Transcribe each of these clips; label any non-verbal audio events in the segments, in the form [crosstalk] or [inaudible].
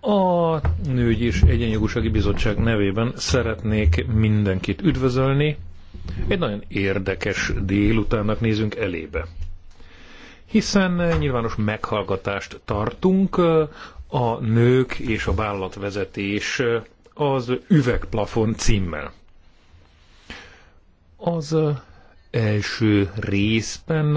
A Nőgy és Egyenjogúsági Bizottság nevében szeretnék mindenkit üdvözölni. Egy nagyon érdekes délutánnak nézünk elébe. Hiszen nyilvános meghallgatást tartunk a nők és a vállalatvezetés az üvegplafon címmel. Az első részben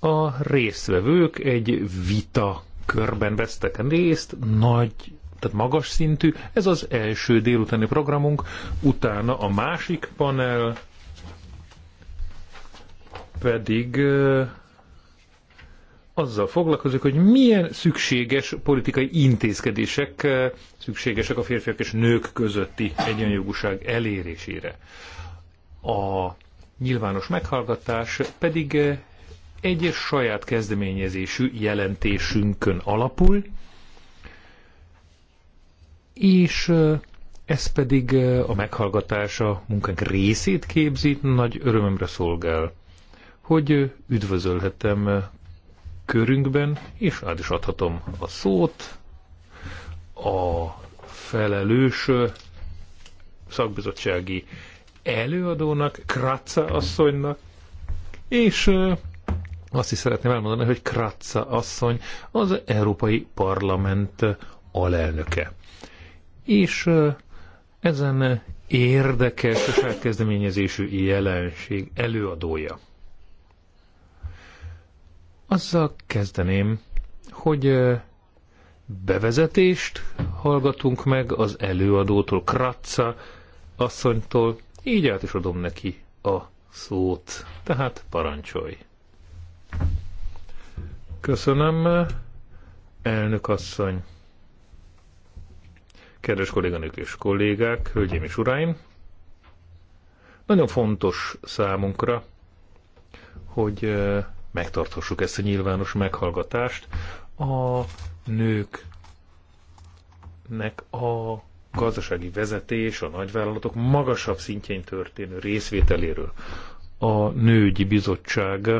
a résztvevők egy vita körben vesztek részt, nagy, tehát magas szintű. Ez az első délutáni programunk, utána a másik panel pedig azzal foglalkozik, hogy milyen szükséges politikai intézkedések szükségesek a férfiak és nők közötti egyenjogúság elérésére. A nyilvános meghallgatás pedig egyes saját kezdeményezésű jelentésünkön alapul, és ez pedig a meghallgatása munkánk részét képzi, nagy örömömre szolgál, hogy üdvözölhetem körünkben, és át is adhatom a szót a felelős szakbizottsági előadónak, Kratza asszonynak, és azt is szeretném elmondani, hogy Kratza asszony az Európai Parlament alelnöke. És ezen érdekes és elkezdeményezésű jelenség előadója. Azzal kezdeném, hogy bevezetést hallgatunk meg az előadótól, Kratza asszonytól, így át is adom neki a szót. Tehát parancsolj! Köszönöm, elnök asszony. Kedves kolléganők és kollégák, hölgyeim és uraim! Nagyon fontos számunkra, hogy eh, megtarthassuk ezt a nyilvános meghallgatást a nőknek a gazdasági vezetés, a nagyvállalatok magasabb szintjén történő részvételéről. A Nőgyi Bizottság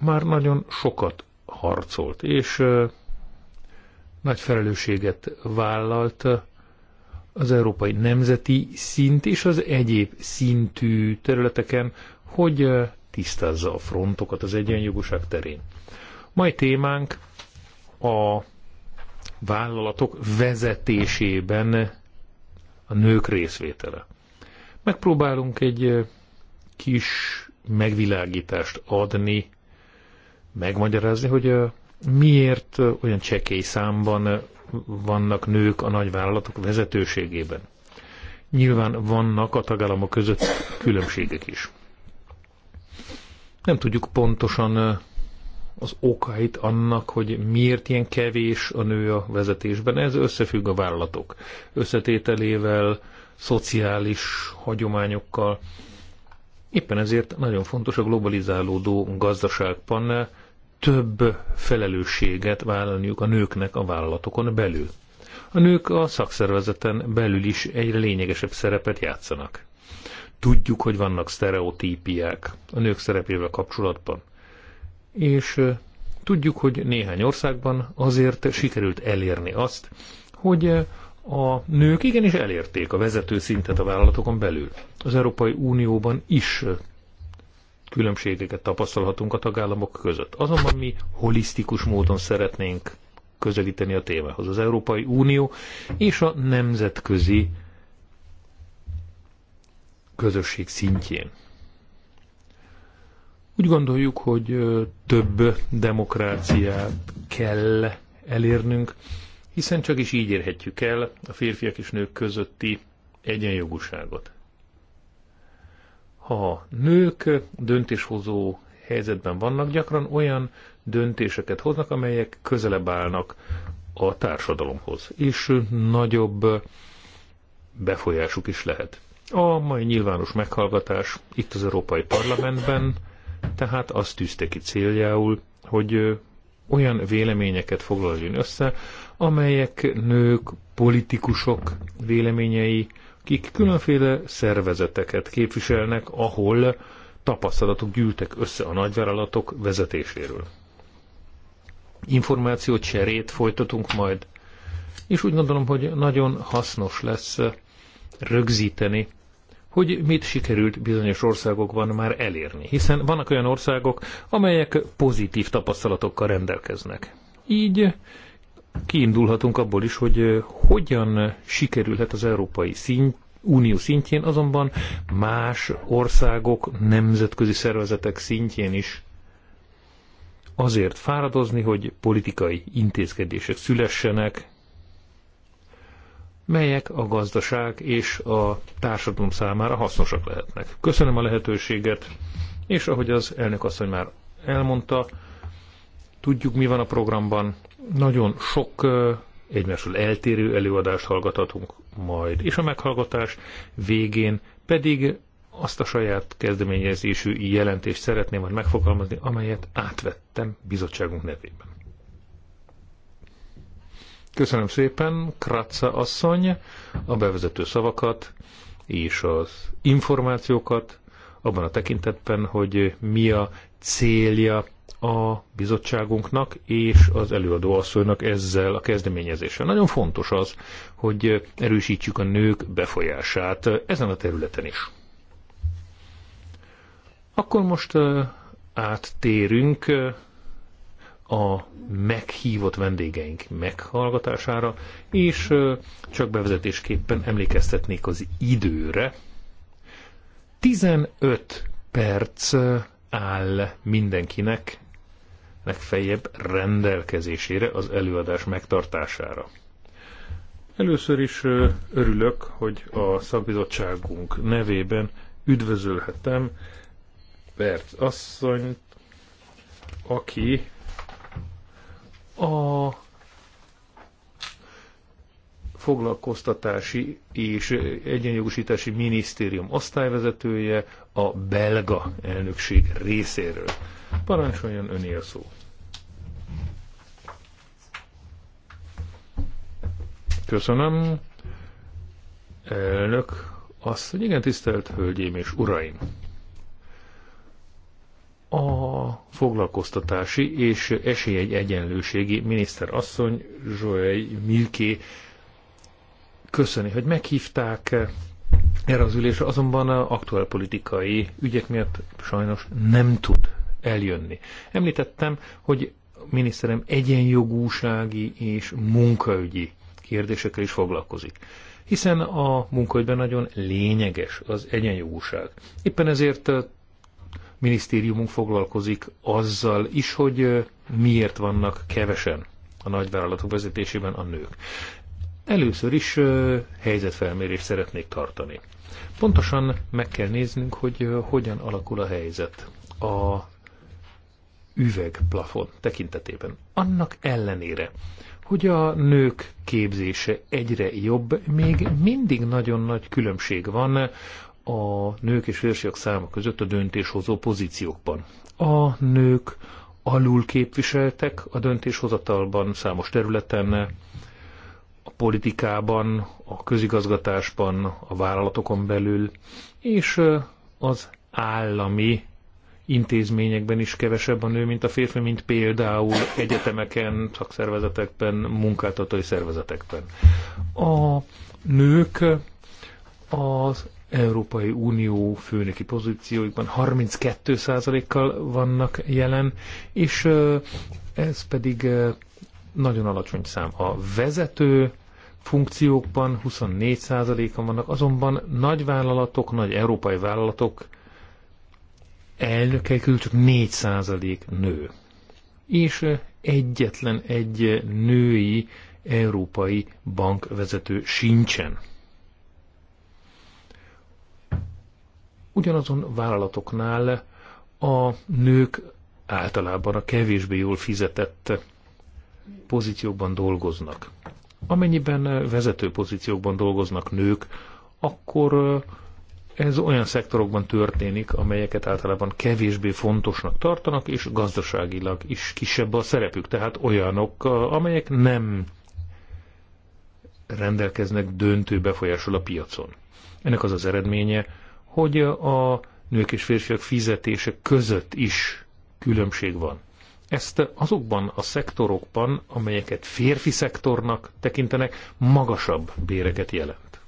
már nagyon sokat harcolt, és nagy felelősséget vállalt az európai nemzeti szint és az egyéb szintű területeken, hogy tisztázza a frontokat az egyenjogúság terén. Mai témánk a vállalatok vezetésében a nők részvétele. Megpróbálunk egy kis megvilágítást adni megmagyarázni, hogy miért olyan csekély számban vannak nők a nagyvállalatok vezetőségében. Nyilván vannak a tagállamok között különbségek is. Nem tudjuk pontosan az okait annak, hogy miért ilyen kevés a nő a vezetésben. Ez összefügg a vállalatok összetételével, szociális hagyományokkal. Éppen ezért nagyon fontos a globalizálódó gazdaságban több felelősséget vállalniuk a nőknek a vállalatokon belül. A nők a szakszervezeten belül is egyre lényegesebb szerepet játszanak. Tudjuk, hogy vannak sztereotípiák a nők szerepével kapcsolatban. És tudjuk, hogy néhány országban azért sikerült elérni azt, hogy a nők igenis elérték a vezető szintet a vállalatokon belül. Az Európai Unióban is különbségeket tapasztalhatunk a tagállamok között. Azonban mi holisztikus módon szeretnénk közelíteni a témához. Az Európai Unió és a nemzetközi közösség szintjén. Úgy gondoljuk, hogy több demokráciát kell elérnünk, hiszen csak is így érhetjük el a férfiak és nők közötti egyenjogúságot ha nők döntéshozó helyzetben vannak, gyakran olyan döntéseket hoznak, amelyek közelebb állnak a társadalomhoz, és nagyobb befolyásuk is lehet. A mai nyilvános meghallgatás itt az Európai Parlamentben, tehát azt tűzte ki céljául, hogy olyan véleményeket foglaljon össze, amelyek nők, politikusok véleményei, akik különféle szervezeteket képviselnek, ahol tapasztalatok gyűltek össze a nagyvállalatok vezetéséről. Információ cserét folytatunk majd, és úgy gondolom, hogy nagyon hasznos lesz rögzíteni, hogy mit sikerült bizonyos országokban már elérni, hiszen vannak olyan országok, amelyek pozitív tapasztalatokkal rendelkeznek. Így kiindulhatunk abból is, hogy hogyan sikerülhet az európai szint, unió szintjén, azonban más országok, nemzetközi szervezetek szintjén is azért fáradozni, hogy politikai intézkedések szülessenek, melyek a gazdaság és a társadalom számára hasznosak lehetnek. Köszönöm a lehetőséget, és ahogy az elnök asszony már elmondta, tudjuk mi van a programban, nagyon sok egymásul eltérő előadást hallgathatunk majd, és a meghallgatás végén pedig azt a saját kezdeményezésű jelentést szeretném majd megfogalmazni, amelyet átvettem bizottságunk nevében. Köszönöm szépen, Kratza asszony, a bevezető szavakat és az információkat abban a tekintetben, hogy mi a célja a bizottságunknak és az előadóasszonynak ezzel a kezdeményezéssel. Nagyon fontos az, hogy erősítsük a nők befolyását ezen a területen is. Akkor most áttérünk a meghívott vendégeink meghallgatására, és csak bevezetésképpen emlékeztetnék az időre. 15 perc áll mindenkinek legfeljebb rendelkezésére az előadás megtartására. Először is örülök, hogy a szakbizottságunk nevében üdvözölhetem Bert asszonyt, aki a foglalkoztatási és egyenjogosítási minisztérium osztályvezetője a belga elnökség részéről. Parancsoljon öné a szó. Köszönöm. Elnök azt, hogy igen, tisztelt hölgyém és Uraim! A foglalkoztatási és esélyegyenlőségi miniszter asszony Zsoely Milké köszöni, hogy meghívták erre az ülésre, azonban a aktuál politikai ügyek miatt sajnos nem tud eljönni. Említettem, hogy miniszterem egyenjogúsági és munkaügyi kérdésekkel is foglalkozik. Hiszen a munkaügyben nagyon lényeges az egyenjogúság. Éppen ezért minisztériumunk foglalkozik azzal is, hogy miért vannak kevesen a nagyvállalatok vezetésében a nők. Először is helyzetfelmérést szeretnék tartani. Pontosan meg kell néznünk, hogy hogyan alakul a helyzet a üvegplafon tekintetében. Annak ellenére, hogy a nők képzése egyre jobb, még mindig nagyon nagy különbség van a nők és férfiak száma között a döntéshozó pozíciókban. A nők alul képviseltek a döntéshozatalban számos területen, politikában, a közigazgatásban, a vállalatokon belül, és az állami intézményekben is kevesebb a nő, mint a férfi, mint például egyetemeken, szakszervezetekben, munkáltatói szervezetekben. A nők az Európai Unió főnöki pozícióikban 32%-kal vannak jelen, és ez pedig nagyon alacsony szám. A vezető funkciókban 24%-an vannak, azonban nagy vállalatok, nagy európai vállalatok elnökei közül csak 4% nő. És egyetlen egy női európai bankvezető sincsen. Ugyanazon vállalatoknál a nők általában a kevésbé jól fizetett pozíciókban dolgoznak. Amennyiben vezető pozíciókban dolgoznak nők, akkor ez olyan szektorokban történik, amelyeket általában kevésbé fontosnak tartanak, és gazdaságilag is kisebb a szerepük. Tehát olyanok, amelyek nem rendelkeznek döntő befolyásol a piacon. Ennek az az eredménye, hogy a nők és férfiak fizetése között is különbség van ezt azokban a szektorokban, amelyeket férfi szektornak tekintenek, magasabb béreket jelent.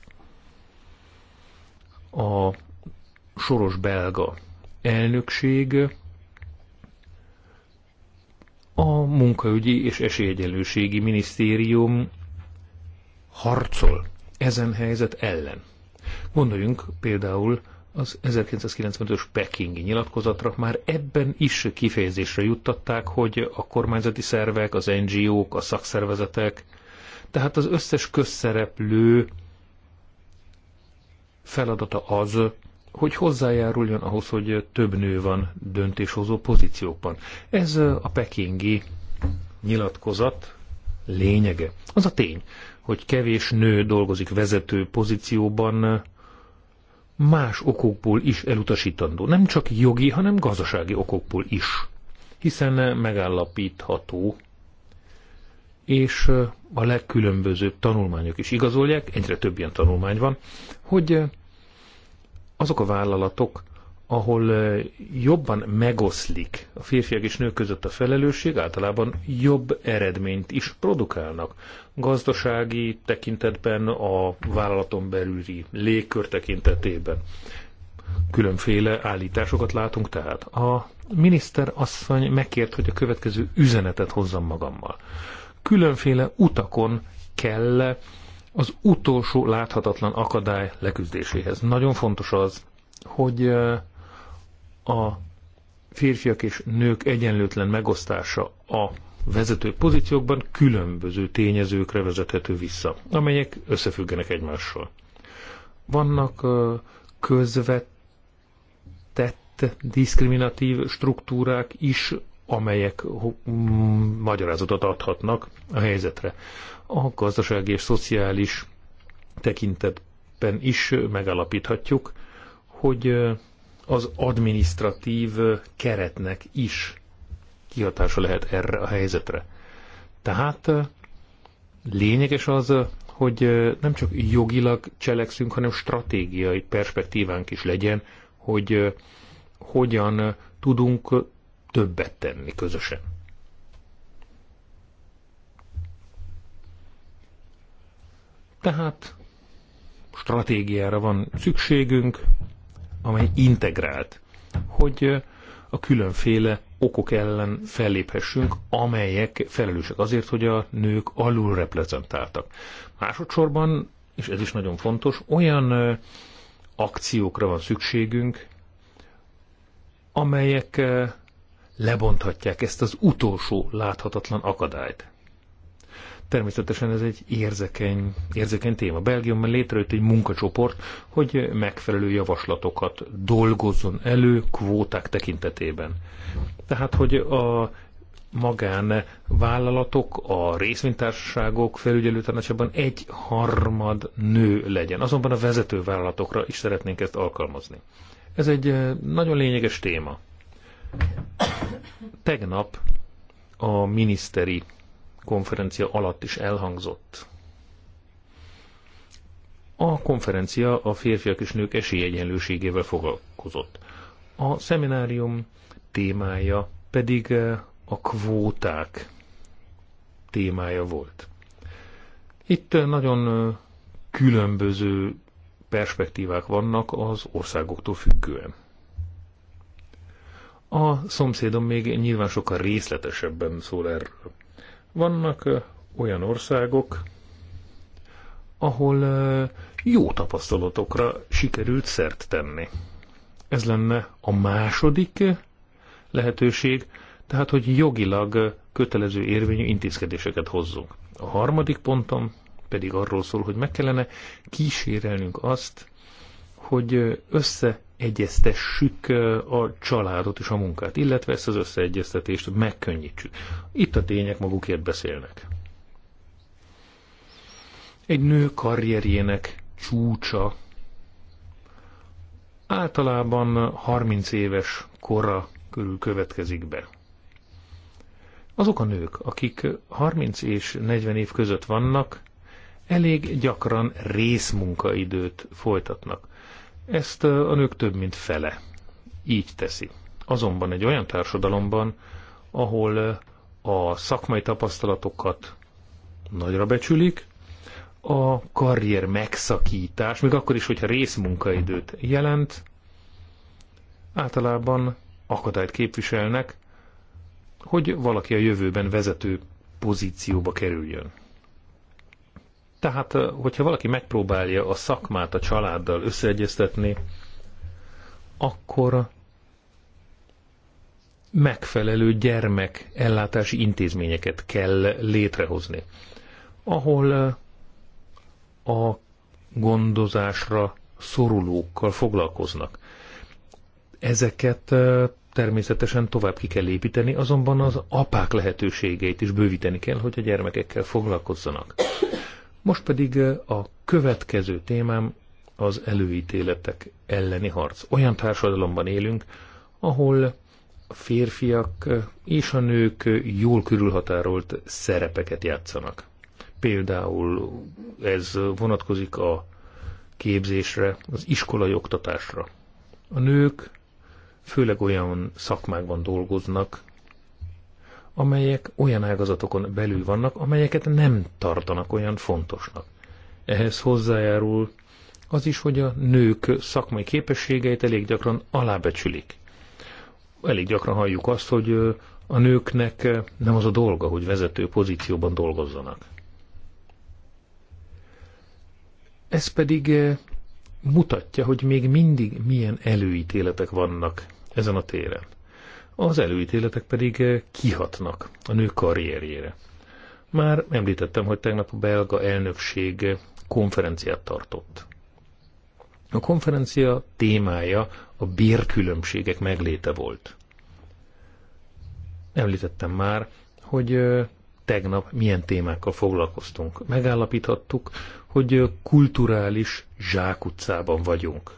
A soros belga elnökség a munkaügyi és esélyegyenlőségi minisztérium harcol ezen helyzet ellen. Gondoljunk például az 1995-ös Pekingi nyilatkozatra már ebben is kifejezésre juttatták, hogy a kormányzati szervek, az NGO-k, a szakszervezetek, tehát az összes közszereplő feladata az, hogy hozzájáruljon ahhoz, hogy több nő van döntéshozó pozíciókban. Ez a pekingi nyilatkozat lényege. Az a tény, hogy kevés nő dolgozik vezető pozícióban, más okokból is elutasítandó. Nem csak jogi, hanem gazdasági okokból is. Hiszen megállapítható, és a legkülönbözőbb tanulmányok is igazolják, egyre több ilyen tanulmány van, hogy azok a vállalatok, ahol jobban megoszlik a férfiak és nők között a felelősség, általában jobb eredményt is produkálnak. Gazdasági tekintetben, a vállalaton belüli légkör tekintetében. Különféle állításokat látunk tehát. A miniszter asszony megkért, hogy a következő üzenetet hozzam magammal. Különféle utakon kell az utolsó láthatatlan akadály leküzdéséhez. Nagyon fontos az, hogy a férfiak és nők egyenlőtlen megosztása a vezető pozíciókban különböző tényezőkre vezethető vissza, amelyek összefüggenek egymással. Vannak közvetett diszkriminatív struktúrák is, amelyek magyarázatot adhatnak a helyzetre. A gazdasági és szociális tekintetben is megalapíthatjuk, hogy az administratív keretnek is kihatása lehet erre a helyzetre. Tehát lényeges az, hogy nem csak jogilag cselekszünk, hanem stratégiai perspektívánk is legyen, hogy hogyan tudunk többet tenni közösen. Tehát stratégiára van szükségünk, amely integrált, hogy a különféle okok ellen felléphessünk, amelyek felelősek azért, hogy a nők alul reprezentáltak. Másodszorban, és ez is nagyon fontos, olyan akciókra van szükségünk, amelyek lebonthatják ezt az utolsó láthatatlan akadályt. Természetesen ez egy érzekeny, érzekeny téma. Belgiumban létrejött egy munkacsoport, hogy megfelelő javaslatokat dolgozzon elő kvóták tekintetében. Tehát, hogy a vállalatok, a részvénytársaságok tanácsában egy harmad nő legyen. Azonban a vezető vállalatokra is szeretnénk ezt alkalmazni. Ez egy eh, nagyon lényeges téma. Tegnap a miniszteri konferencia alatt is elhangzott. A konferencia a férfiak és nők esélyegyenlőségével foglalkozott. A szeminárium témája pedig eh, a kvóták témája volt. Itt eh, nagyon eh, különböző perspektívák vannak az országoktól függően. A szomszédom még nyilván sokkal részletesebben szól erről. Vannak olyan országok, ahol jó tapasztalatokra sikerült szert tenni. Ez lenne a második lehetőség, tehát hogy jogilag kötelező érvényű intézkedéseket hozzunk. A harmadik pontom pedig arról szól, hogy meg kellene kísérelnünk azt, hogy össze egyeztessük a családot és a munkát, illetve ezt az összeegyeztetést megkönnyítsük. Itt a tények magukért beszélnek. Egy nő karrierjének csúcsa általában 30 éves kora körül következik be. Azok a nők, akik 30 és 40 év között vannak, elég gyakran részmunkaidőt folytatnak. Ezt a nők több mint fele így teszi. Azonban egy olyan társadalomban, ahol a szakmai tapasztalatokat nagyra becsülik, a karrier megszakítás, még akkor is, hogyha részmunkaidőt jelent, általában akadályt képviselnek, hogy valaki a jövőben vezető pozícióba kerüljön. Tehát, hogyha valaki megpróbálja a szakmát a családdal összeegyeztetni, akkor megfelelő gyermek ellátási intézményeket kell létrehozni, ahol a gondozásra szorulókkal foglalkoznak. Ezeket természetesen tovább ki kell építeni, azonban az apák lehetőségeit is bővíteni kell, hogy a gyermekekkel foglalkozzanak. Most pedig a következő témám az előítéletek elleni harc. Olyan társadalomban élünk, ahol a férfiak és a nők jól körülhatárolt szerepeket játszanak. Például ez vonatkozik a képzésre, az iskolai oktatásra. A nők főleg olyan szakmákban dolgoznak, amelyek olyan ágazatokon belül vannak, amelyeket nem tartanak olyan fontosnak. Ehhez hozzájárul az is, hogy a nők szakmai képességeit elég gyakran alábecsülik. Elég gyakran halljuk azt, hogy a nőknek nem az a dolga, hogy vezető pozícióban dolgozzanak. Ez pedig mutatja, hogy még mindig milyen előítéletek vannak ezen a téren az előítéletek pedig eh, kihatnak a nő karrierjére. Már említettem, hogy tegnap a belga elnökség eh, konferenciát tartott. A konferencia témája a bérkülönbségek megléte volt. Említettem már, hogy eh, tegnap milyen témákkal foglalkoztunk. Megállapíthattuk, hogy kulturális zsákutcában vagyunk.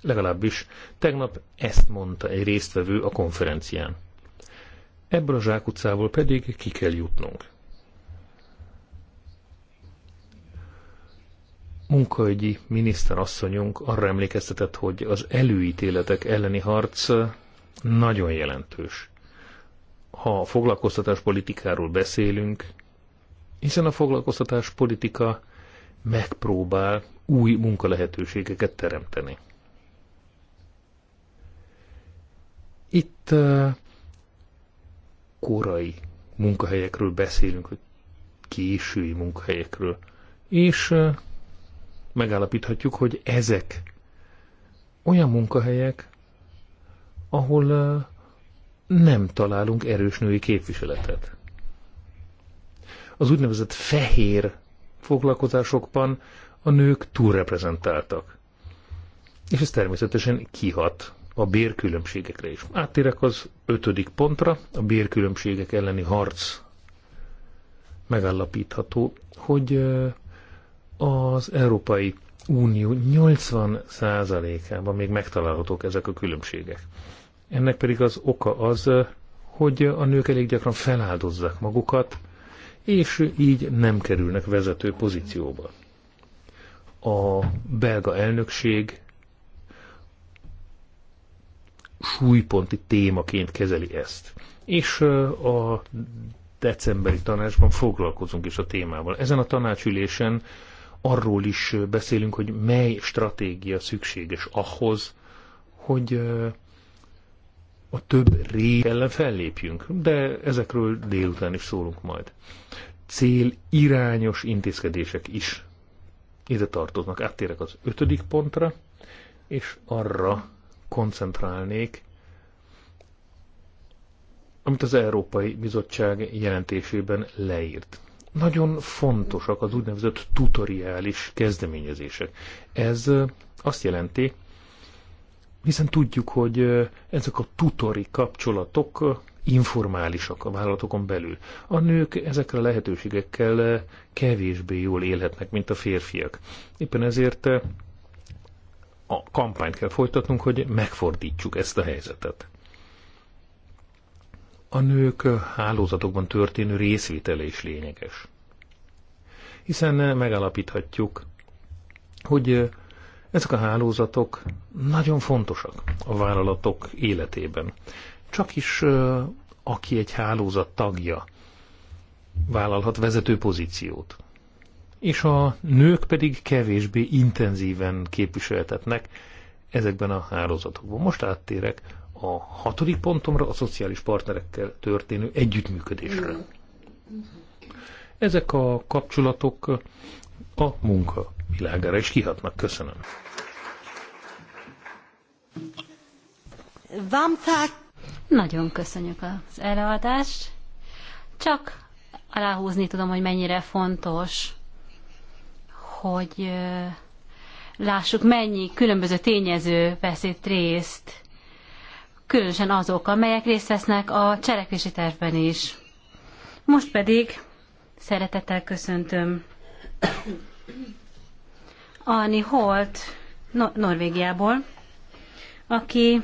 Legalábbis tegnap ezt mondta egy résztvevő a konferencián. Ebből a zsákutcából pedig ki kell jutnunk. Munkaügyi miniszterasszonyunk arra emlékeztetett, hogy az előítéletek elleni harc nagyon jelentős. Ha a foglalkoztatás politikáról beszélünk, hiszen a foglalkoztatás politika megpróbál új munkalehetőségeket teremteni. Itt korai munkahelyekről beszélünk, hogy késői munkahelyekről. És megállapíthatjuk, hogy ezek olyan munkahelyek, ahol nem találunk erős női képviseletet. Az úgynevezett fehér foglalkozásokban a nők túlreprezentáltak. És ez természetesen kihat a bérkülönbségekre is. Áttérek az ötödik pontra, a bérkülönbségek elleni harc. Megállapítható, hogy az Európai Unió 80%-ában még megtalálhatók ezek a különbségek. Ennek pedig az oka az, hogy a nők elég gyakran feláldozzák magukat, és így nem kerülnek vezető pozícióba. A belga elnökség súlyponti témaként kezeli ezt. És a decemberi tanácsban foglalkozunk is a témával. Ezen a tanácsülésen arról is beszélünk, hogy mely stratégia szükséges ahhoz, hogy a több rég ellen fellépjünk, de ezekről délután is szólunk majd. Cél irányos intézkedések is ide tartoznak. Áttérek az ötödik pontra, és arra, koncentrálnék, amit az Európai Bizottság jelentésében leírt. Nagyon fontosak az úgynevezett tutoriális kezdeményezések. Ez azt jelenti, hiszen tudjuk, hogy ezek a tutori kapcsolatok informálisak a vállalatokon belül. A nők ezekre a lehetőségekkel kevésbé jól élhetnek, mint a férfiak. Éppen ezért a kampányt kell folytatnunk, hogy megfordítsuk ezt a helyzetet. A nők hálózatokban történő részvétele is lényeges. Hiszen megalapíthatjuk, hogy ezek a hálózatok nagyon fontosak a vállalatok életében. Csak is aki egy hálózat tagja, vállalhat vezető pozíciót és a nők pedig kevésbé intenzíven képviseltetnek ezekben a hálózatokban. Most áttérek a hatodik pontomra, a szociális partnerekkel történő együttműködésre. Ezek a kapcsolatok a munka világára is kihatnak. Köszönöm. Vámták! Nagyon köszönjük az előadást. Csak aláhúzni tudom, hogy mennyire fontos hogy lássuk, mennyi különböző tényező vesz itt részt, különösen azok, amelyek részt vesznek a cselekvési tervben is. Most pedig szeretettel köszöntöm Ani Holt Nor- Norvégiából, aki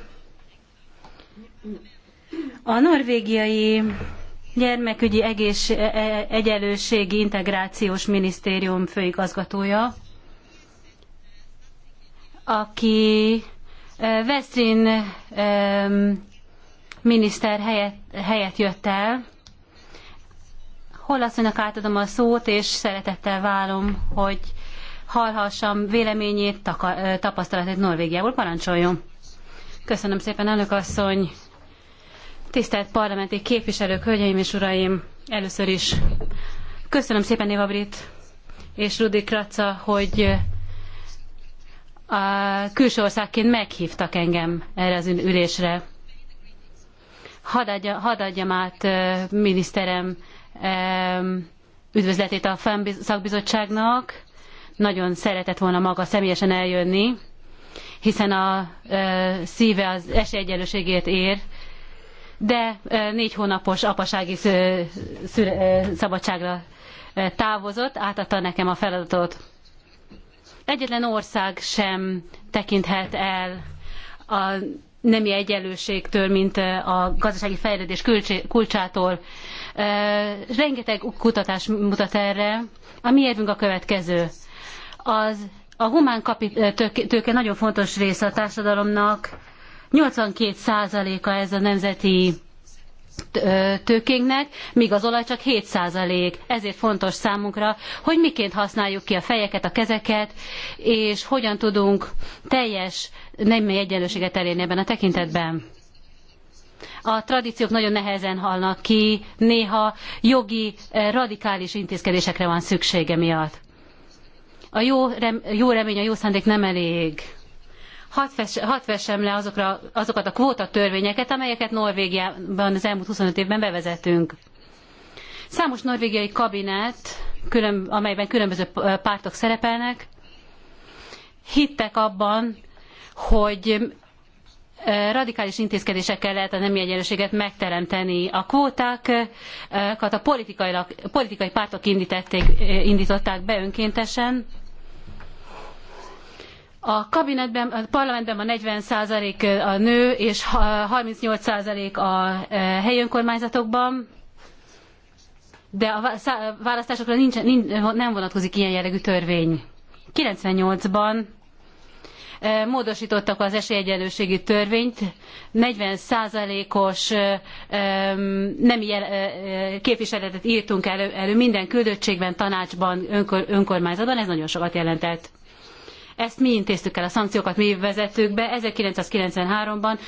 a norvégiai gyermekügyi egész, e, e, egyenlőségi integrációs minisztérium főigazgatója, aki Vesztrin e, miniszter helyett, helyett jött el. Hollasszonynak átadom a szót, és szeretettel válom, hogy hallhassam véleményét, tapasztalatát Norvégiából. Parancsoljon! Köszönöm szépen, elnök asszony! Tisztelt parlamenti képviselők, hölgyeim és uraim, először is köszönöm szépen Éva Brit és Rudi Kratza, hogy eh, a külső országként meghívtak engem erre az ülésre. Hadd, adja, hadd adjam át eh, miniszterem üdvözletét a FEM szakbizottságnak. Nagyon szeretett volna maga személyesen eljönni, hiszen a eh, szíve az esélyegyenlőségért ér, de négy hónapos apasági szabadságra távozott, átadta nekem a feladatot. Egyetlen ország sem tekinthet el a nemi egyenlőségtől, mint a gazdasági fejlődés kulcsától. Rengeteg kutatás mutat erre. A mi érvünk a következő. Az, a humán tőke nagyon fontos része a társadalomnak, 82%-a ez a nemzeti tőkénknek, míg az olaj csak 7%. Ezért fontos számunkra, hogy miként használjuk ki a fejeket, a kezeket, és hogyan tudunk teljes nemi egyenlőséget elérni ebben a tekintetben. A tradíciók nagyon nehezen halnak ki, néha jogi, radikális intézkedésekre van szüksége miatt. A jó, rem, jó remény, a jó szándék nem elég hadd vessem le azokra, azokat a kvóta törvényeket, amelyeket Norvégiában az elmúlt 25 évben bevezetünk. Számos norvégiai kabinet, külön, amelyben különböző pártok szerepelnek, hittek abban, hogy radikális intézkedésekkel lehet a nemi egyenlőséget megteremteni. A kvótákat a politikai pártok indították be önkéntesen, a kabinetben, a parlamentben a 40% a nő, és 38% a helyi önkormányzatokban, de a választásokra nincs, nem vonatkozik ilyen jellegű törvény. 98-ban módosítottak az esélyegyenlőségi törvényt, 40%-os nemi képviseletet írtunk elő, elő minden küldöttségben, tanácsban, önkormányzatban, ez nagyon sokat jelentett. Ezt mi intéztük el, a szankciókat mi vezettük be 1993-ban,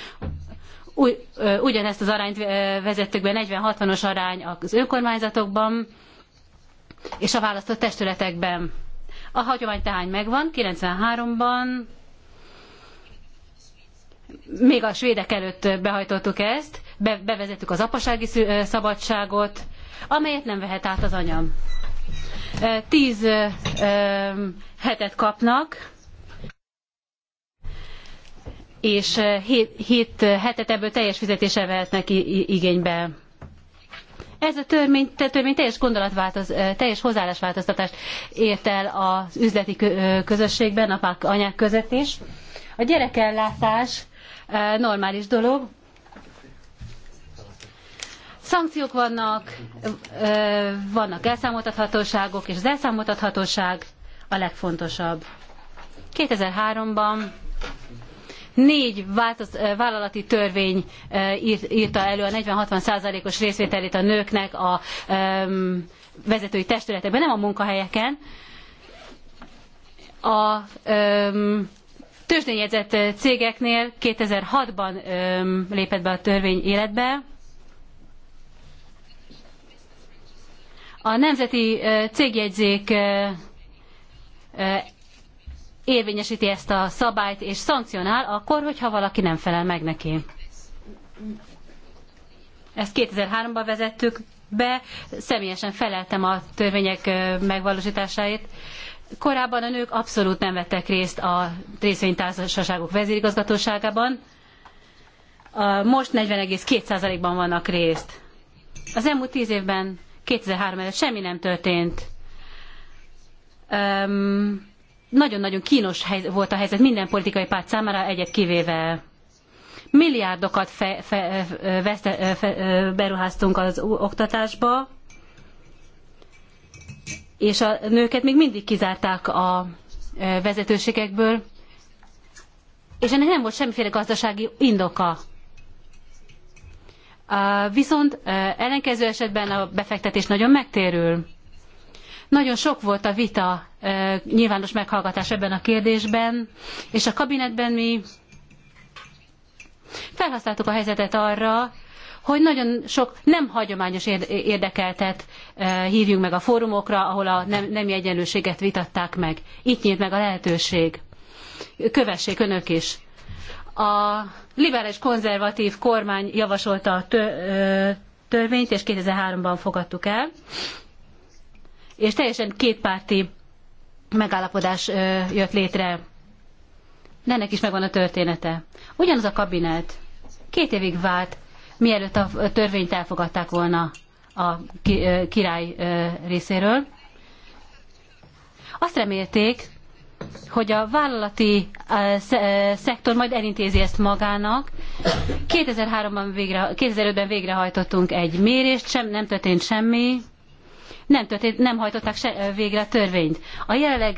Ugy, ugyanezt az arányt vezettük be, 40-60-os arány az önkormányzatokban és a választott testületekben. A hagyomány tehát megvan, 93-ban még a svédek előtt behajtottuk ezt, be, bevezettük az apasági szabadságot, amelyet nem vehet át az anyam. Tíz hetet kapnak, és 7 eh, eh, hetet ebből teljes fizetése vehetnek igénybe. Ez a törvény, törvény teljes eh, teljes hozzáállásváltoztatást ért el az üzleti közösségben, apák, anyák között is. A gyerekellátás normális dolog. Szankciók vannak, vannak elszámoltathatóságok, és az elszámoltathatóság a legfontosabb. 2003-ban Négy változ, vállalati törvény írta elő a 40-60%-os részvételét a nőknek a vezetői testületekben, nem a munkahelyeken. A tőzsdényjegyzett cégeknél 2006-ban lépett be a törvény életbe. A nemzeti cégjegyzék érvényesíti ezt a szabályt és szankcionál, akkor, hogyha valaki nem felel meg neki. Ezt 2003-ban vezettük be, személyesen feleltem a törvények megvalósításáért. Korábban a nők abszolút nem vettek részt a részvénytársaságok vezérigazgatóságában, most 40,2%-ban vannak részt. Az elmúlt 10 évben 2003 előtt semmi nem történt. Um, nagyon-nagyon kínos volt a helyzet minden politikai párt számára, egyet kivéve milliárdokat fe, fe, veszte, fe, beruháztunk az oktatásba, és a nőket még mindig kizárták a vezetőségekből, és ennek nem volt semmiféle gazdasági indoka. Viszont ellenkező esetben a befektetés nagyon megtérül. Nagyon sok volt a vita, nyilvános meghallgatás ebben a kérdésben, és a kabinetben mi felhasználtuk a helyzetet arra, hogy nagyon sok nem hagyományos érdekeltet hívjunk meg a fórumokra, ahol a nem, nemi egyenlőséget vitatták meg. Itt nyílt meg a lehetőség. Kövessék önök is. A liberális konzervatív kormány javasolta a törvényt, és 2003-ban fogadtuk el és teljesen kétpárti megállapodás jött létre. De ennek is megvan a története. Ugyanaz a kabinet két évig vált, mielőtt a törvényt elfogadták volna a király részéről. Azt remélték, hogy a vállalati szektor majd elintézi ezt magának. 2003-ban végre, 2005-ben végrehajtottunk egy mérést, sem, nem történt semmi, nem, történt, nem hajtották se, végre a törvényt. A jelenleg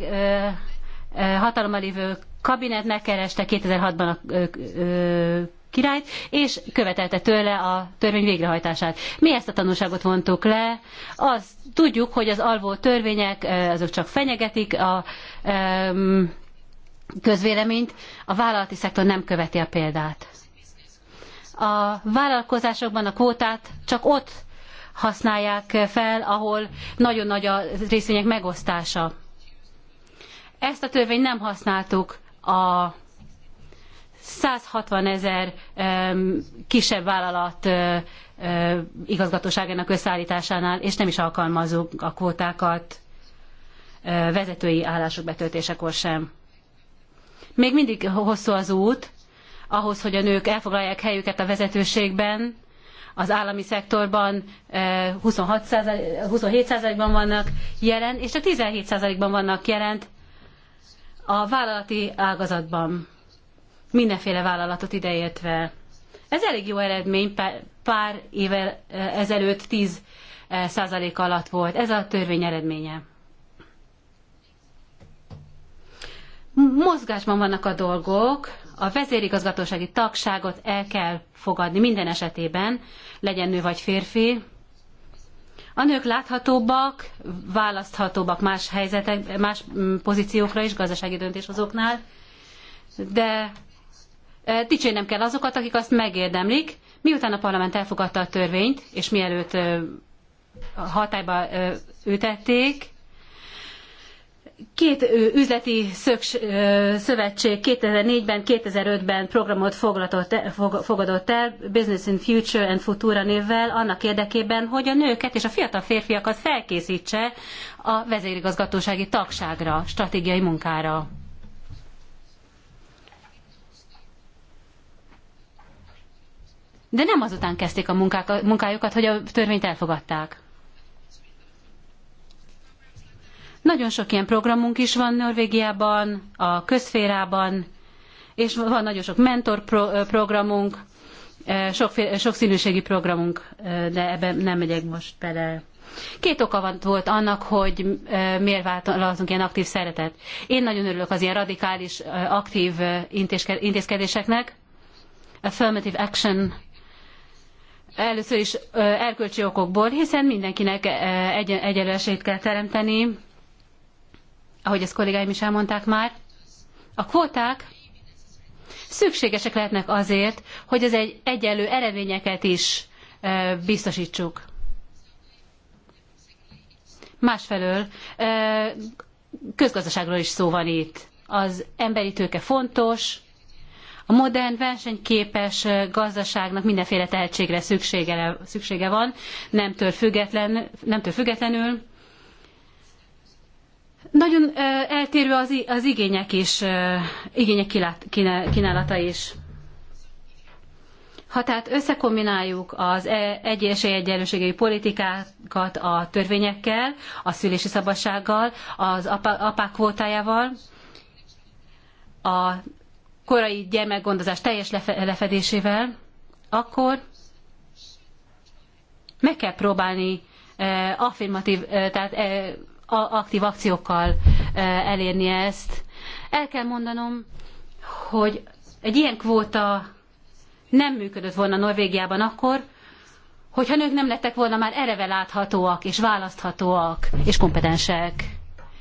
hatalommal lévő kabinet megkereste 2006-ban a ö, ö, királyt, és követelte tőle a törvény végrehajtását. Mi ezt a tanulságot vontuk le? Azt tudjuk, hogy az alvó törvények, azok csak fenyegetik a ö, közvéleményt, a vállalati szektor nem követi a példát. A vállalkozásokban a kvótát csak ott használják fel, ahol nagyon nagy a részvények megosztása. Ezt a törvényt nem használtuk a 160 ezer kisebb vállalat igazgatóságának összeállításánál, és nem is alkalmazunk a kvótákat vezetői állások betöltésekor sem. Még mindig hosszú az út ahhoz, hogy a nők elfoglalják helyüket a vezetőségben, az állami szektorban 26 eh, 27%-ban vannak jelen, és csak 17%-ban vannak jelent a vállalati ágazatban. Mindenféle vállalatot ideértve. Ez elég jó eredmény, pár évvel eh, ezelőtt 10 eh, alatt volt. Ez a törvény eredménye. Mozgásban vannak a dolgok, a vezérigazgatósági tagságot el kell fogadni minden esetében, legyen nő vagy férfi. A nők láthatóbbak, választhatóbbak más helyzetek, más mm, pozíciókra is, gazdasági döntéshozóknál, de e, dicsérnem kell azokat, akik azt megérdemlik, miután a parlament elfogadta a törvényt, és mielőtt e, hatályba e, ütették, Két üzleti szövetség 2004-ben, 2005-ben programot fogadott el, Business in Future and Futura névvel, annak érdekében, hogy a nőket és a fiatal férfiakat felkészítse a vezérigazgatósági tagságra, stratégiai munkára. De nem azután kezdték a munkájukat, hogy a törvényt elfogadták. Nagyon sok ilyen programunk is van Norvégiában, a közférában, és van nagyon sok mentorprogramunk, sok sokszínűségi programunk, de ebben nem megyek most bele. Két oka volt annak, hogy miért vállaltunk ilyen aktív szeretet. Én nagyon örülök az ilyen radikális, aktív intézkedéseknek. Affirmative action először is erkölcsi okokból, hiszen mindenkinek egyenlő esélyt kell teremteni, ahogy ezt kollégáim is elmondták már, a kvóták szükségesek lehetnek azért, hogy az egy egyenlő eredményeket is biztosítsuk. Másfelől közgazdaságról is szó van itt. Az emberi tőke fontos, a modern versenyképes gazdaságnak mindenféle tehetségre szüksége, szüksége van, nemtől, független, nemtől függetlenül, nagyon eltérő az, az igények és igények kínálata is. Ha tehát összekombináljuk az e, egy esélyegyenlőségei politikákat a törvényekkel, a szülési szabadsággal, az apa, apák kvótájával, a korai gyermekgondozás teljes lefedésével, akkor meg kell próbálni eh, affirmatív, eh, tehát eh, aktív akciókkal elérni ezt. El kell mondanom, hogy egy ilyen kvóta nem működött volna Norvégiában akkor, hogyha nők nem lettek volna már ereve láthatóak, és választhatóak, és kompetensek,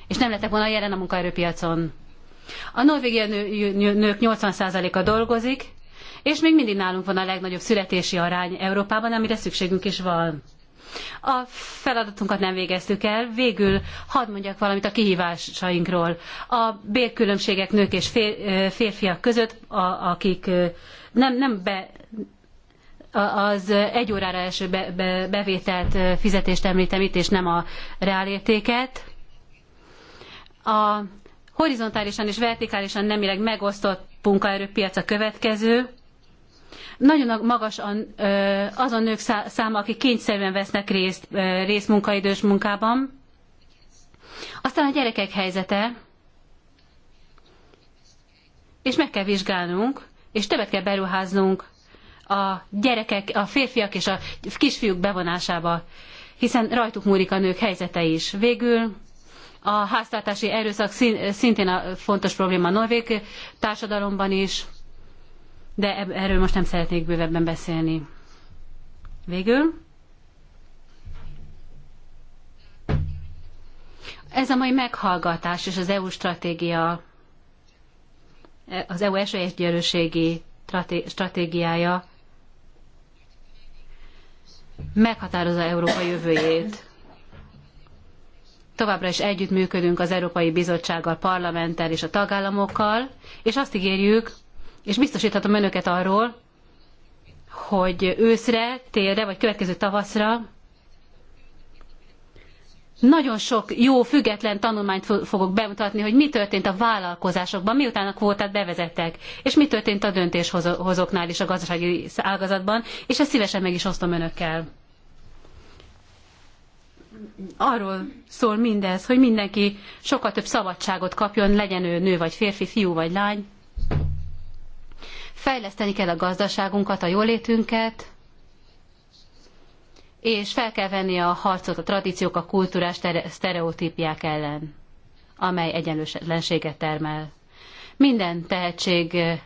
és nem lettek volna jelen a munkaerőpiacon. A norvégiai nők 80%-a dolgozik, és még mindig nálunk van a legnagyobb születési arány Európában, amire szükségünk is van. A feladatunkat nem végeztük el. Végül hadd mondjak valamit a kihívásainkról. A bérkülönbségek nők és férfiak között, akik nem, nem be, az egy órára első bevételt, fizetést említem itt, és nem a reálértéket. A horizontálisan és vertikálisan nemileg megosztott munkaerőpiac a következő. Nagyon magas az a nők száma, akik kényszerűen vesznek részt részmunkaidős munkában. Aztán a gyerekek helyzete, és meg kell vizsgálnunk, és többet kell beruháznunk a gyerekek, a férfiak és a kisfiúk bevonásába, hiszen rajtuk múlik a nők helyzete is. Végül a háztartási erőszak szintén a fontos probléma a norvég társadalomban is de erről most nem szeretnék bővebben beszélni. Végül. Ez a mai meghallgatás és az EU stratégia, az EU esélyegyenlőségi stratégiája meghatározza Európa jövőjét. Továbbra is együttműködünk az Európai Bizottsággal, parlamenttel és a tagállamokkal, és azt ígérjük, és biztosíthatom önöket arról, hogy őszre, télre vagy következő tavaszra nagyon sok jó, független tanulmányt fogok bemutatni, hogy mi történt a vállalkozásokban, miután a kvótát bevezettek, és mi történt a döntéshozóknál is a gazdasági ágazatban, és ezt szívesen meg is osztom önökkel. Arról szól mindez, hogy mindenki sokkal több szabadságot kapjon, legyen ő nő vagy férfi, fiú vagy lány, fejleszteni kell a gazdaságunkat, a jólétünket, és fel kell venni a harcot a tradíciók, a kultúrás sztereotípiák ellen, amely egyenlőtlenséget termel. Minden tehetséget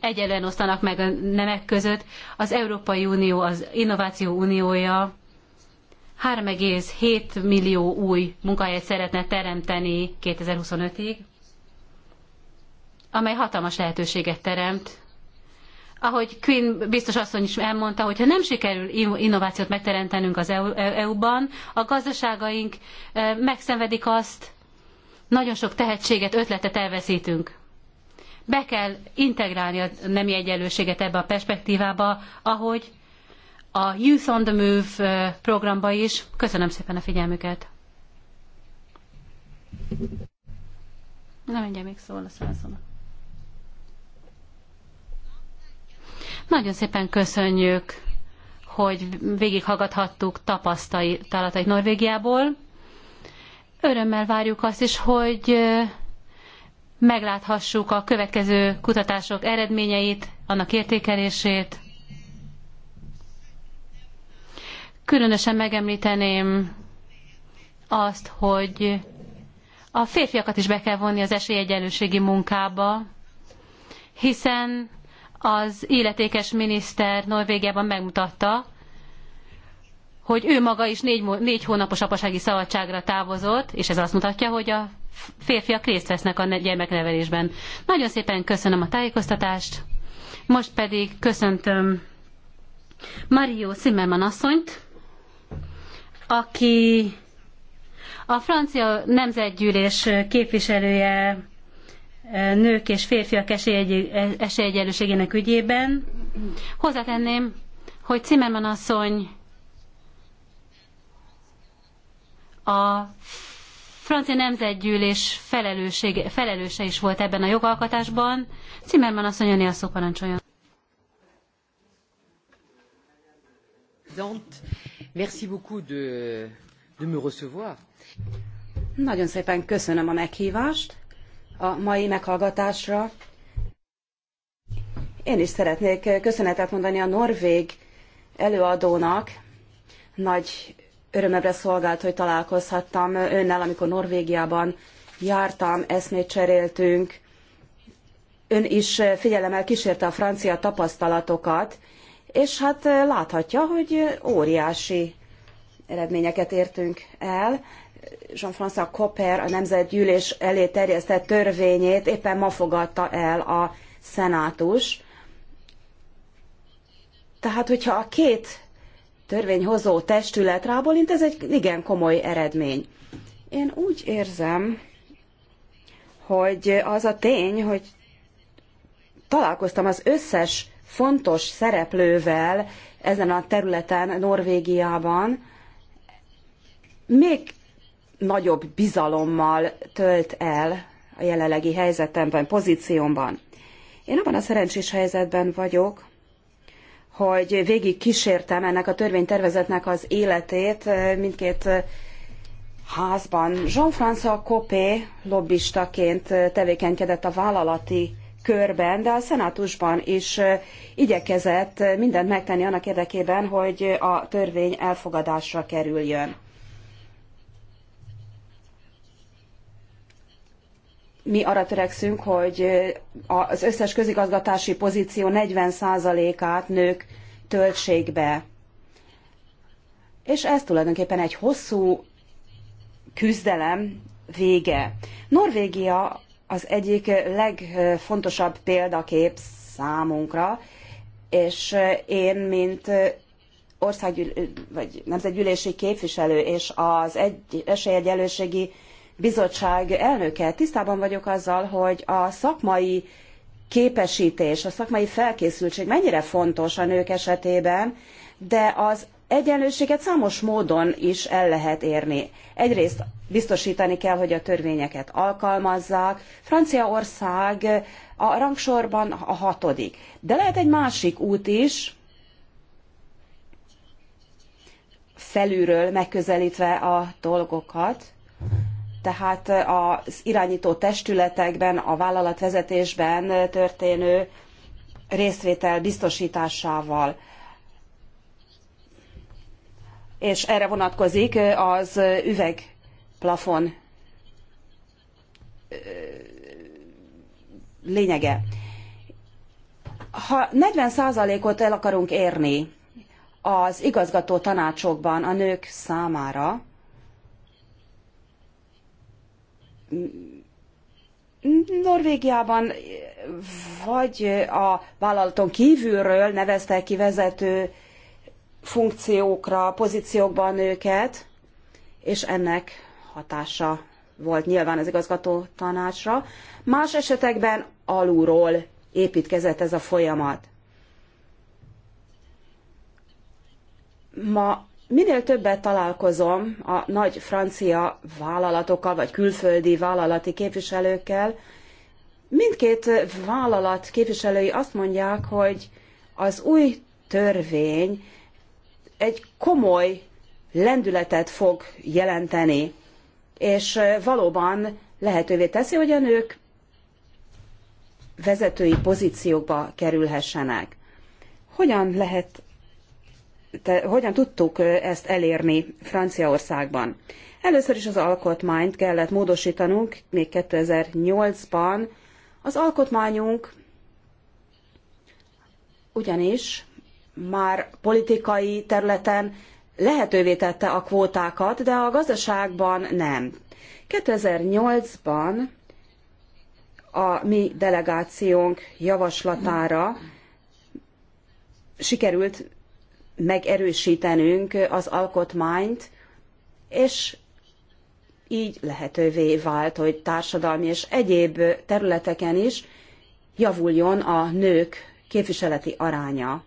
egyenlően osztanak meg a nemek között. Az Európai Unió, az Innováció Uniója 3,7 millió új munkahelyet szeretne teremteni 2025-ig, amely hatalmas lehetőséget teremt. Ahogy Quinn biztos asszony is elmondta, hogy ha nem sikerül innovációt megteremtenünk az e, EU-ban, a gazdaságaink e, megszenvedik azt, nagyon sok tehetséget, ötletet elveszítünk. Be kell integrálni a nemi egyenlőséget ebbe a perspektívába, ahogy a Youth on the Move e, programba is. Köszönöm szépen a figyelmüket. Nem engem még szól a Nagyon szépen köszönjük, hogy végighallgathattuk tapasztalatait Norvégiából. Örömmel várjuk azt is, hogy megláthassuk a következő kutatások eredményeit, annak értékelését. Különösen megemlíteném azt, hogy a férfiakat is be kell vonni az esélyegyenlőségi munkába, hiszen az életékes miniszter Norvégiában megmutatta, hogy ő maga is négy, négy hónapos apasági szabadságra távozott, és ez azt mutatja, hogy a férfiak részt vesznek a gyermeknevelésben. Nagyon szépen köszönöm a tájékoztatást, most pedig köszöntöm Mario Zimmermann asszonyt, aki a francia nemzetgyűlés képviselője nők és férfiak esélyegyenlőségének ügyében. Hozzátenném, hogy Zimmermann asszony a francia nemzetgyűlés felelőse is volt ebben a jogalkotásban. Zimmermann asszony, a szó parancsoljon. Merci beaucoup de, de me recevoir. Nagyon szépen köszönöm a meghívást a mai meghallgatásra. Én is szeretnék köszönetet mondani a norvég előadónak. Nagy örömemre szolgált, hogy találkozhattam önnel, amikor Norvégiában jártam, eszmét cseréltünk. Ön is figyelemmel kísérte a francia tapasztalatokat, és hát láthatja, hogy óriási eredményeket értünk el. Jean-François Copper a Nemzetgyűlés elé terjesztett törvényét éppen ma fogadta el a szenátus. Tehát, hogyha a két törvényhozó testület rábólint, ez egy igen komoly eredmény. Én úgy érzem, hogy az a tény, hogy találkoztam az összes fontos szereplővel ezen a területen Norvégiában, még nagyobb bizalommal tölt el a jelenlegi helyzetemben, pozíciómban. Én abban a szerencsés helyzetben vagyok, hogy végig kísértem ennek a törvénytervezetnek az életét eh, mindkét eh, házban. Jean-François Copé lobbistaként eh, tevékenykedett a vállalati körben, de a szenátusban is igyekezett mindent megtenni annak érdekében, hogy a törvény elfogadásra kerüljön. mi arra törekszünk, hogy az összes közigazgatási pozíció 40%-át nők töltsék be. És ez tulajdonképpen egy hosszú küzdelem vége. Norvégia az egyik legfontosabb példakép számunkra, és én, mint országgyűl- vagy nemzetgyűlési képviselő és az egy, esélyegyelőségi bizottság elnöke, tisztában vagyok azzal, hogy a szakmai képesítés, a szakmai felkészültség mennyire fontos a nők esetében, de az egyenlőséget számos módon is el lehet érni. Egyrészt biztosítani kell, hogy a törvényeket alkalmazzák. Franciaország a rangsorban a hatodik. De lehet egy másik út is, felülről megközelítve a dolgokat tehát eh, az irányító testületekben, a vállalatvezetésben eh, történő részvétel biztosításával. És erre vonatkozik eh, az üvegplafon lényege. Ha 40%-ot el akarunk érni az igazgató tanácsokban a nők számára, Norvégiában vagy a vállalaton kívülről neveztek ki vezető funkciókra, pozíciókba nőket, és ennek hatása volt nyilván az igazgató tanácsra. Más esetekben alulról építkezett ez a folyamat. Ma Minél többet találkozom a nagy francia vállalatokkal, vagy külföldi vállalati képviselőkkel, mindkét vállalat képviselői azt mondják, hogy az új törvény egy komoly lendületet fog jelenteni, és valóban lehetővé teszi, hogy a nők vezetői pozíciókba kerülhessenek. Hogyan lehet te, hogyan tudtuk ezt elérni Franciaországban. Először is az alkotmányt kellett módosítanunk, még 2008-ban. Az alkotmányunk ugyanis már politikai területen lehetővé tette a kvótákat, de a gazdaságban nem. 2008-ban a mi delegációnk javaslatára sikerült megerősítenünk az alkotmányt, és így lehetővé vált, hogy társadalmi és egyéb területeken is javuljon a nők képviseleti aránya.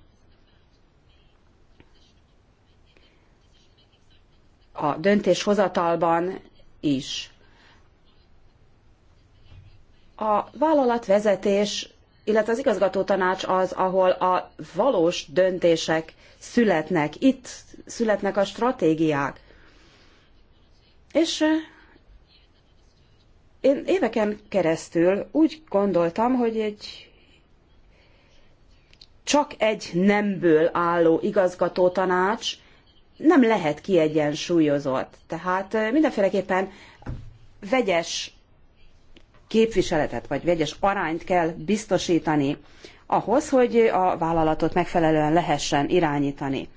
A döntéshozatalban is. A vállalatvezetés, illetve az igazgatótanács az, ahol a valós döntések születnek, itt születnek a stratégiák. És én éveken keresztül úgy gondoltam, hogy egy csak egy nemből álló igazgató tanács nem lehet kiegyensúlyozott. Tehát mindenféleképpen vegyes képviseletet vagy vegyes arányt kell biztosítani ahhoz, hogy a vállalatot megfelelően lehessen irányítani.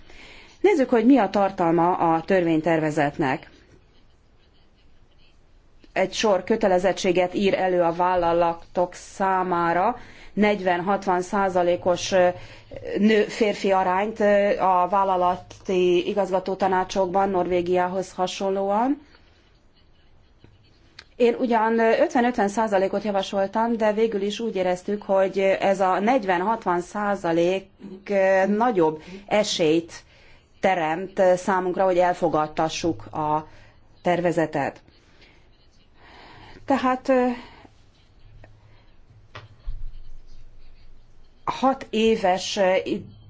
Nézzük, hogy mi a tartalma a törvénytervezetnek. Egy sor kötelezettséget ír elő a vállalatok számára, 40-60 százalékos nő-férfi arányt a vállalati igazgatótanácsokban Norvégiához hasonlóan. Én ugyan 50-50 százalékot -50 javasoltam, de végül is úgy éreztük, hogy ez a 40-60 százalék nagyobb esélyt teremt számunkra, hogy elfogadtassuk a tervezetet. Tehát hat éves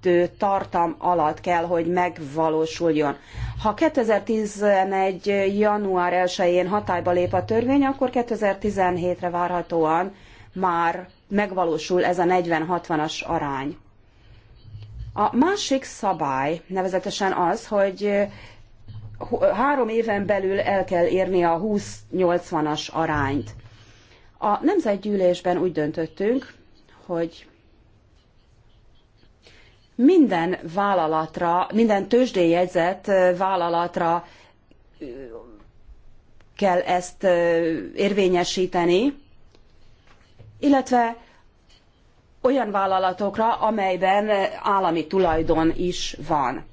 idő tartam alatt kell, hogy megvalósuljon. Ha 2011. január 1-én hatályba lép a törvény, akkor 2017-re várhatóan már megvalósul ez a 40-60-as arány. A másik szabály nevezetesen az, hogy három éven belül el kell érni a 20-80-as arányt. A nemzetgyűlésben úgy döntöttünk, hogy minden vállalatra, minden tőzsdéjegyzett vállalatra kell ezt érvényesíteni, illetve olyan vállalatokra, amelyben állami tulajdon is van.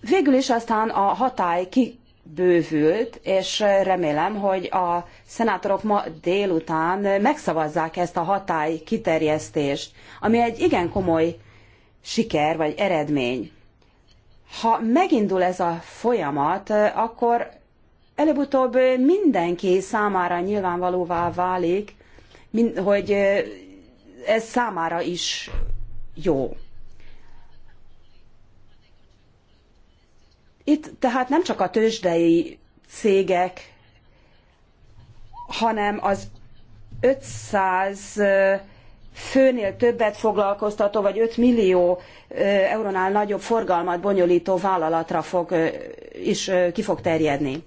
Végül is aztán a hatály ki bővült, és remélem, hogy a szenátorok ma délután megszavazzák ezt a hatály kiterjesztést, ami egy igen komoly siker vagy eredmény. Ha megindul ez a folyamat, akkor előbb-utóbb mindenki számára nyilvánvalóvá válik, hogy ez számára is jó. Itt tehát nem csak a tőzsdei cégek, hanem az 500 főnél többet foglalkoztató, vagy 5 millió eurónál nagyobb forgalmat bonyolító vállalatra fog, is ki fog terjedni.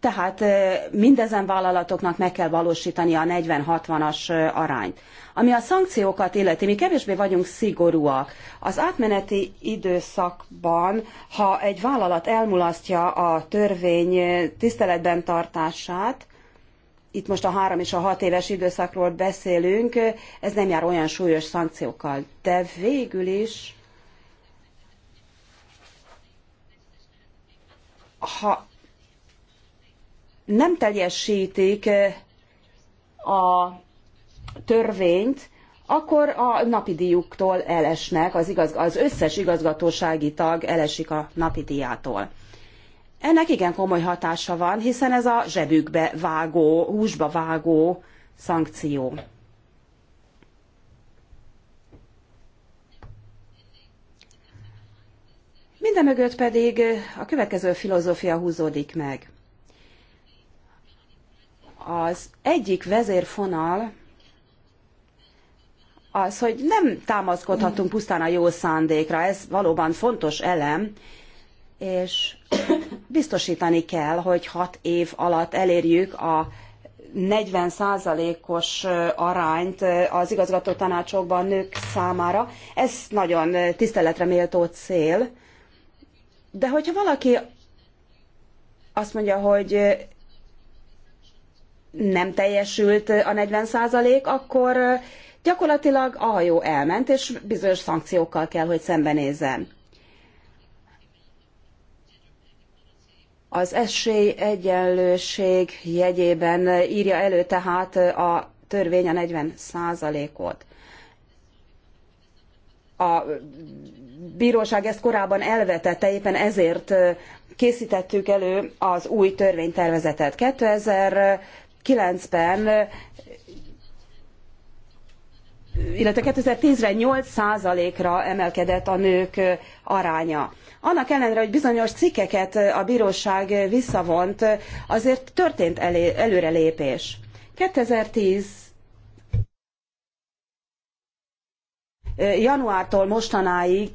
Tehát mindezen vállalatoknak meg kell valósítani a 40-60-as arányt. Ami a szankciókat illeti, mi kevésbé vagyunk szigorúak. Az átmeneti időszakban, ha egy vállalat elmulasztja a törvény tiszteletben tartását, itt most a három és a hat éves időszakról beszélünk, ez nem jár olyan súlyos szankciókkal. De végül is, ha nem teljesítik eh, a törvényt, akkor a napidíjuktól elesnek, az, igaz, az összes igazgatósági tag elesik a napidíjától. Ennek igen komoly hatása van, hiszen ez a zsebükbe vágó, húsba vágó szankció. Minden mögött pedig a következő filozófia húzódik meg. Az egyik vezérfonal az, hogy nem támaszkodhatunk pusztán a jó szándékra, ez valóban fontos elem, és biztosítani kell, hogy hat év alatt elérjük a 40 százalékos arányt az igazgató tanácsokban nők számára. Ez nagyon tiszteletre méltó cél. De hogyha valaki azt mondja, hogy nem teljesült a 40 százalék, akkor gyakorlatilag a hajó elment, és bizonyos szankciókkal kell, hogy szembenézzen. Az esély egyenlőség jegyében írja elő tehát a törvény a 40 százalékot. A bíróság ezt korábban elvetette, éppen ezért készítettük elő az új törvénytervezetet. 2000 2009-ben illetve 2010-re 8%-ra emelkedett a nők aránya. Annak ellenére, hogy bizonyos cikkeket a bíróság visszavont, azért történt elé, előrelépés. 2010 januártól mostanáig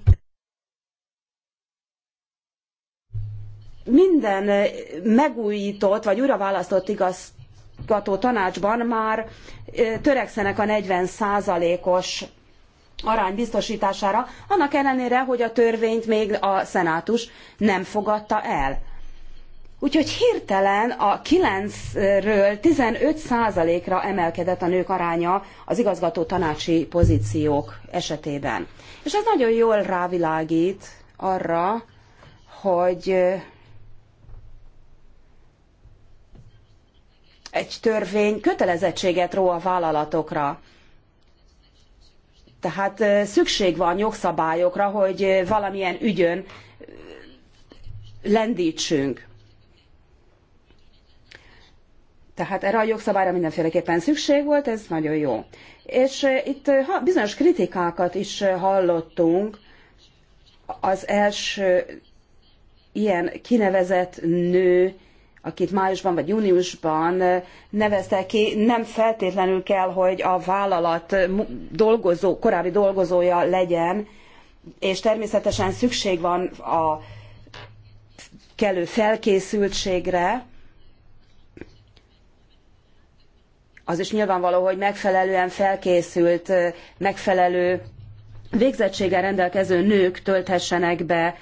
minden megújított vagy újraválasztott igaz igazgató tanácsban már törekszenek a 40 os arány biztosítására, annak ellenére, hogy a törvényt még a szenátus nem fogadta el. Úgyhogy hirtelen a 9-ről 15 ra emelkedett a nők aránya az igazgató tanácsi pozíciók esetében. És ez nagyon jól rávilágít arra, hogy egy törvény kötelezettséget ró a vállalatokra. Tehát szükség van jogszabályokra, hogy valamilyen ügyön lendítsünk. Tehát erre a jogszabályra mindenféleképpen szükség volt, ez nagyon jó. És itt bizonyos kritikákat is hallottunk. Az első ilyen kinevezett nő akit májusban vagy júniusban eh, neveztek ki, nem feltétlenül kell, hogy a vállalat dolgozó, korábbi dolgozója legyen, és természetesen szükség van a kellő felkészültségre, az is nyilvánvaló, hogy megfelelően felkészült, eh, megfelelő végzettséggel rendelkező nők tölthessenek be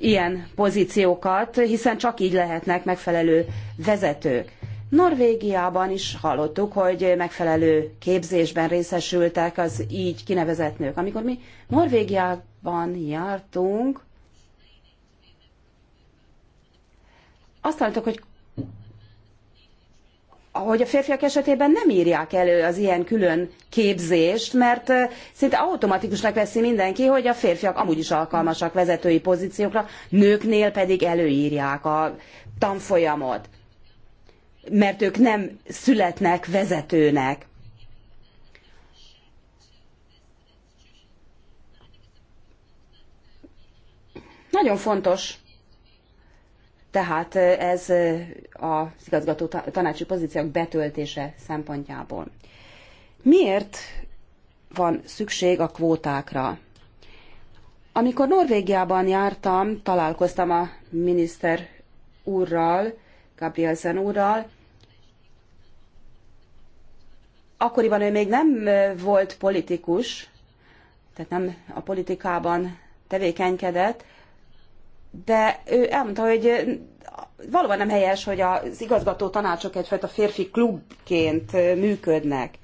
ilyen pozíciókat, hiszen csak így lehetnek megfelelő vezetők. Norvégiában is hallottuk, hogy megfelelő képzésben részesültek az így kinevezett nők. Amikor mi Norvégiában jártunk, azt hallottuk, hogy hogy a férfiak esetében nem írják elő az ilyen külön képzést, mert eh, szinte automatikusnak veszi mindenki, hogy a férfiak amúgy is alkalmasak vezetői pozíciókra, nőknél pedig előírják a tanfolyamot, mert ők nem születnek vezetőnek. Nagyon fontos tehát ez az igazgató tanácsi pozíciók betöltése szempontjából. Miért van szükség a kvótákra? Amikor Norvégiában jártam, találkoztam a miniszter úrral, Gabrielsen úrral, akkoriban ő még nem volt politikus, tehát nem a politikában tevékenykedett, de ő elmondta, hogy valóban nem helyes, hogy az igazgató tanácsok egyfajta férfi klubként működnek.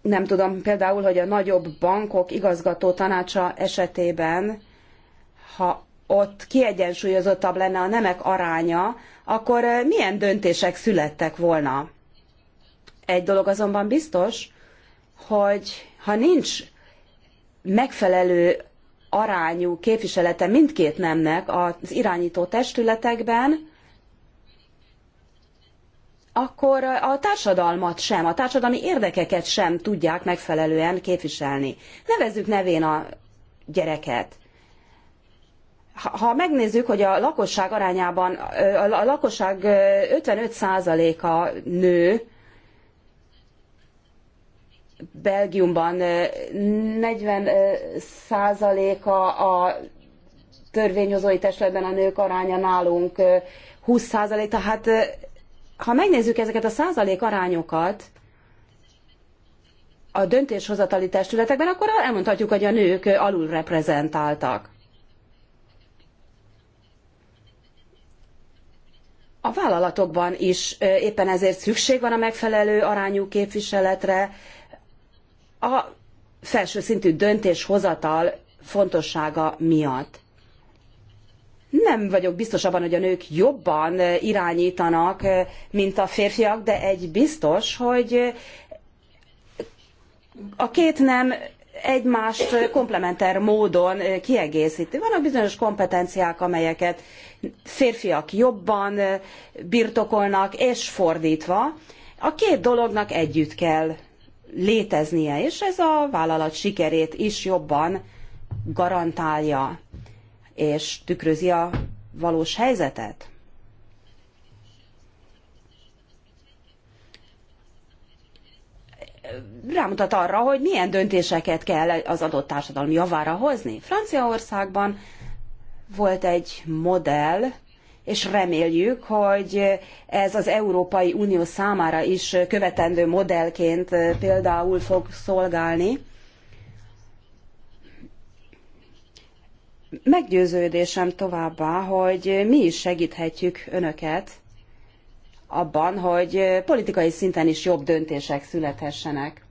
Nem tudom például, hogy a nagyobb bankok igazgató tanácsa esetében, ha ott kiegyensúlyozottabb lenne a nemek aránya, akkor milyen döntések születtek volna? Egy dolog azonban biztos, hogy ha nincs megfelelő arányú képviselete mindkét nemnek az irányító testületekben, akkor a társadalmat sem, a társadalmi érdekeket sem tudják megfelelően képviselni. Nevezzük nevén a gyereket. Ha megnézzük, hogy a lakosság arányában, a lakosság 55%-a nő, Belgiumban 40 százaléka a törvényhozói testületben a nők aránya nálunk 20 százalék, tehát ha megnézzük ezeket a százalék arányokat a döntéshozatali testületekben, akkor elmondhatjuk, hogy a nők alul reprezentáltak. A vállalatokban is éppen ezért szükség van a megfelelő arányú képviseletre, a felső szintű döntéshozatal fontossága miatt. Nem vagyok biztos abban, hogy a nők jobban irányítanak, mint a férfiak, de egy biztos, hogy a két nem egymást komplementer módon kiegészíti. Vannak bizonyos kompetenciák, amelyeket férfiak jobban birtokolnak, és fordítva. A két dolognak együtt kell léteznie, és ez a vállalat sikerét is jobban garantálja, és tükrözi a valós helyzetet. rámutat arra, hogy milyen döntéseket kell az adott társadalom javára hozni. Franciaországban volt egy modell, és reméljük, hogy ez az Európai Unió számára is követendő modellként eh, például fog szolgálni. Meggyőződésem továbbá, hogy mi is segíthetjük önöket abban, hogy politikai szinten is jobb döntések születhessenek.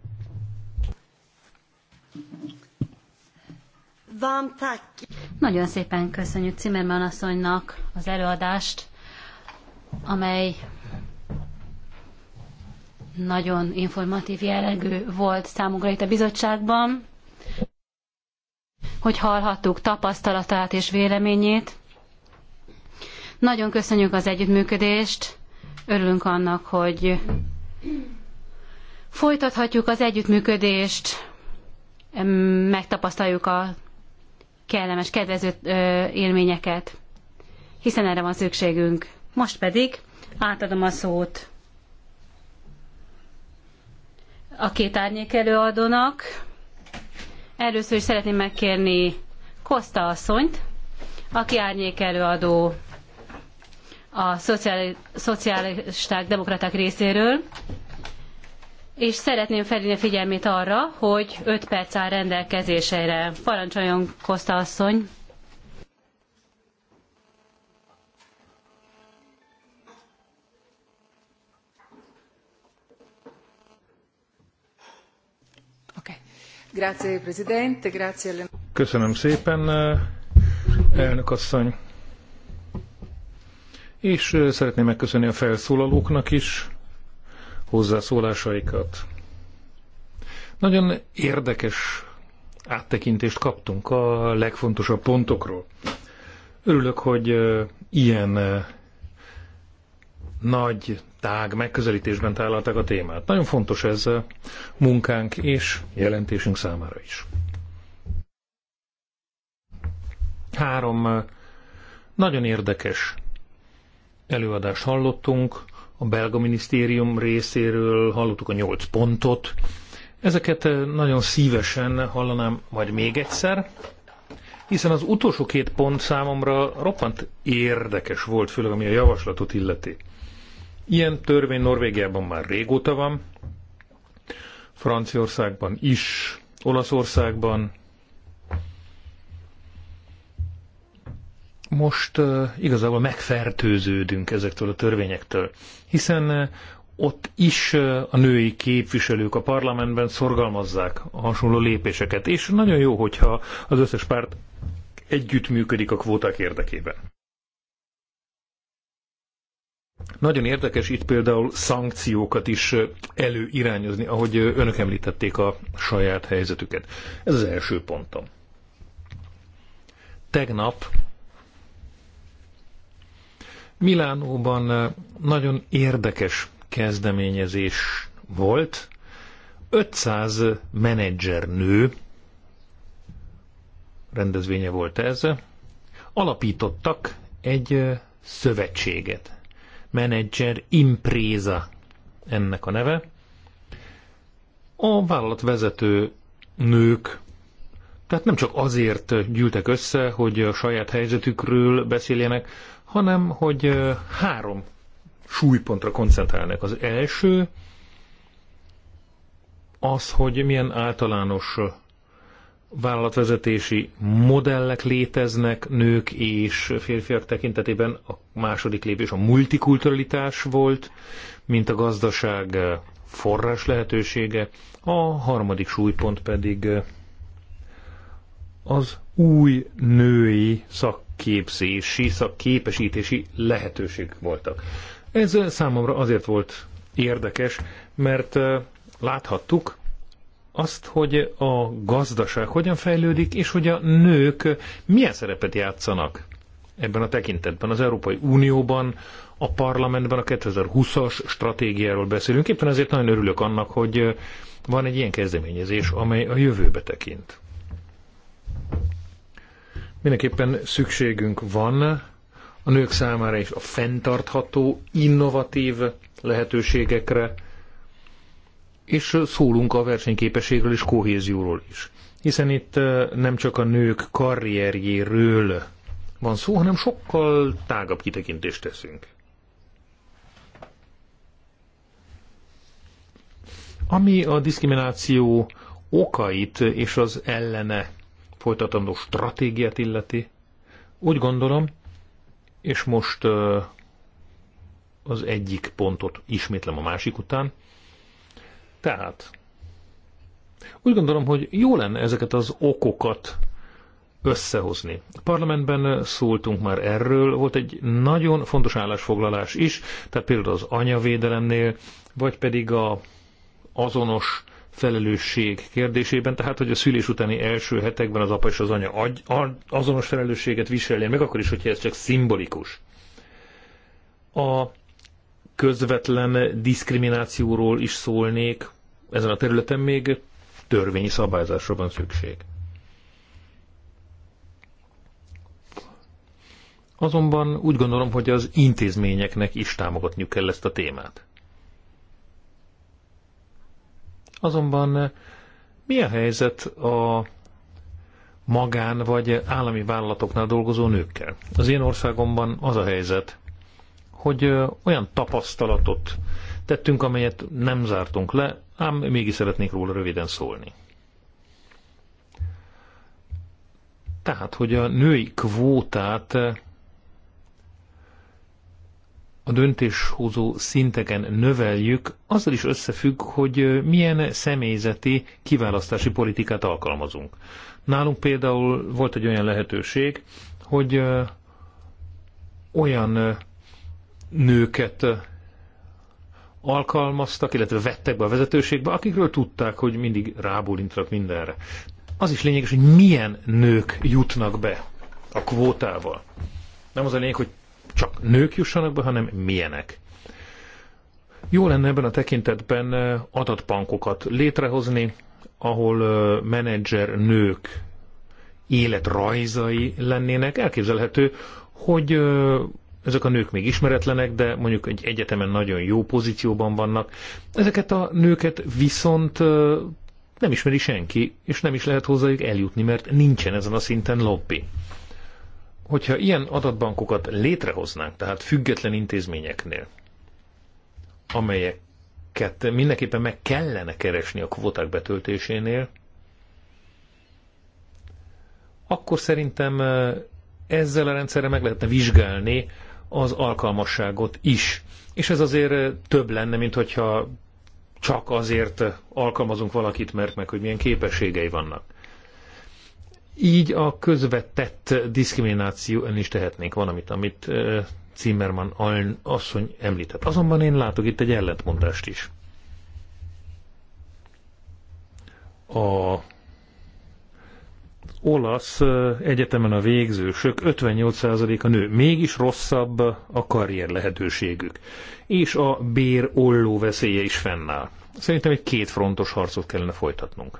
Nagyon szépen köszönjük Cimmerman asszonynak az előadást, amely nagyon informatív jellegű volt számunkra itt a bizottságban, hogy hallhattuk tapasztalatát és véleményét. Nagyon köszönjük az együttműködést, örülünk annak, hogy folytathatjuk az együttműködést, megtapasztaljuk a kellemes, kedvező élményeket, hiszen erre van szükségünk. Most pedig átadom a szót a két árnyék előadónak. Először is szeretném megkérni Kosta asszonyt, aki árnyék előadó a szocialisták, demokraták részéről, és szeretném felhívni a figyelmét arra, hogy 5 perc áll rendelkezésére. Parancsoljon, Kosta asszony! Köszönöm szépen, eh, elnök asszony. És eh, szeretném megköszönni a felszólalóknak is hozzászólásaikat. Nagyon érdekes áttekintést kaptunk a legfontosabb pontokról. Örülök, hogy ilyen nagy, tág megközelítésben tálalták a témát. Nagyon fontos ez a munkánk és jelentésünk számára is. Három nagyon érdekes előadást hallottunk, a belga minisztérium részéről hallottuk a nyolc pontot. Ezeket eh, nagyon szívesen hallanám majd még egyszer, hiszen az utolsó két pont számomra roppant érdekes volt, főleg ami a javaslatot illeti. Ilyen törvény Norvégiában már régóta van, Franciaországban is, Olaszországban. Most uh, igazából megfertőződünk ezektől a törvényektől hiszen eh, ott is eh, a női képviselők a parlamentben szorgalmazzák a hasonló lépéseket, és nagyon jó, hogyha az összes párt együttműködik a kvóták érdekében. Nagyon érdekes itt például szankciókat is eh, előirányozni, ahogy önök említették a saját helyzetüket. Ez az első pontom. Tegnap Milánóban eh, nagyon érdekes kezdeményezés volt. 500 menedzser nő rendezvénye volt ez. Alapítottak egy eh, szövetséget. Menedzser Impréza ennek a neve. A vállalatvezető nők tehát nem csak azért gyűltek össze, hogy a saját helyzetükről beszéljenek, hanem hogy három súlypontra koncentrálnak. Az első az, hogy milyen általános vállalatvezetési modellek léteznek nők és férfiak tekintetében. A második lépés a multikulturalitás volt, mint a gazdaság forrás lehetősége, a harmadik súlypont pedig az új női szakképzési, szakképesítési lehetőség voltak. Ez számomra azért volt érdekes, mert láthattuk azt, hogy a gazdaság hogyan fejlődik, és hogy a nők milyen szerepet játszanak ebben a tekintetben. Az Európai Unióban, a parlamentben a 2020-as stratégiáról beszélünk. Éppen ezért nagyon örülök annak, hogy van egy ilyen kezdeményezés, amely a jövőbe tekint. Mindenképpen szükségünk van a nők számára is a fenntartható, innovatív lehetőségekre, és szólunk a versenyképességről és kohézióról is. Hiszen itt nem csak a nők karrierjéről van szó, hanem sokkal tágabb kitekintést teszünk. Ami a diszkrimináció okait és az ellene folytatandó stratégiát illeti, úgy gondolom, és most az egyik pontot ismétlem a másik után. Tehát, úgy gondolom, hogy jó lenne ezeket az okokat összehozni. A parlamentben szóltunk már erről, volt egy nagyon fontos állásfoglalás is, tehát például az anyavédelemnél, vagy pedig a azonos felelősség kérdésében, tehát hogy a szülés utáni első hetekben az apa és az anya agy, azonos felelősséget viseljen, meg akkor is, hogyha ez csak szimbolikus. A közvetlen diszkriminációról is szólnék, ezen a területen még törvényi szabályzásra van szükség. Azonban úgy gondolom, hogy az intézményeknek is támogatniuk kell ezt a témát. Azonban eh, mi a helyzet a magán vagy állami vállalatoknál dolgozó nőkkel? Az én országomban az a helyzet, hogy eh, olyan tapasztalatot tettünk, amelyet nem zártunk le, ám mégis szeretnék róla röviden szólni. Tehát, hogy a női kvótát eh, a döntéshozó szinteken növeljük, azzal is összefügg, hogy milyen személyzeti kiválasztási politikát alkalmazunk. Nálunk például volt egy olyan lehetőség, hogy olyan nőket alkalmaztak, illetve vettek be a vezetőségbe, akikről tudták, hogy mindig rábólintrak mindenre. Az is lényeges, hogy milyen nők jutnak be a kvótával. Nem az a lényeg, hogy csak nők jussanak be, hanem milyenek. Jó lenne ebben a tekintetben adatbankokat létrehozni, ahol menedzser nők életrajzai lennének. Elképzelhető, hogy ezek a nők még ismeretlenek, de mondjuk egy egyetemen nagyon jó pozícióban vannak. Ezeket a nőket viszont nem ismeri senki, és nem is lehet hozzájuk eljutni, mert nincsen ezen a szinten lobby hogyha ilyen adatbankokat létrehoznánk, tehát független intézményeknél, amelyeket mindenképpen meg kellene keresni a kvoták betöltésénél, akkor szerintem ezzel a rendszerrel meg lehetne vizsgálni az alkalmasságot is. És ez azért több lenne, mint hogyha csak azért alkalmazunk valakit, mert meg, hogy milyen képességei vannak. Így a közvetett diszkrimináció ön is tehetnénk valamit, amit Zimmermann asszony említett. Azonban én látok itt egy ellentmondást is. A olasz egyetemen a végzősök 58%-a nő, mégis rosszabb a karrier lehetőségük. És a bér olló veszélye is fennáll. Szerintem egy frontos harcot kellene folytatnunk.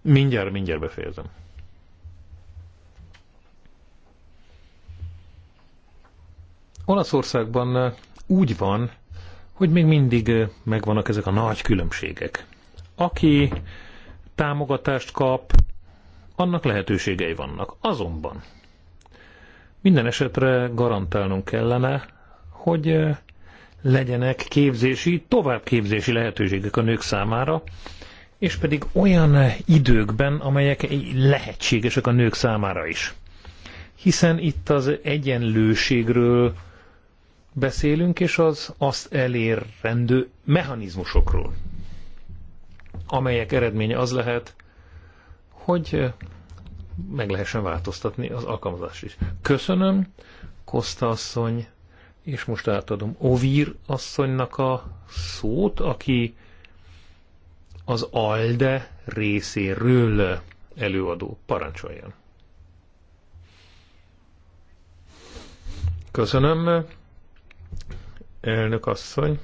Mindjárt, mindjárt befejezem. Olaszországban eh, úgy van, hogy még mindig eh, megvannak ezek a nagy különbségek. Aki támogatást kap, annak lehetőségei vannak. Azonban minden esetre garantálnunk kellene, hogy eh, legyenek képzési, továbbképzési lehetőségek a nők számára, és pedig olyan időkben, amelyek lehetségesek a nők számára is. Hiszen itt az egyenlőségről beszélünk, és az azt elérendő mechanizmusokról, amelyek eredménye az lehet, hogy meg lehessen változtatni az alkalmazást is. Köszönöm, Koszta asszony, és most átadom Ovír asszonynak a szót, aki az ALDE részéről előadó. Parancsoljon! Köszönöm, Elnök asszony.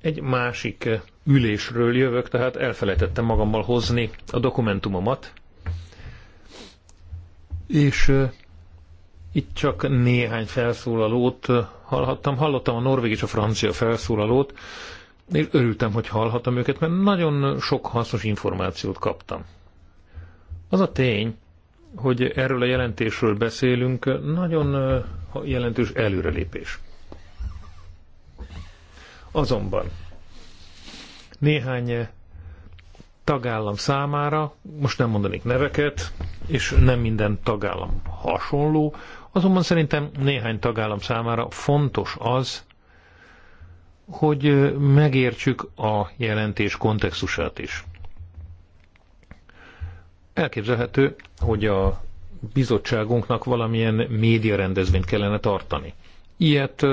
Egy másik ülésről jövök, tehát elfelejtettem magammal hozni a dokumentumomat. És itt csak néhány felszólalót hallhattam. Hallottam a norvég és a francia felszólalót, és örültem, hogy hallhattam őket, mert nagyon sok hasznos információt kaptam. Az a tény, hogy erről a jelentésről beszélünk, nagyon jelentős előrelépés. Azonban néhány tagállam számára, most nem mondanék neveket, és nem minden tagállam hasonló, azonban szerintem néhány tagállam számára fontos az, hogy megértsük a jelentés kontextusát is. Elképzelhető, hogy a bizottságunknak valamilyen média rendezvényt kellene tartani. Ilyet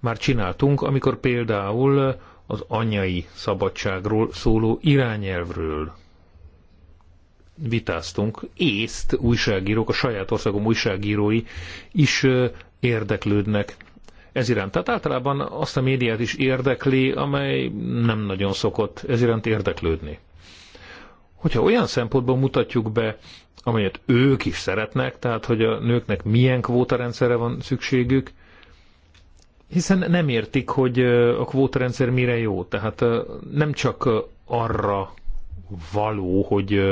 már csináltunk, amikor például az anyai szabadságról szóló irányelvről vitáztunk. Észt újságírók, a saját országom újságírói is érdeklődnek ez iránt. Tehát általában azt a médiát is érdekli, amely nem nagyon szokott ez iránt érdeklődni hogyha olyan szempontból mutatjuk be, amelyet ők is szeretnek, tehát hogy a nőknek milyen kvótarendszerre van szükségük, hiszen nem értik, hogy a kvótarendszer mire jó. Tehát nem csak arra való, hogy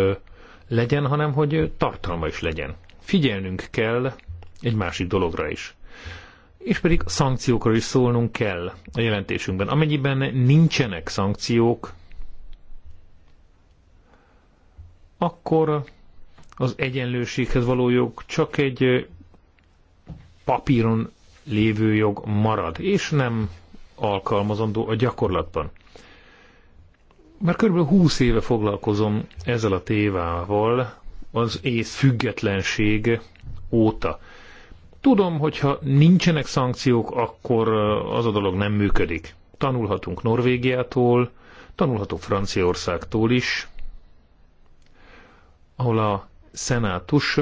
legyen, hanem hogy tartalma is legyen. Figyelnünk kell egy másik dologra is. És pedig szankciókra is szólnunk kell a jelentésünkben. Amennyiben nincsenek szankciók, akkor az egyenlőséghez való jog csak egy papíron lévő jog marad, és nem alkalmazandó a gyakorlatban. Már körülbelül 20 éve foglalkozom ezzel a tévával, az ész függetlenség óta. Tudom, hogyha nincsenek szankciók, akkor az a dolog nem működik. Tanulhatunk Norvégiától, tanulhatunk Franciaországtól is, ahol a szenátus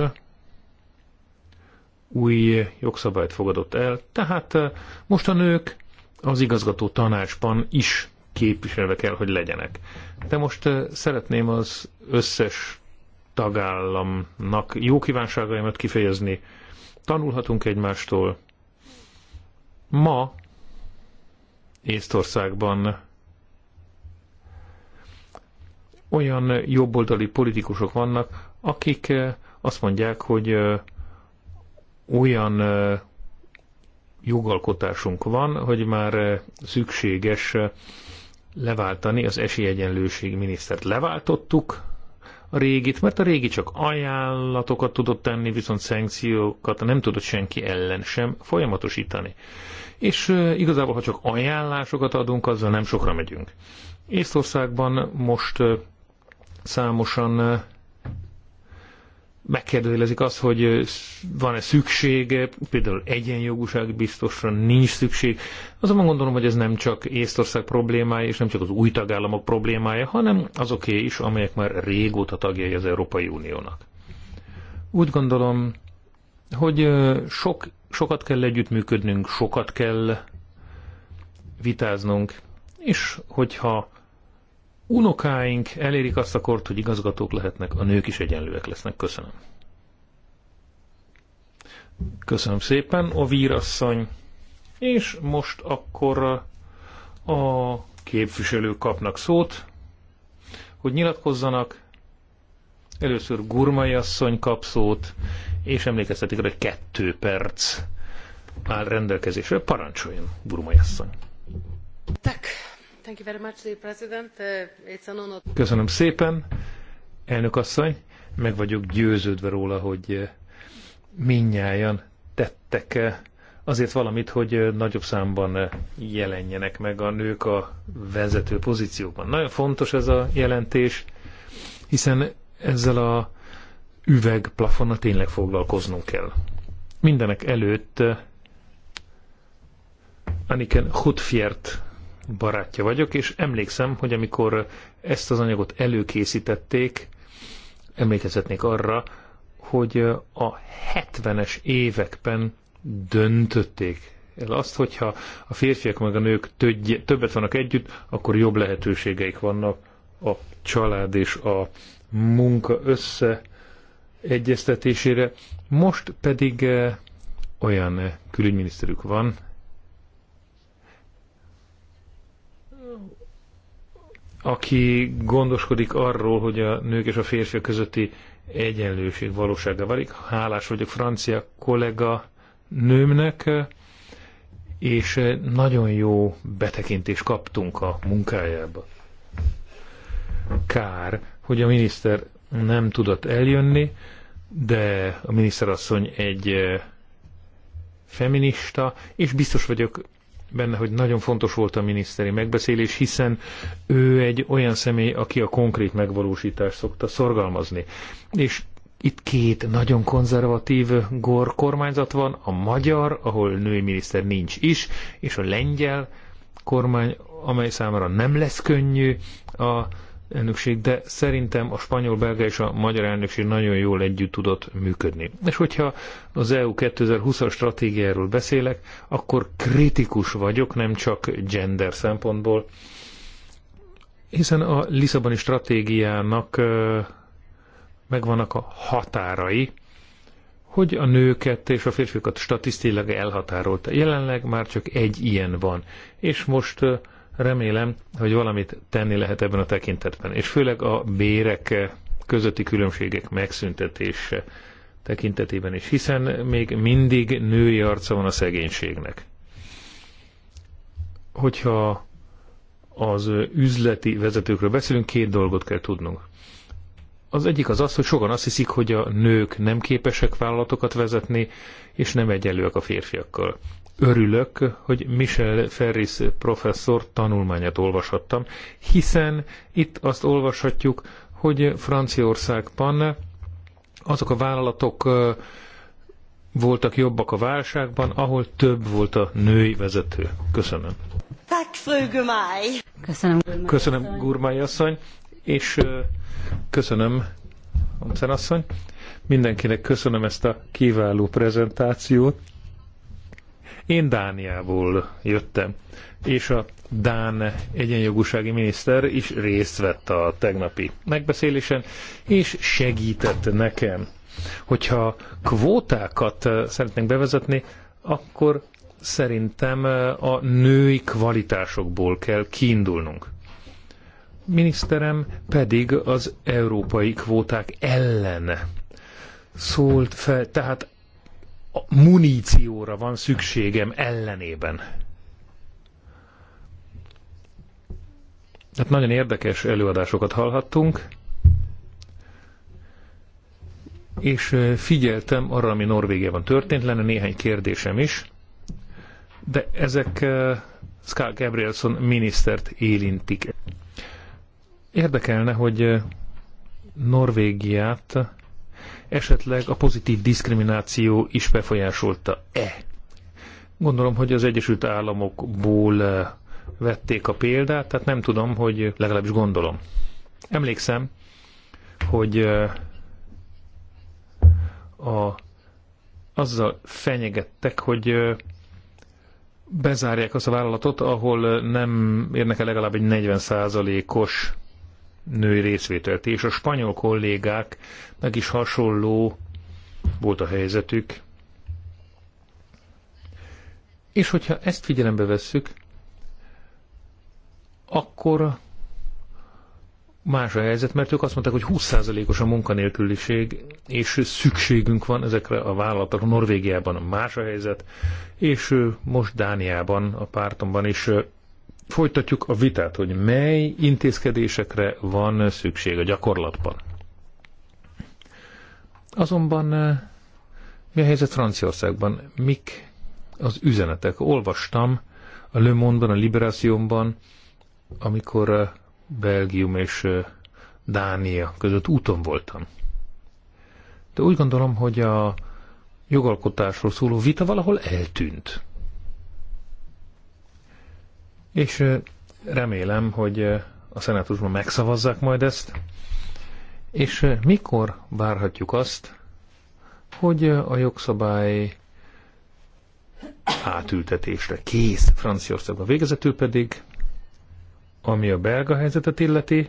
új jogszabályt fogadott el, tehát eh, most a nők az igazgató tanácsban is képviselve kell, hogy legyenek. De most eh, szeretném az összes tagállamnak jó kívánságaimat kifejezni. Tanulhatunk egymástól. Ma Észtországban olyan jobboldali politikusok vannak, akik azt mondják, hogy olyan jogalkotásunk van, hogy már szükséges leváltani az esélyegyenlőség minisztert. Leváltottuk a régit, mert a régi csak ajánlatokat tudott tenni, viszont szankciókat nem tudott senki ellen sem folyamatosítani. És igazából, ha csak ajánlásokat adunk, azzal nem sokra megyünk. Észtországban most számosan megkérdőjelezik azt, hogy van-e szükség, például egyenjogúság biztosra nincs szükség. Azonban gondolom, hogy ez nem csak Észtország problémája, és nem csak az új tagállamok problémája, hanem azoké is, amelyek már régóta tagjai az Európai Uniónak. Úgy gondolom, hogy sok, sokat kell együttműködnünk, sokat kell vitáznunk, és hogyha unokáink elérik azt a kort, hogy igazgatók lehetnek, a nők is egyenlőek lesznek. Köszönöm. Köszönöm szépen, a vírasszony. És most akkor a képviselők kapnak szót, hogy nyilatkozzanak. Először Gurmai asszony kap szót, és emlékeztetik arra, hogy kettő perc áll rendelkezésre. Parancsoljon, Gurmai asszony. Tak. Uh, Köszönöm szépen, elnök asszony. Meg vagyok győződve róla, hogy uh, minnyáján tettek uh, azért valamit, hogy nagyobb számban jelenjenek meg a nők a vezető pozícióban. Nagyon fontos ez a jelentés, hiszen ezzel a üvegplafonnal tényleg foglalkoznunk kell. Mindenek előtt Aniken Hutfiert barátja vagyok, és emlékszem, hogy amikor ezt az anyagot előkészítették, emlékezhetnék arra, hogy a 70-es években döntötték el azt, hogyha a férfiak meg a nők többet vannak együtt, akkor jobb lehetőségeik vannak a család és a munka összeegyeztetésére. Most pedig eh, olyan külügyminiszterük van, aki gondoskodik arról, hogy a nők és a férfiak közötti egyenlőség valósága válik. Hálás vagyok francia kollega nőmnek, és nagyon jó betekintést kaptunk a munkájába. Kár, hogy a miniszter nem tudott eljönni, de a miniszterasszony egy eh, feminista, és biztos vagyok benne, hogy nagyon fontos volt a miniszteri megbeszélés, hiszen ő egy olyan személy, aki a konkrét megvalósítást szokta szorgalmazni. És itt két nagyon konzervatív gor kormányzat van, a magyar, ahol női miniszter nincs is, és a lengyel kormány, amely számára nem lesz könnyű a elnökség, de szerintem a spanyol, belga és a magyar elnökség nagyon jól együtt tudott működni. És hogyha az EU 2020-as stratégiáról beszélek, akkor kritikus vagyok, nem csak gender szempontból, hiszen a Lisszaboni stratégiának megvannak a határai, hogy a nőket és a férfiakat statisztilag elhatárolta. Jelenleg már csak egy ilyen van, és most Remélem, hogy valamit tenni lehet ebben a tekintetben, és főleg a bérek közötti különbségek megszüntetése tekintetében is, hiszen még mindig női arca van a szegénységnek. Hogyha az üzleti vezetőkről beszélünk, két dolgot kell tudnunk. Az egyik az az, hogy sokan azt hiszik, hogy a nők nem képesek vállalatokat vezetni, és nem egyenlőek a férfiakkal örülök, hogy Michel Ferris professzor tanulmányát olvashattam, hiszen itt azt olvashatjuk, hogy Franciaországban azok a vállalatok voltak jobbak a válságban, ahol több volt a női vezető. Köszönöm. Köszönöm, Köszönöm, Gurmai asszony, és köszönöm, Hansen asszony. Mindenkinek köszönöm ezt a kiváló prezentációt. Én Dániából jöttem, és a Dán egyenjogúsági miniszter is részt vett a tegnapi megbeszélésen, és segített nekem, hogyha kvótákat eh, szeretnénk bevezetni, akkor szerintem eh, a női kvalitásokból kell kiindulnunk. Miniszterem pedig az európai kvóták ellen szólt fel, tehát munícióra van szükségem ellenében. Hát nagyon érdekes előadásokat hallhattunk, és figyeltem arra, ami Norvégiában történt, lenne néhány kérdésem is, de ezek Skál Gabrielson minisztert érintik. Érdekelne, hogy Norvégiát esetleg a pozitív diszkrimináció is befolyásolta-e. Gondolom, hogy az Egyesült Államokból eh, vették a példát, tehát nem tudom, hogy legalábbis gondolom. Emlékszem, hogy eh, a, azzal fenyegettek, hogy eh, bezárják azt a vállalatot, ahol nem érnek el legalább egy 40%-os női részvételt, és a spanyol kollégák meg is hasonló volt a helyzetük. És hogyha ezt figyelembe vesszük, akkor más a helyzet, mert ők azt mondták, hogy 20%-os a munkanélküliség, és szükségünk van ezekre a vállalatokra. Norvégiában más a helyzet, és most Dániában, a pártomban is folytatjuk a vitát, hogy mely intézkedésekre van szükség a gyakorlatban. Azonban eh, mi a helyzet Franciaországban? Mik az üzenetek? Olvastam a Le Monde-ban, a Liberációban, amikor eh, Belgium és eh, Dánia között úton voltam. De úgy gondolom, hogy a jogalkotásról szóló vita valahol eltűnt. És remélem, hogy a szenátusban megszavazzák majd ezt. És mikor várhatjuk azt, hogy a jogszabály átültetésre kész Franciaországban. Végezetül pedig, ami a belga helyzetet illeti,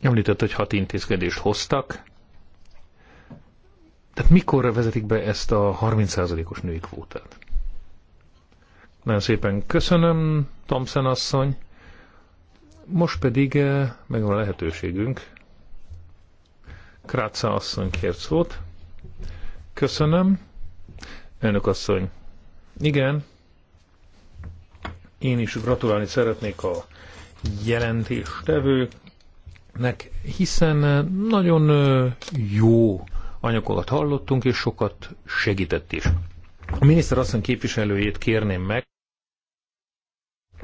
említett, hogy hat intézkedést hoztak, tehát mikor vezetik be ezt a 30%-os női kvótát? Nagyon szépen köszönöm, Thompson asszony. Most pedig eh, megvan a lehetőségünk. Kráca asszony kért szót. Köszönöm. Elnök asszony. Igen. Én is gratulálni szeretnék a jelentéstevőnek, hiszen eh, nagyon eh, jó anyagokat hallottunk, és sokat segített is. A miniszter asszony képviselőjét kérném meg,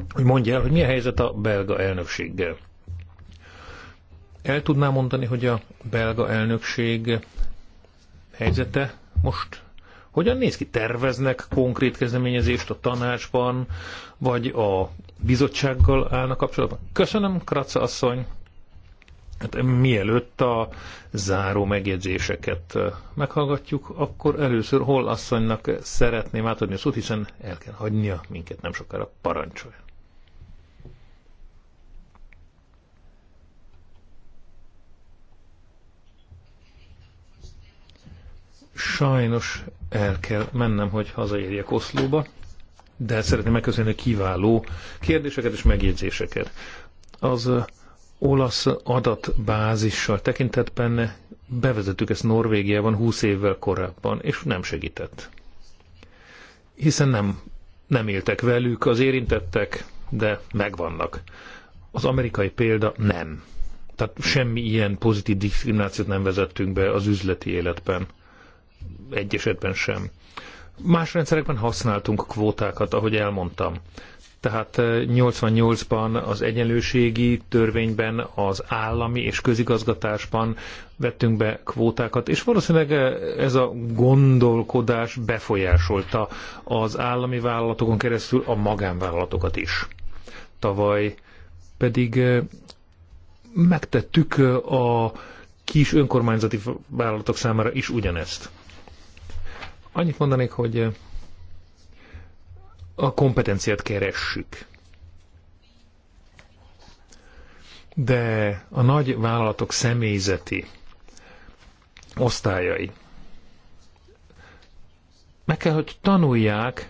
hogy mondja el, hogy mi a helyzet a belga elnökséggel. El tudná mondani, hogy a belga elnökség helyzete most hogyan néz ki? Terveznek konkrét kezdeményezést a tanácsban, vagy a bizottsággal állnak kapcsolatban? Köszönöm, Kraca asszony! Hát mielőtt a záró megjegyzéseket meghallgatjuk, akkor először hol asszonynak szeretném átadni a szót, hiszen el kell hagynia minket nem sokára parancsoljon. Sajnos el kell mennem, hogy hazaérjek Oszlóba, de szeretném megköszönni a kiváló kérdéseket és megjegyzéseket. Az olasz adatbázissal tekintetben bevezettük ezt Norvégiában 20 évvel korábban, és nem segített. Hiszen nem, nem éltek velük az érintettek, de megvannak. Az amerikai példa nem. Tehát semmi ilyen pozitív diszkriminációt nem vezettünk be az üzleti életben egy esetben sem. Más rendszerekben használtunk kvótákat, ahogy elmondtam. Tehát 88-ban eh, az egyenlőségi törvényben, az állami és közigazgatásban vettünk be kvótákat, és valószínűleg eh, ez a gondolkodás befolyásolta az állami vállalatokon keresztül a magánvállalatokat is. Tavaly pedig eh, megtettük a kis önkormányzati vállalatok számára is ugyanezt. Annyit mondanék, hogy eh, a kompetenciát keressük. De a nagy vállalatok személyzeti osztályai meg kell, hogy tanulják,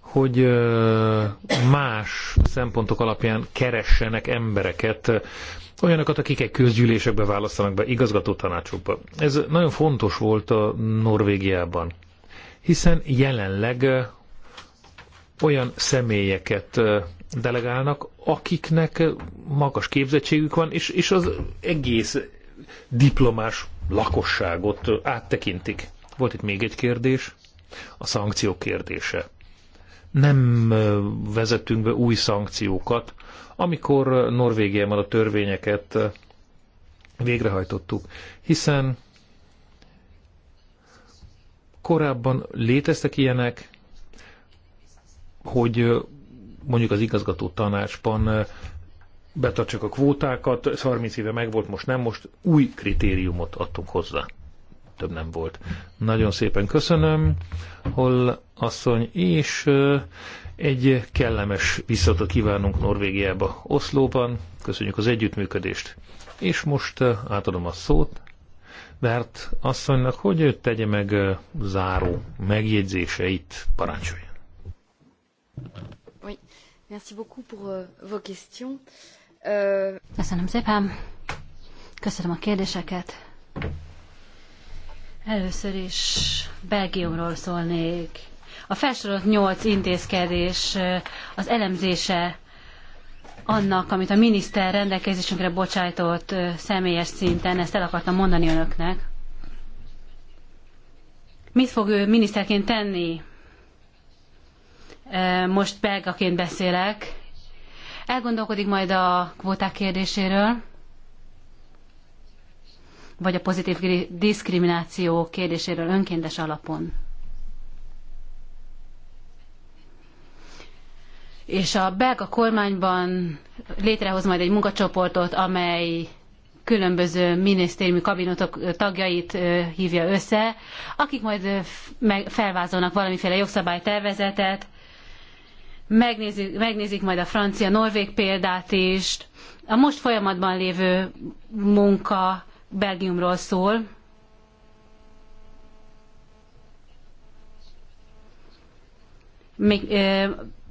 hogy eh, más szempontok alapján keressenek embereket, eh, olyanokat, akik egy közgyűlésekbe választanak be, igazgató tanácsokba. Ez nagyon fontos volt a Norvégiában hiszen jelenleg olyan személyeket delegálnak, akiknek magas képzettségük van, és, és az egész diplomás lakosságot áttekintik. Volt itt még egy kérdés, a szankciók kérdése. Nem vezettünk be új szankciókat, amikor Norvégiában a törvényeket végrehajtottuk, hiszen Korábban léteztek ilyenek, hogy mondjuk az igazgató tanácsban betartsak a kvótákat, 30 éve megvolt, most nem, most új kritériumot adtunk hozzá. Több nem volt. Nagyon szépen köszönöm, hol asszony, és egy kellemes visszatot kívánunk Norvégiába, Oszlóban. Köszönjük az együttműködést. És most átadom a szót azt asszonynak, hogy ő tegye meg záró megjegyzéseit, parancsolja. Oui. Merci beaucoup pour euh, vos questions. Euh, Köszönöm szépen. Köszönöm a kérdéseket. Először is Belgiumról szólnék. A felsorolt nyolc intézkedés az elemzése annak, amit a miniszter rendelkezésünkre bocsájtott személyes szinten, ezt el akartam mondani önöknek. Mit fog ő miniszterként tenni? Most belgaként beszélek. Elgondolkodik majd a kvóták kérdéséről, vagy a pozitív diszkrimináció kérdéséről önkéntes alapon. és a belga kormányban létrehoz majd egy munkacsoportot, amely különböző minisztériumi kabinetek tagjait hívja össze, akik majd felvázolnak valamiféle jogszabálytervezetet, megnézik, megnézik majd a francia-norvég példát is. A most folyamatban lévő munka Belgiumról szól, még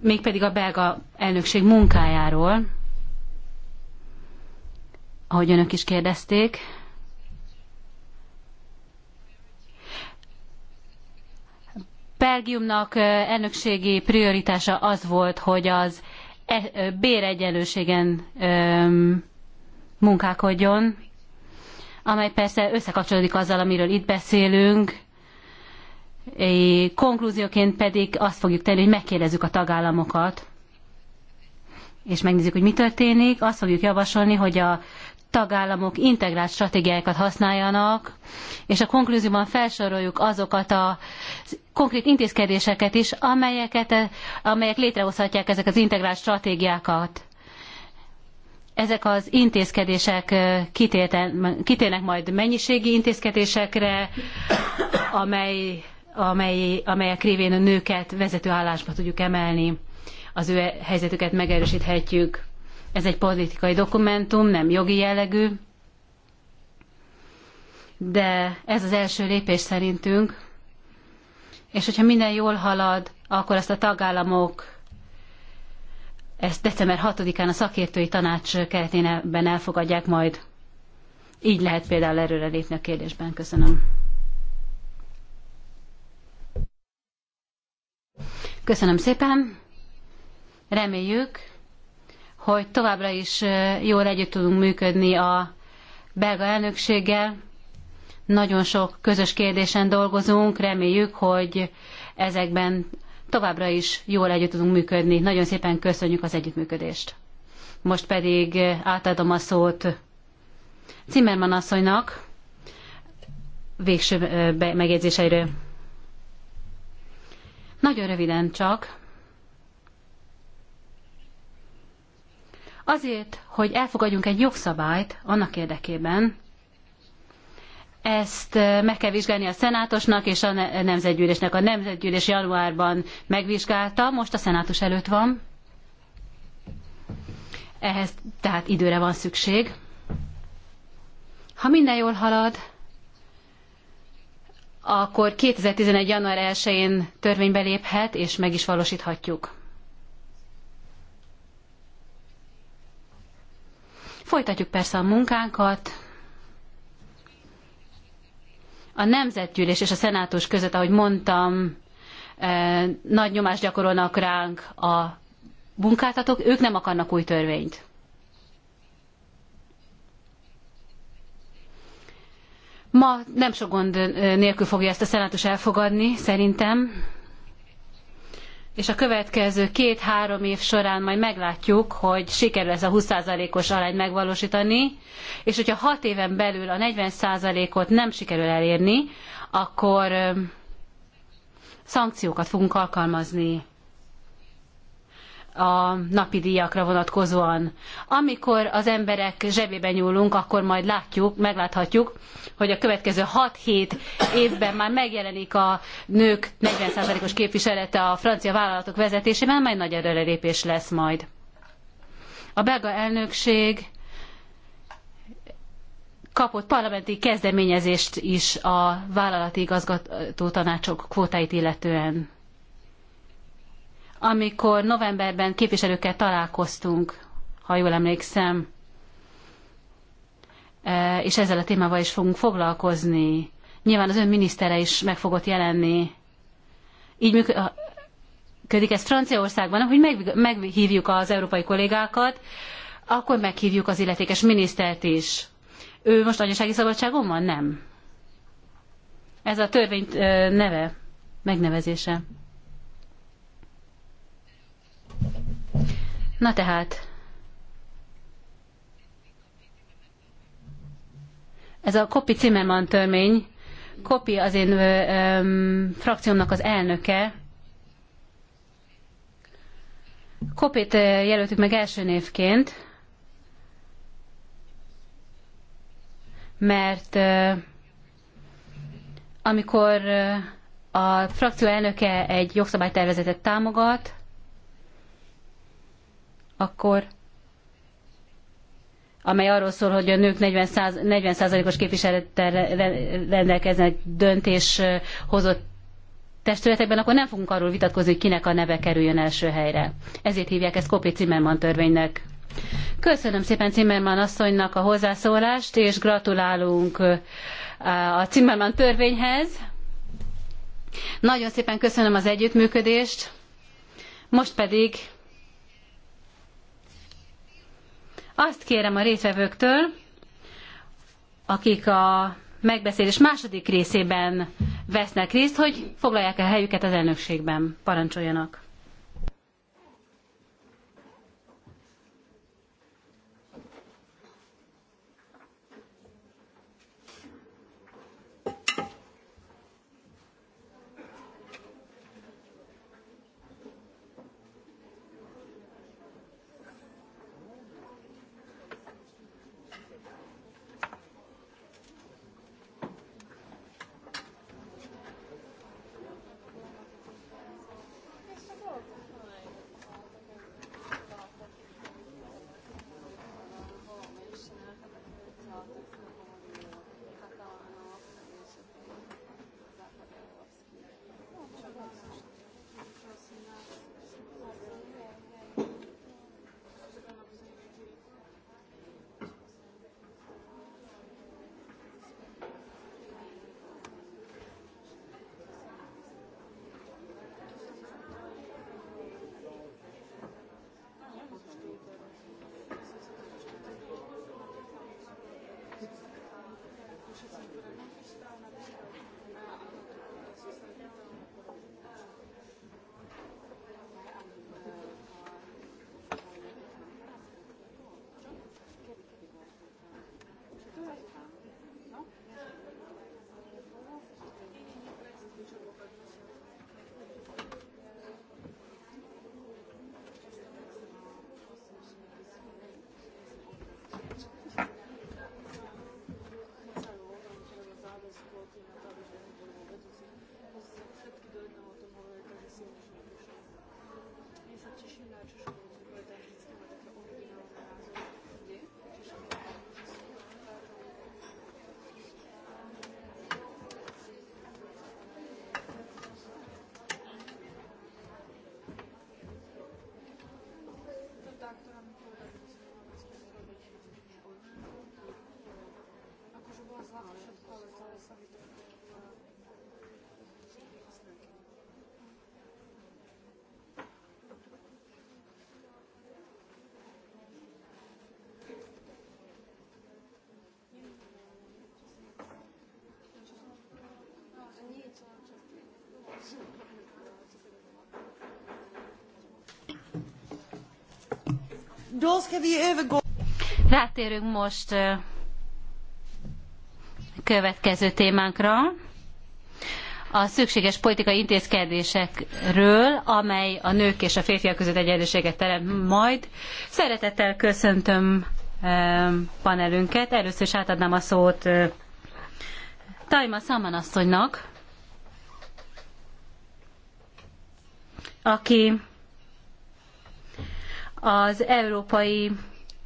mégpedig a belga elnökség munkájáról, ahogy önök is kérdezték. Belgiumnak elnökségi prioritása az volt, hogy az e, béregyenlőségen munkálkodjon, amely persze összekapcsolódik azzal, amiről itt beszélünk, Konklúzióként pedig azt fogjuk tenni, hogy megkérdezzük a tagállamokat, és megnézzük, hogy mi történik. Azt fogjuk javasolni, hogy a tagállamok integrált stratégiákat használjanak, és a konklúzióban felsoroljuk azokat a konkrét intézkedéseket is, amelyeket, amelyek létrehozhatják ezek az integrált stratégiákat. Ezek az intézkedések kitérnek majd mennyiségi intézkedésekre, amely amely, amelyek révén a nőket vezető állásba tudjuk emelni, az ő helyzetüket megerősíthetjük. Ez egy politikai dokumentum, nem jogi jellegű, de ez az első lépés szerintünk, és hogyha minden jól halad, akkor ezt a tagállamok ezt december 6-án a szakértői tanács keretében elfogadják majd. Így lehet például erőre lépni a kérdésben. Köszönöm. Köszönöm szépen. Reméljük, hogy továbbra is jól együtt tudunk működni a belga elnökséggel. Nagyon sok közös kérdésen dolgozunk, reméljük, hogy ezekben továbbra is jól együtt tudunk működni. Nagyon szépen köszönjük az együttműködést. Most pedig átadom a szót Zimmermann asszonynak végső megjegyzéseiről. Nagyon röviden csak. Azért, hogy elfogadjunk egy jogszabályt annak érdekében, ezt eh, meg kell vizsgálni a szenátusnak és a nemzetgyűlésnek. A nemzetgyűlés januárban megvizsgálta, most a szenátus előtt van. Ehhez tehát időre van szükség. Ha minden jól halad, akkor 2011. január 1-én törvénybe léphet, és meg is valósíthatjuk. Folytatjuk persze a munkánkat. A Nemzetgyűlés és a Szenátus között, ahogy mondtam, eh, nagy nyomást gyakorolnak ránk a munkáltatók, ők nem akarnak új törvényt. Ma nem sok gond nélkül fogja ezt a szenátus elfogadni, szerintem. És a következő két-három év során majd meglátjuk, hogy sikerül ez a 20%-os arányt megvalósítani, és hogyha hat éven belül a 40%-ot nem sikerül elérni, akkor szankciókat fogunk alkalmazni a napi díjakra vonatkozóan. Amikor az emberek zsebébe nyúlunk, akkor majd látjuk, megláthatjuk, hogy a következő 6-7 évben már megjelenik a nők 40%-os képviselete a francia vállalatok vezetésében, mely nagy előrelépés lesz majd. A belga elnökség kapott parlamenti kezdeményezést is a vállalati igazgató tanácsok kvótáit illetően amikor novemberben képviselőkkel találkoztunk, ha jól emlékszem, e, és ezzel a témával is fogunk foglalkozni. Nyilván az ön minisztere is meg fogott jelenni. Így működik ez Franciaországban, hogy meghívjuk az európai kollégákat, akkor meghívjuk az illetékes minisztert is. Ő most anyasági szabadságon van? Nem. Ez a törvény e, neve, megnevezése. Na tehát, ez a Kopi Zimmermann törvény, Kopi az én ö, frakciómnak az elnöke, Kopit jelöltük meg első névként, mert amikor a frakció elnöke egy jogszabálytervezetet támogat, akkor amely arról szól, hogy a nők 40%-os képviselettel rendelkeznek döntés hozott testületekben, akkor nem fogunk arról vitatkozni, hogy kinek a neve kerüljön első helyre. Ezért hívják ezt Kopi Zimmermann törvénynek. Köszönöm szépen Zimmermann asszonynak a hozzászólást, és gratulálunk a Zimmermann törvényhez. Nagyon szépen köszönöm az együttműködést. Most pedig Azt kérem a résztvevőktől, akik a megbeszélés második részében vesznek részt, hogy foglalják el helyüket az elnökségben. Parancsoljanak! Rátérünk most következő témánkra a szükséges politikai intézkedésekről, amely a nők és a férfiak között egyenlőséget teremt majd. Szeretettel köszöntöm panelünket. Először is átadnám a szót Tajma Szaman asszonynak, aki az európai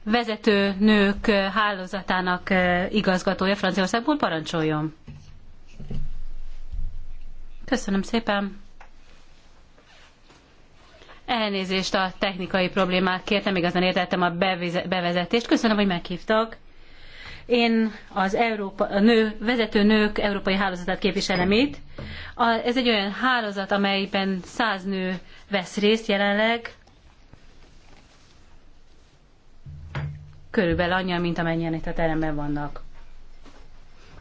vezető nők hálózatának igazgatója Franciaországból parancsoljon. Köszönöm szépen. Elnézést a technikai problémákért, nem igazán értettem a bevezetést. Köszönöm, hogy meghívtak. Én az Európa, a nő, vezető nők európai hálózatát képviselem itt. ez egy olyan hálózat, amelyben száz nő vesz részt jelenleg. Körülbelül annyian, mint amennyien itt a teremben vannak.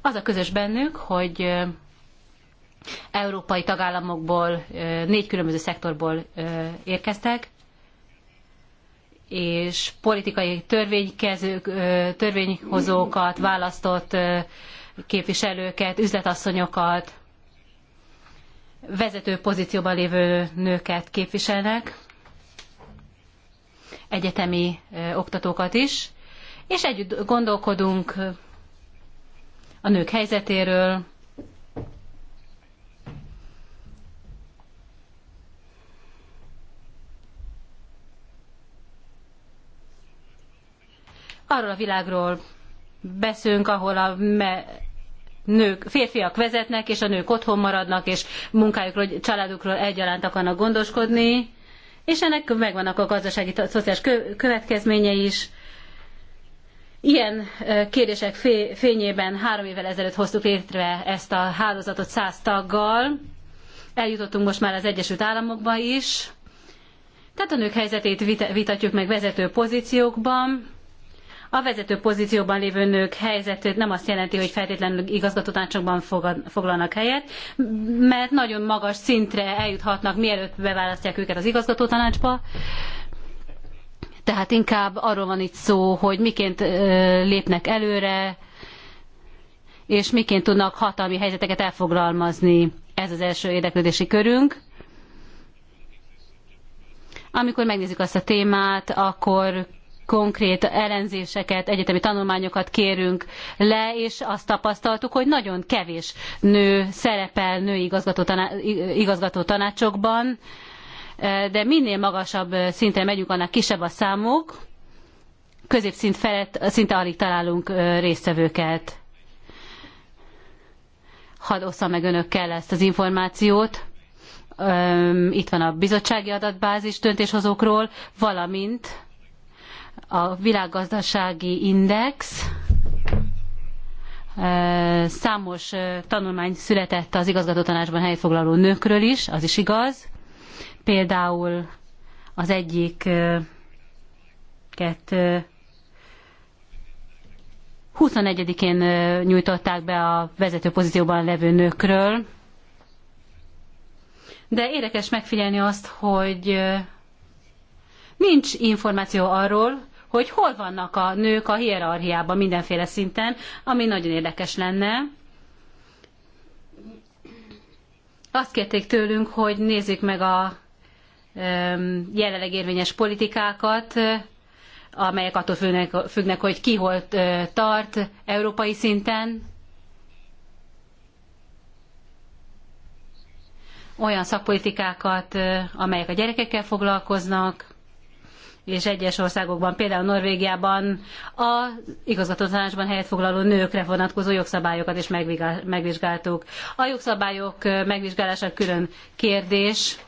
Az a közös bennük, hogy európai tagállamokból, négy különböző szektorból érkeztek, és politikai törvénykezők, törvényhozókat, választott képviselőket, üzletasszonyokat, vezető pozícióban lévő nőket képviselnek, egyetemi oktatókat is, és együtt gondolkodunk a nők helyzetéről, Arról a világról beszélünk, ahol a nők, férfiak vezetnek, és a nők otthon maradnak, és munkájukról, családukról egyaránt akarnak gondoskodni, és ennek megvannak a gazdasági, szociális következményei is. Ilyen kérdések fényében három évvel ezelőtt hoztuk létre ezt a hálózatot száz taggal. Eljutottunk most már az Egyesült Államokba is. Tehát a nők helyzetét vitatjuk meg vezető pozíciókban, a vezető pozícióban lévő nők helyzetét nem azt jelenti, hogy feltétlenül igazgatótanácsokban foglalnak helyet, mert nagyon magas szintre eljuthatnak, mielőtt beválasztják őket az igazgatótanácsba. Tehát inkább arról van itt szó, hogy miként lépnek előre, és miként tudnak hatalmi helyzeteket elfoglalmazni. Ez az első érdeklődési körünk. Amikor megnézzük azt a témát, akkor konkrét ellenzéseket, egyetemi tanulmányokat kérünk le, és azt tapasztaltuk, hogy nagyon kevés nő szerepel női igazgató tanácsokban, de minél magasabb szinten megyünk, annál kisebb a számuk, középszint felett szinte alig találunk résztvevőket. Hadd osszam meg önökkel ezt az információt. Itt van a bizottsági adatbázis döntéshozókról, valamint a világgazdasági index, számos tanulmány született az igazgatótanácsban helyfoglaló nőkről is, az is igaz. Például az egyik kettő 21-én nyújtották be a vezető pozícióban levő nőkről. De érdekes megfigyelni azt, hogy nincs információ arról, hogy hol vannak a nők a hierarchiában mindenféle szinten, ami nagyon érdekes lenne. Azt kérték tőlünk, hogy nézzük meg a jelenleg érvényes politikákat, amelyek attól függnek, függnek hogy ki hol tart európai szinten. Olyan szakpolitikákat, amelyek a gyerekekkel foglalkoznak, és egyes országokban, például Norvégiában a igazgatótanácsban helyet foglaló nőkre vonatkozó jogszabályokat is megvizsgáltuk. A jogszabályok megvizsgálása külön kérdés,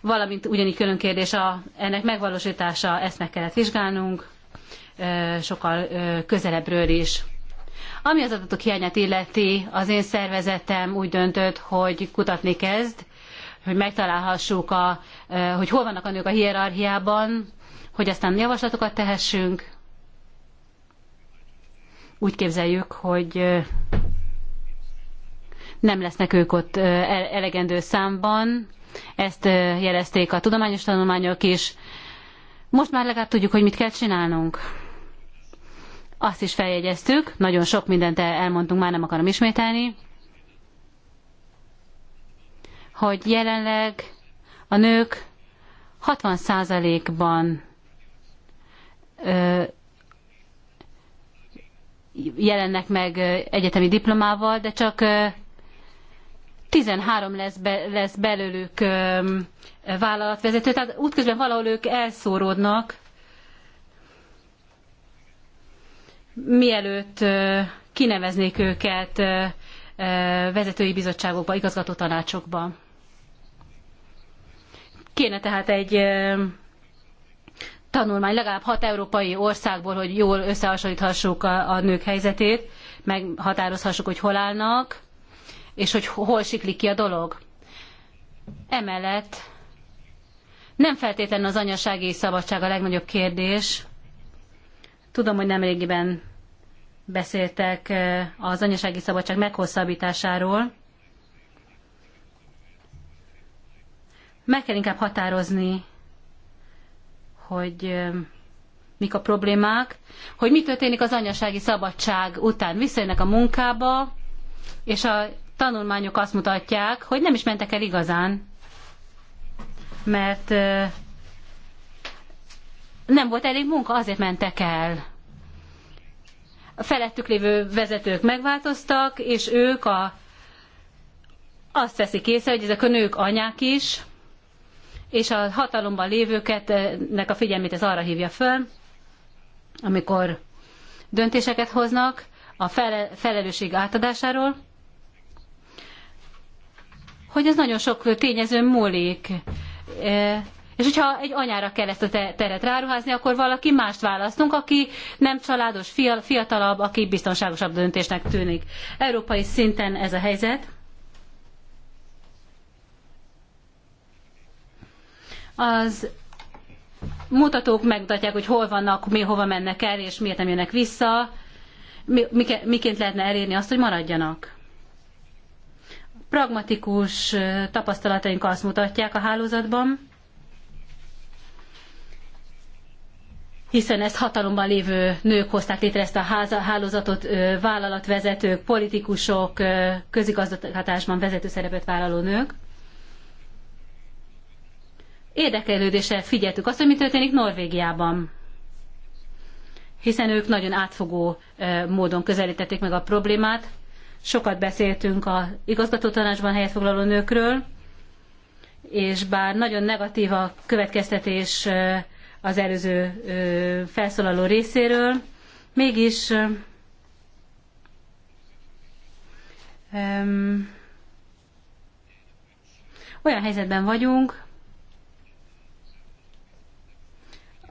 valamint ugyanígy külön kérdés a, ennek megvalósítása, ezt meg kellett vizsgálnunk sokkal közelebbről is. Ami az adatok hiányát illeti, az én szervezetem úgy döntött, hogy kutatni kezd, hogy megtalálhassuk, a, hogy hol vannak a nők a hierarchiában, hogy aztán javaslatokat tehessünk. Úgy képzeljük, hogy nem lesznek ők ott e, elegendő számban. Ezt jelezték a tudományos tanulmányok is. Most már legalább tudjuk, hogy mit kell csinálnunk. Azt is feljegyeztük, nagyon sok mindent elmondtunk, már nem akarom ismételni, hogy jelenleg a nők 60%-ban jelennek meg egyetemi diplomával, de csak 13 lesz, be, lesz belőlük vállalatvezető, tehát útközben valahol ők elszóródnak, mielőtt kineveznék őket vezetői bizottságokba, igazgató tanácsokba. Kéne tehát egy tanulmány legalább hat európai országból, hogy jól összehasonlíthassuk a, a nők helyzetét, meghatározhassuk, hogy hol állnak, és hogy hol siklik ki a dolog. Emellett nem feltétlenül az anyasági szabadság a legnagyobb kérdés. Tudom, hogy nemrégiben beszéltek eh, az anyasági szabadság meghosszabbításáról. Meg kell inkább határozni hogy mik a problémák, hogy mi történik az anyasági szabadság után. Visszajönnek a munkába, és a tanulmányok azt mutatják, hogy nem is mentek el igazán, mert nem volt elég munka, azért mentek el. A felettük lévő vezetők megváltoztak, és ők a, azt veszik észre, hogy ezek a nők anyák is, és a hatalomban lévőket eh, nek a figyelmét ez arra hívja föl, amikor döntéseket hoznak a felelősség átadásáról, hogy ez nagyon sok tényezőn múlik. Eh, és hogyha egy anyára kell ezt a teret ráruházni, akkor valaki mást választunk, aki nem családos, fiatalabb, aki biztonságosabb döntésnek tűnik. Európai szinten ez a helyzet. az mutatók megmutatják, hogy hol vannak, mi hova mennek el, és miért nem jönnek vissza, miként lehetne elérni azt, hogy maradjanak. Pragmatikus tapasztalataink azt mutatják a hálózatban, hiszen ezt hatalomban lévő nők hozták létre ezt a hálózatot, vállalatvezetők, politikusok, közigazgatásban vezető szerepet vállaló nők érdeklődéssel figyeltük azt, hogy mi történik Norvégiában hiszen ők nagyon átfogó módon közelítették meg a problémát. Sokat beszéltünk a igazgatótanácsban helyet foglaló nőkről, és bár nagyon negatív a következtetés az előző felszólaló részéről, mégis olyan helyzetben vagyunk,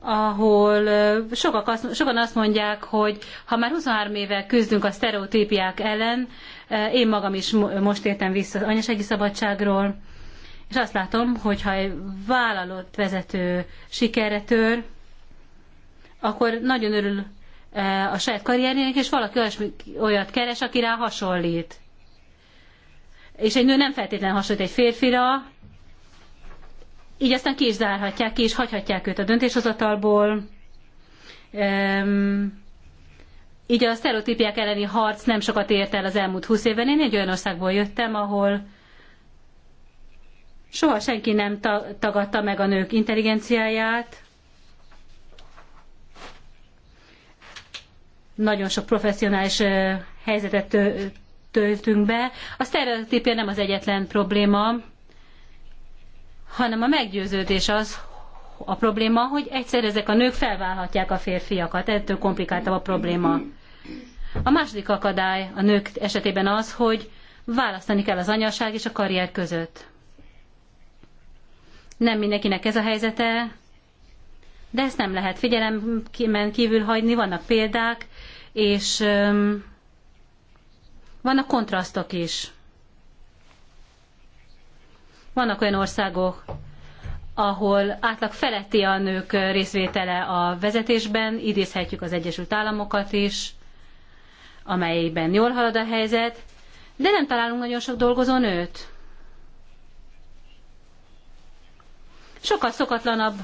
ahol sokak azt, sokan azt mondják, hogy ha már 23 éve küzdünk a sztereotípiák ellen, én magam is most értem vissza az anyasági szabadságról, és azt látom, hogy ha egy vállalott vezető sikerre tör, akkor nagyon örül a saját karrierjének, és valaki olyat keres, aki rá hasonlít. És egy nő nem feltétlenül hasonlít egy férfira, így aztán ki is zárhatják, ki is hagyhatják őt a döntéshozatalból. Um, így a sztereotípiák elleni harc nem sokat ért el az elmúlt húsz évben. Én egy olyan országból jöttem, ahol soha senki nem ta- tagadta meg a nők intelligenciáját. Nagyon sok professzionális helyzetet töltünk be. A sztereotípia nem az egyetlen probléma hanem a meggyőződés az a probléma, hogy egyszer ezek a nők felválhatják a férfiakat. Ettől komplikáltabb a probléma. A második akadály a nők esetében az, hogy választani kell az anyaság és a karrier között. Nem mindenkinek ez a helyzete, de ezt nem lehet figyelemben kívül hagyni, vannak példák, és vannak kontrasztok is. Vannak olyan országok, ahol átlag feletti a nők részvétele a vezetésben, idézhetjük az Egyesült Államokat is, amelyben jól halad a helyzet, de nem találunk nagyon sok dolgozó nőt. Sokkal szokatlanabb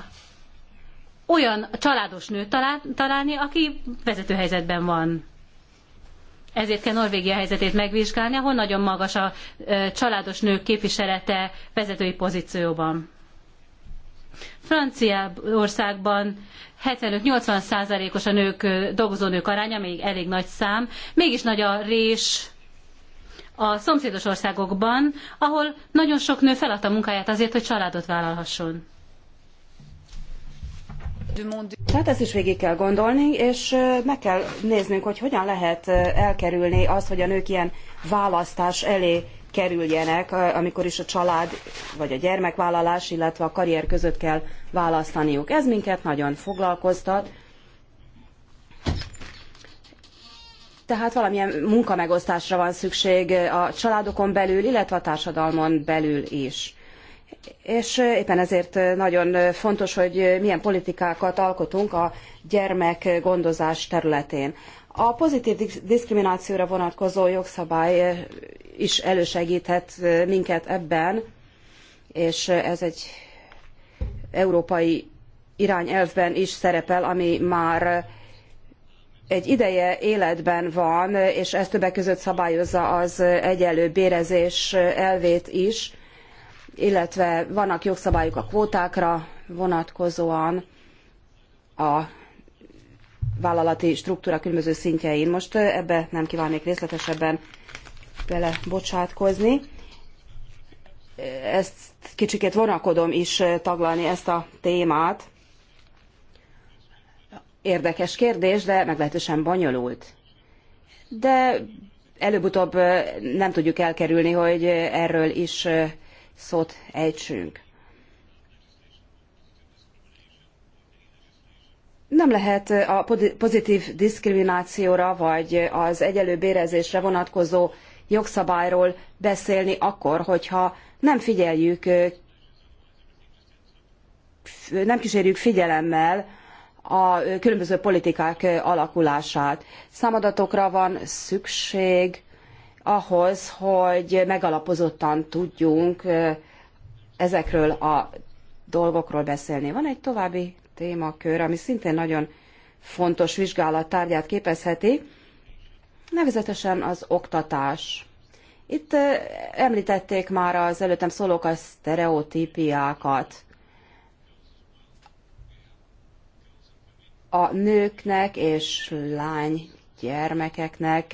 olyan családos nőt találni, aki vezető helyzetben van. Ezért kell Norvégia helyzetét megvizsgálni, ahol nagyon magas a családos nők képviselete vezetői pozícióban. Franciaországban 75-80 százalékos a nők, dolgozó nők aránya, még elég nagy szám, mégis nagy a rés a szomszédos országokban, ahol nagyon sok nő feladta munkáját azért, hogy családot vállalhasson. Tehát ezt is végig kell gondolni, és meg kell néznünk, hogy hogyan lehet elkerülni azt, hogy a nők ilyen választás elé kerüljenek, amikor is a család vagy a gyermekvállalás, illetve a karrier között kell választaniuk. Ez minket nagyon foglalkoztat. Tehát valamilyen munkamegosztásra van szükség a családokon belül, illetve a társadalmon belül is és éppen ezért nagyon fontos, hogy milyen politikákat alkotunk a gyermekgondozás területén. A pozitív diszkriminációra vonatkozó jogszabály is elősegíthet minket ebben, és ez egy európai irányelvben is szerepel, ami már egy ideje életben van, és ez többek között szabályozza az egyenlő bérezés elvét is illetve vannak jogszabályok a kvótákra vonatkozóan a vállalati struktúra különböző szintjein. Most ebbe nem kívánnék részletesebben belebocsátkozni. Ezt kicsikét vonakodom is taglalni ezt a témát. Érdekes kérdés, de meglehetősen bonyolult. De előbb-utóbb nem tudjuk elkerülni, hogy erről is szót ejtsünk. Nem lehet a pozitív diszkriminációra vagy az egyelő bérezésre vonatkozó jogszabályról beszélni akkor, hogyha nem figyeljük, nem kísérjük figyelemmel a különböző politikák alakulását. Számadatokra van szükség, ahhoz, hogy megalapozottan tudjunk ezekről a dolgokról beszélni. Van egy további témakör, ami szintén nagyon fontos vizsgálat tárgyát képezheti, nevezetesen az oktatás. Itt említették már az előttem szólók a sztereotípiákat. A nőknek és lány gyermekeknek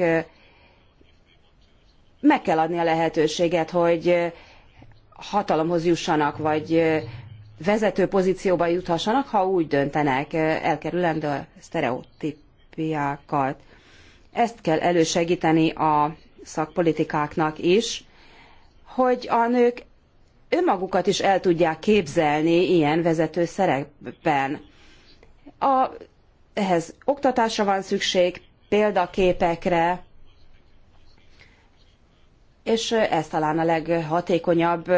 meg kell adni a lehetőséget, hogy hatalomhoz jussanak, vagy vezető pozícióba juthassanak, ha úgy döntenek, elkerülendő a sztereotípiákat. Ezt kell elősegíteni a szakpolitikáknak is, hogy a nők önmagukat is el tudják képzelni ilyen vezető szerepben. A, ehhez oktatásra van szükség, példaképekre, és ez talán a leghatékonyabb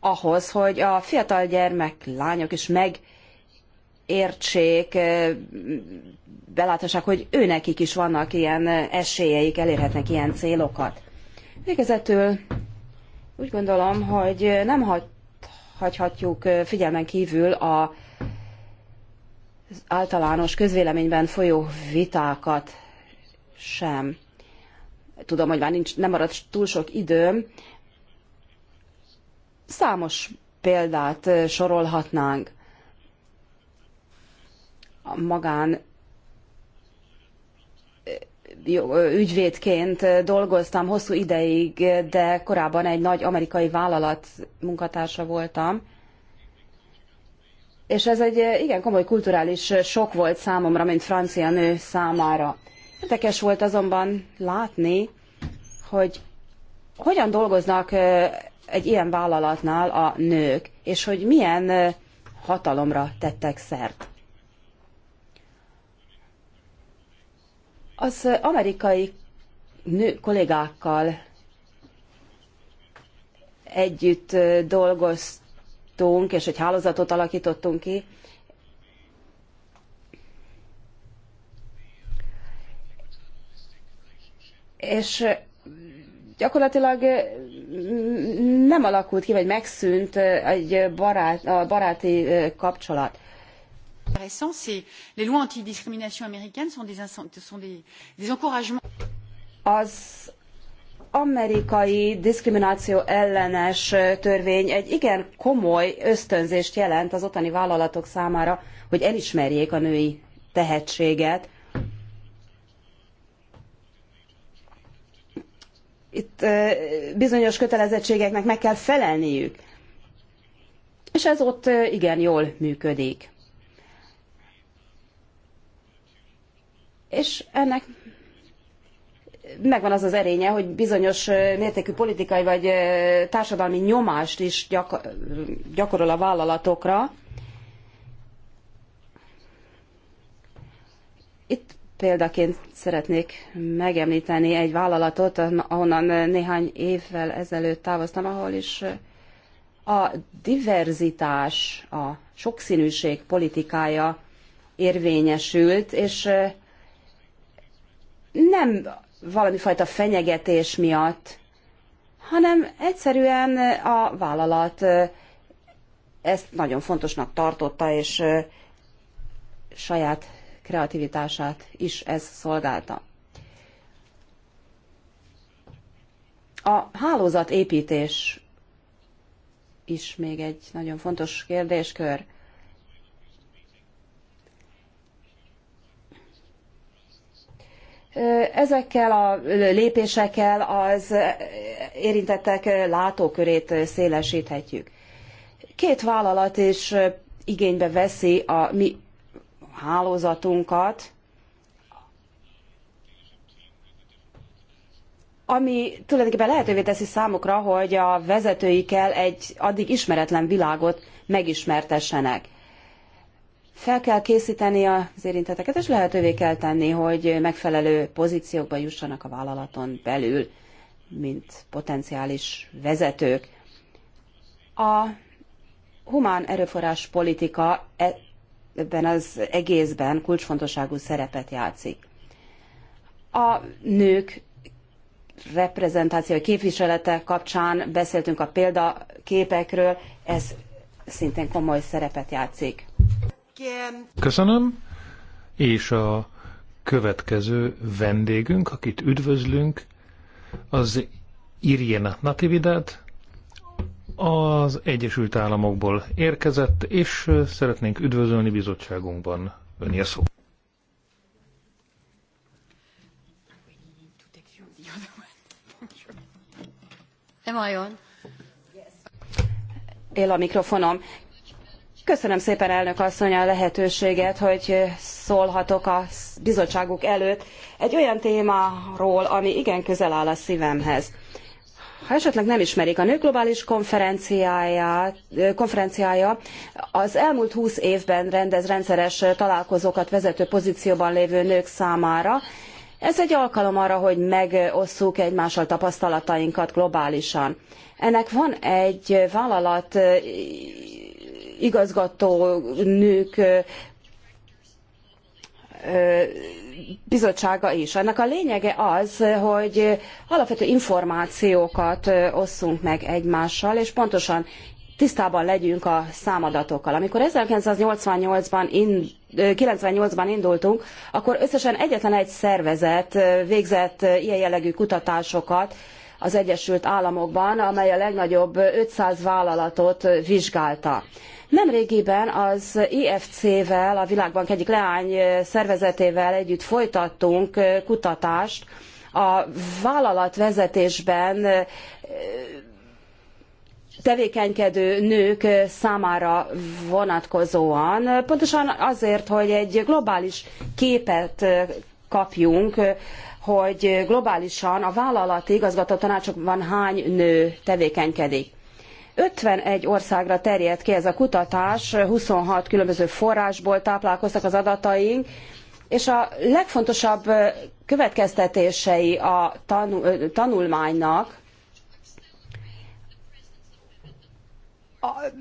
ahhoz, hogy a fiatal gyermek, lányok is megértsék, beláthassák, hogy őnekik is vannak ilyen esélyeik, elérhetnek ilyen célokat. Végezetül úgy gondolom, hogy nem hagyhatjuk figyelmen kívül a az általános közvéleményben folyó vitákat sem tudom, hogy már nincs, nem maradt túl sok időm, számos példát sorolhatnánk a magán ügyvédként dolgoztam hosszú ideig, de korábban egy nagy amerikai vállalat munkatársa voltam. És ez egy igen komoly kulturális sok volt számomra, mint francia nő számára. Érdekes volt azonban látni, hogy hogyan dolgoznak egy ilyen vállalatnál a nők, és hogy milyen hatalomra tettek szert. Az amerikai nő kollégákkal együtt dolgoztunk, és egy hálózatot alakítottunk ki, és gyakorlatilag nem alakult ki, vagy megszűnt egy barát, a baráti kapcsolat intéressant, c'est les lois antidiscrimination américaines sont des, sont des, des encouragements. Az amerikai diszkrimináció ellenes törvény egy igen komoly ösztönzést jelent az ottani vállalatok számára, hogy elismerjék a női tehetséget, itt bizonyos kötelezettségeknek meg kell felelniük. És ez ott igen jól működik. És ennek megvan az az erénye, hogy bizonyos mértékű politikai vagy társadalmi nyomást is gyakorol a vállalatokra, példaként szeretnék megemlíteni egy vállalatot, ahonnan néhány évvel ezelőtt távoztam, ahol is a diverzitás, a sokszínűség politikája érvényesült, és nem valami fajta fenyegetés miatt, hanem egyszerűen a vállalat ezt nagyon fontosnak tartotta, és saját kreativitását is ez szolgálta. A hálózatépítés is még egy nagyon fontos kérdéskör. Ezekkel a lépésekkel az érintettek látókörét szélesíthetjük. Két vállalat is igénybe veszi a mi hálózatunkat, ami tulajdonképpen lehetővé teszi számukra, hogy a vezetőikkel egy addig ismeretlen világot megismertessenek. Fel kell készíteni az érinteteket, és lehetővé kell tenni, hogy megfelelő pozíciókba jussanak a vállalaton belül, mint potenciális vezetők. A humán erőforrás politika e- ebben az egészben kulcsfontosságú szerepet játszik. A nők reprezentáció képviselete kapcsán beszéltünk a példaképekről, ez szintén komoly szerepet játszik. Köszönöm, és a következő vendégünk, akit üdvözlünk, az Irjena Natividad, az Egyesült Államokból érkezett, és szeretnénk üdvözölni bizottságunkban. Önnyi szó. Nem I Él a mikrofonom. Köszönöm szépen, elnök asszony, a lehetőséget, hogy szólhatok a bizottságuk előtt egy olyan témáról, ami igen közel áll a szívemhez. Ha esetleg nem ismerik, a nők globális konferenciája, konferenciája az elmúlt 20 évben rendez rendszeres találkozókat vezető pozícióban lévő nők számára. Ez egy alkalom arra, hogy megosszuk egymással tapasztalatainkat globálisan. Ennek van egy vállalat igazgató nők bizottsága is. Ennek a lényege az, hogy alapvető információkat osszunk meg egymással, és pontosan tisztában legyünk a számadatokkal. Amikor 1988-ban in, 98-ban indultunk, akkor összesen egyetlen egy szervezet végzett ilyen jellegű kutatásokat az Egyesült Államokban, amely a legnagyobb 500 vállalatot vizsgálta. Nemrégiben az IFC-vel, e a Világbank egyik leány szervezetével együtt folytattunk kutatást a vállalatvezetésben tevékenykedő nők számára vonatkozóan, pontosan azért, hogy egy globális képet kapjunk, hogy globálisan a vállalati igazgatótanácsokban hány nő tevékenykedik. 51 országra terjed ki ez a kutatás, 26 különböző forrásból táplálkoztak az adataink, és a legfontosabb következtetései a tanul, tanulmánynak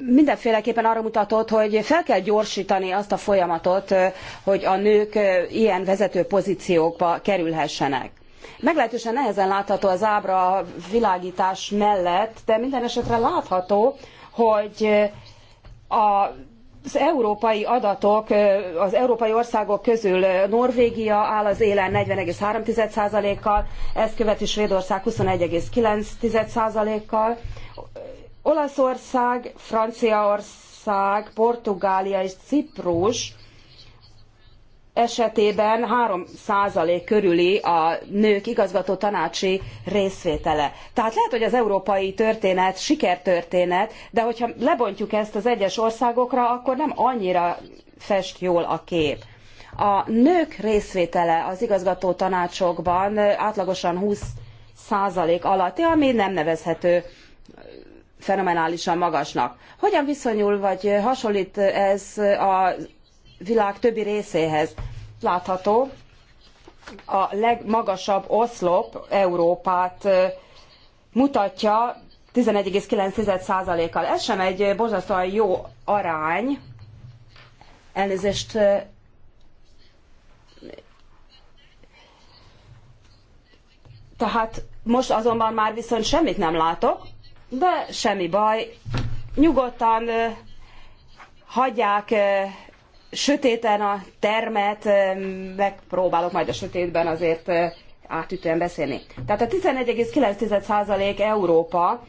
mindenféleképpen arra mutatott, hogy fel kell gyorsítani azt a folyamatot, hogy a nők ilyen vezető pozíciókba kerülhessenek. Meglehetősen nehezen látható az ábra világítás mellett, de minden esetre látható, hogy a az európai adatok az európai országok közül Norvégia áll az élen 40,3%-kal, ezt követi Svédország 21,9%-kal, Olaszország, Franciaország, Portugália és Ciprus esetében 3% körüli a nők igazgató tanácsi részvétele. Tehát lehet, hogy az európai történet sikertörténet, de hogyha lebontjuk ezt az egyes országokra, akkor nem annyira fest jól a kép. A nők részvétele az igazgató tanácsokban átlagosan 20 százalék alatti, ami nem nevezhető fenomenálisan magasnak. Hogyan viszonyul vagy hasonlít ez az világ többi részéhez. Látható, a legmagasabb oszlop Európát mutatja 11,9%-kal. Ez sem egy borzasztóan jó arány. Elnézést Tehát most azonban már viszont semmit nem látok, de semmi baj. Nyugodtan hagyják sötéten a termet, megpróbálok majd a sötétben azért átütően beszélni. Tehát a 11,9% Európa,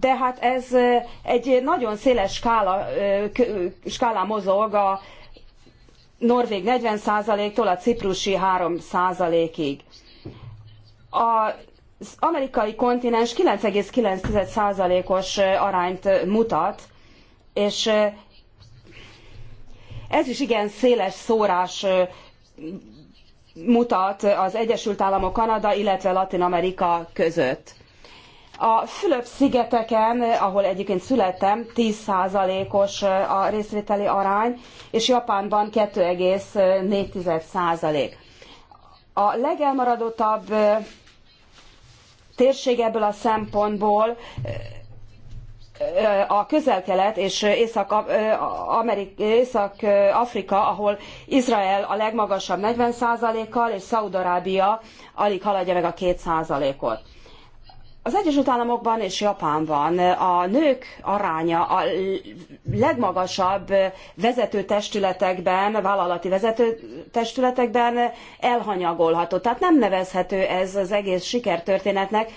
de hát ez egy nagyon széles skála, skálán mozog a Norvég 40%-tól a ciprusi 3%-ig. Az amerikai kontinens 9,9%-os arányt mutat, és ez is igen széles szórás mutat az Egyesült Államok, Kanada, illetve Latin Amerika között. A Fülöp-szigeteken, ahol egyébként születtem, 10%-os a részvételi arány, és Japánban 2,4%. A legelmaradottabb térség ebből a szempontból a közel-kelet és Észak-Afrika, ahol Izrael a legmagasabb 40%-kal, és Szaudarábia alig haladja meg a 2%-ot. Az Egyesült Államokban és Japánban a nők aránya a legmagasabb vezető testületekben, vállalati vezető testületekben elhanyagolható. Tehát nem nevezhető ez az egész sikertörténetnek.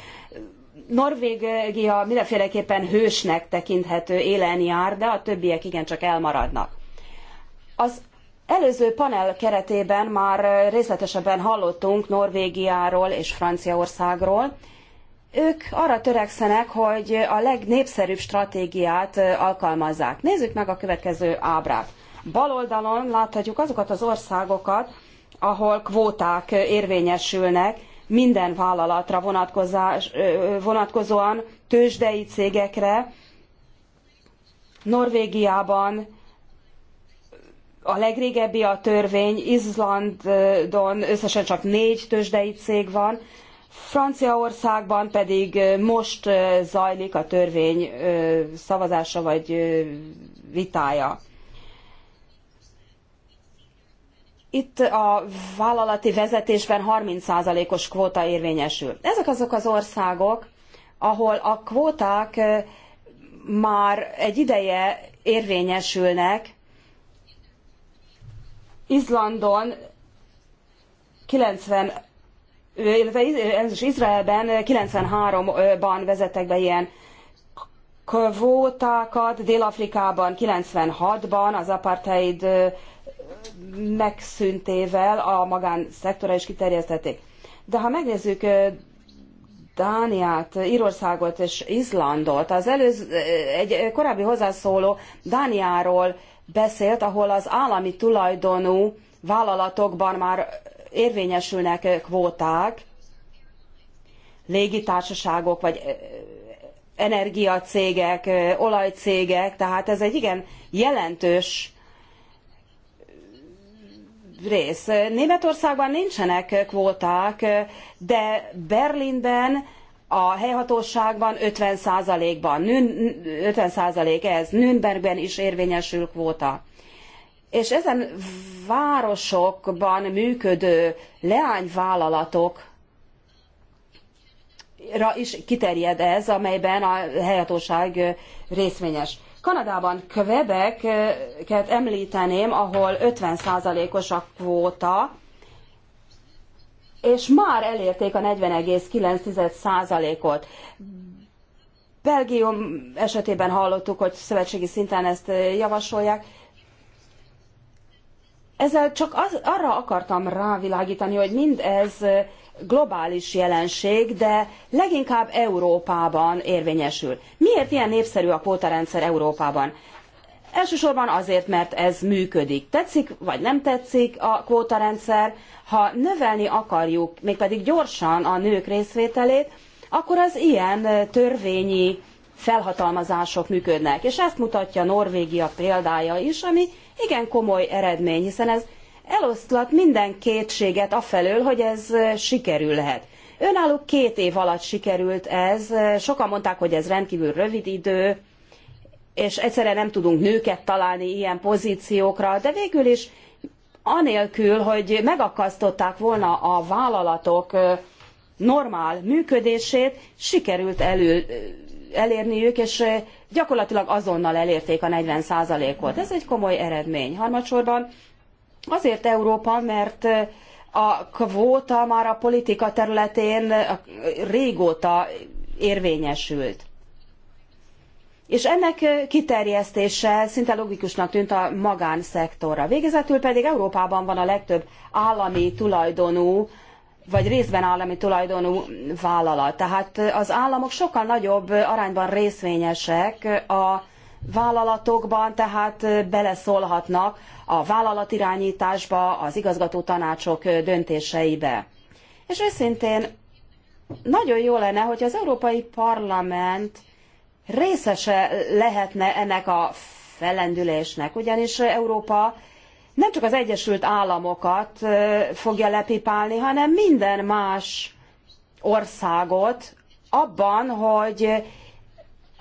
Norvégia mindenféleképpen hősnek tekinthető élen jár, de a többiek igencsak elmaradnak. Az előző panel keretében már részletesebben hallottunk Norvégiáról és Franciaországról. Ők arra törekszenek, hogy a legnépszerűbb stratégiát alkalmazzák. Nézzük meg a következő ábrát. Bal oldalon láthatjuk azokat az országokat, ahol kvóták érvényesülnek, minden vállalatra vonatkozóan, tőzsdei cégekre. Norvégiában a legrégebbi a törvény, Izlandon összesen csak négy tőzsdei cég van, Franciaországban pedig most zajlik a törvény szavazása vagy vitája. itt a vállalati vezetésben 30%-os kvóta érvényesül. Ezek azok az országok, ahol a kvóták már egy ideje érvényesülnek. Izlandon 90 illetve Izraelben 93-ban vezettek be ilyen kvótákat, Dél-Afrikában 96-ban az apartheid megszüntével a magánszektora is kiterjesztették. De ha megnézzük Dániát, Írországot és Izlandot, az előző, egy korábbi hozzászóló Dániáról beszélt, ahol az állami tulajdonú vállalatokban már érvényesülnek kvóták, légitársaságok, vagy energiacégek, olajcégek, tehát ez egy igen jelentős rész. Németországban nincsenek kvóták, de Berlinben a helyhatóságban 50%-ban, 50% ez, Nürnbergben is érvényesül kvóta. És ezen városokban működő leányvállalatok is kiterjed ez, amelyben a helyhatóság részvényes. Kanadában Quebecet említeném, ahol 50%-os a kvóta, és már elérték a 40,9%-ot. Belgium esetében hallottuk, hogy szövetségi szinten ezt javasolják. Ezzel csak az, arra akartam rávilágítani, hogy mindez globális jelenség, de leginkább Európában érvényesül. Miért ilyen népszerű a kvótarendszer Európában? Elsősorban azért, mert ez működik. Tetszik vagy nem tetszik a kvótarendszer, ha növelni akarjuk, mégpedig gyorsan a nők részvételét, akkor az ilyen törvényi felhatalmazások működnek. És ezt mutatja Norvégia példája is, ami igen komoly eredmény, hiszen ez eloszlat minden kétséget afelől, hogy ez sikerülhet. Önálló két év alatt sikerült ez, sokan mondták, hogy ez rendkívül rövid idő, és egyszerre nem tudunk nőket találni ilyen pozíciókra, de végül is anélkül, hogy megakasztották volna a vállalatok normál működését, sikerült elő, elérniük, és gyakorlatilag azonnal elérték a 40%-ot. Ez egy komoly eredmény. Harmadsorban Azért Európa, mert a kvóta már a politika területén régóta érvényesült. És ennek kiterjesztése szinte logikusnak tűnt a magánszektorra. Végezetül pedig Európában van a legtöbb állami tulajdonú, vagy részben állami tulajdonú vállalat. Tehát az államok sokkal nagyobb arányban részvényesek a vállalatokban, tehát beleszólhatnak a vállalatirányításba, az igazgatótanácsok döntéseibe. És őszintén nagyon jó lenne, hogy az Európai Parlament részese lehetne ennek a fellendülésnek, ugyanis Európa nem csak az Egyesült Államokat fogja lepipálni, hanem minden más országot abban, hogy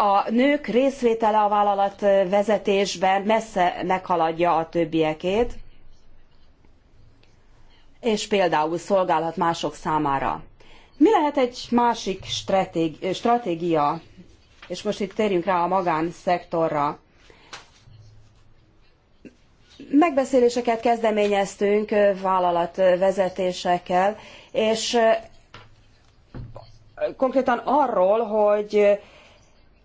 a nők részvétele a vállalat vezetésben messze meghaladja a többiekét, és például szolgálhat mások számára. Mi lehet egy másik stratégia? És most itt térjünk rá a magánszektorra. Megbeszéléseket kezdeményeztünk vállalatvezetésekkel, és konkrétan arról, hogy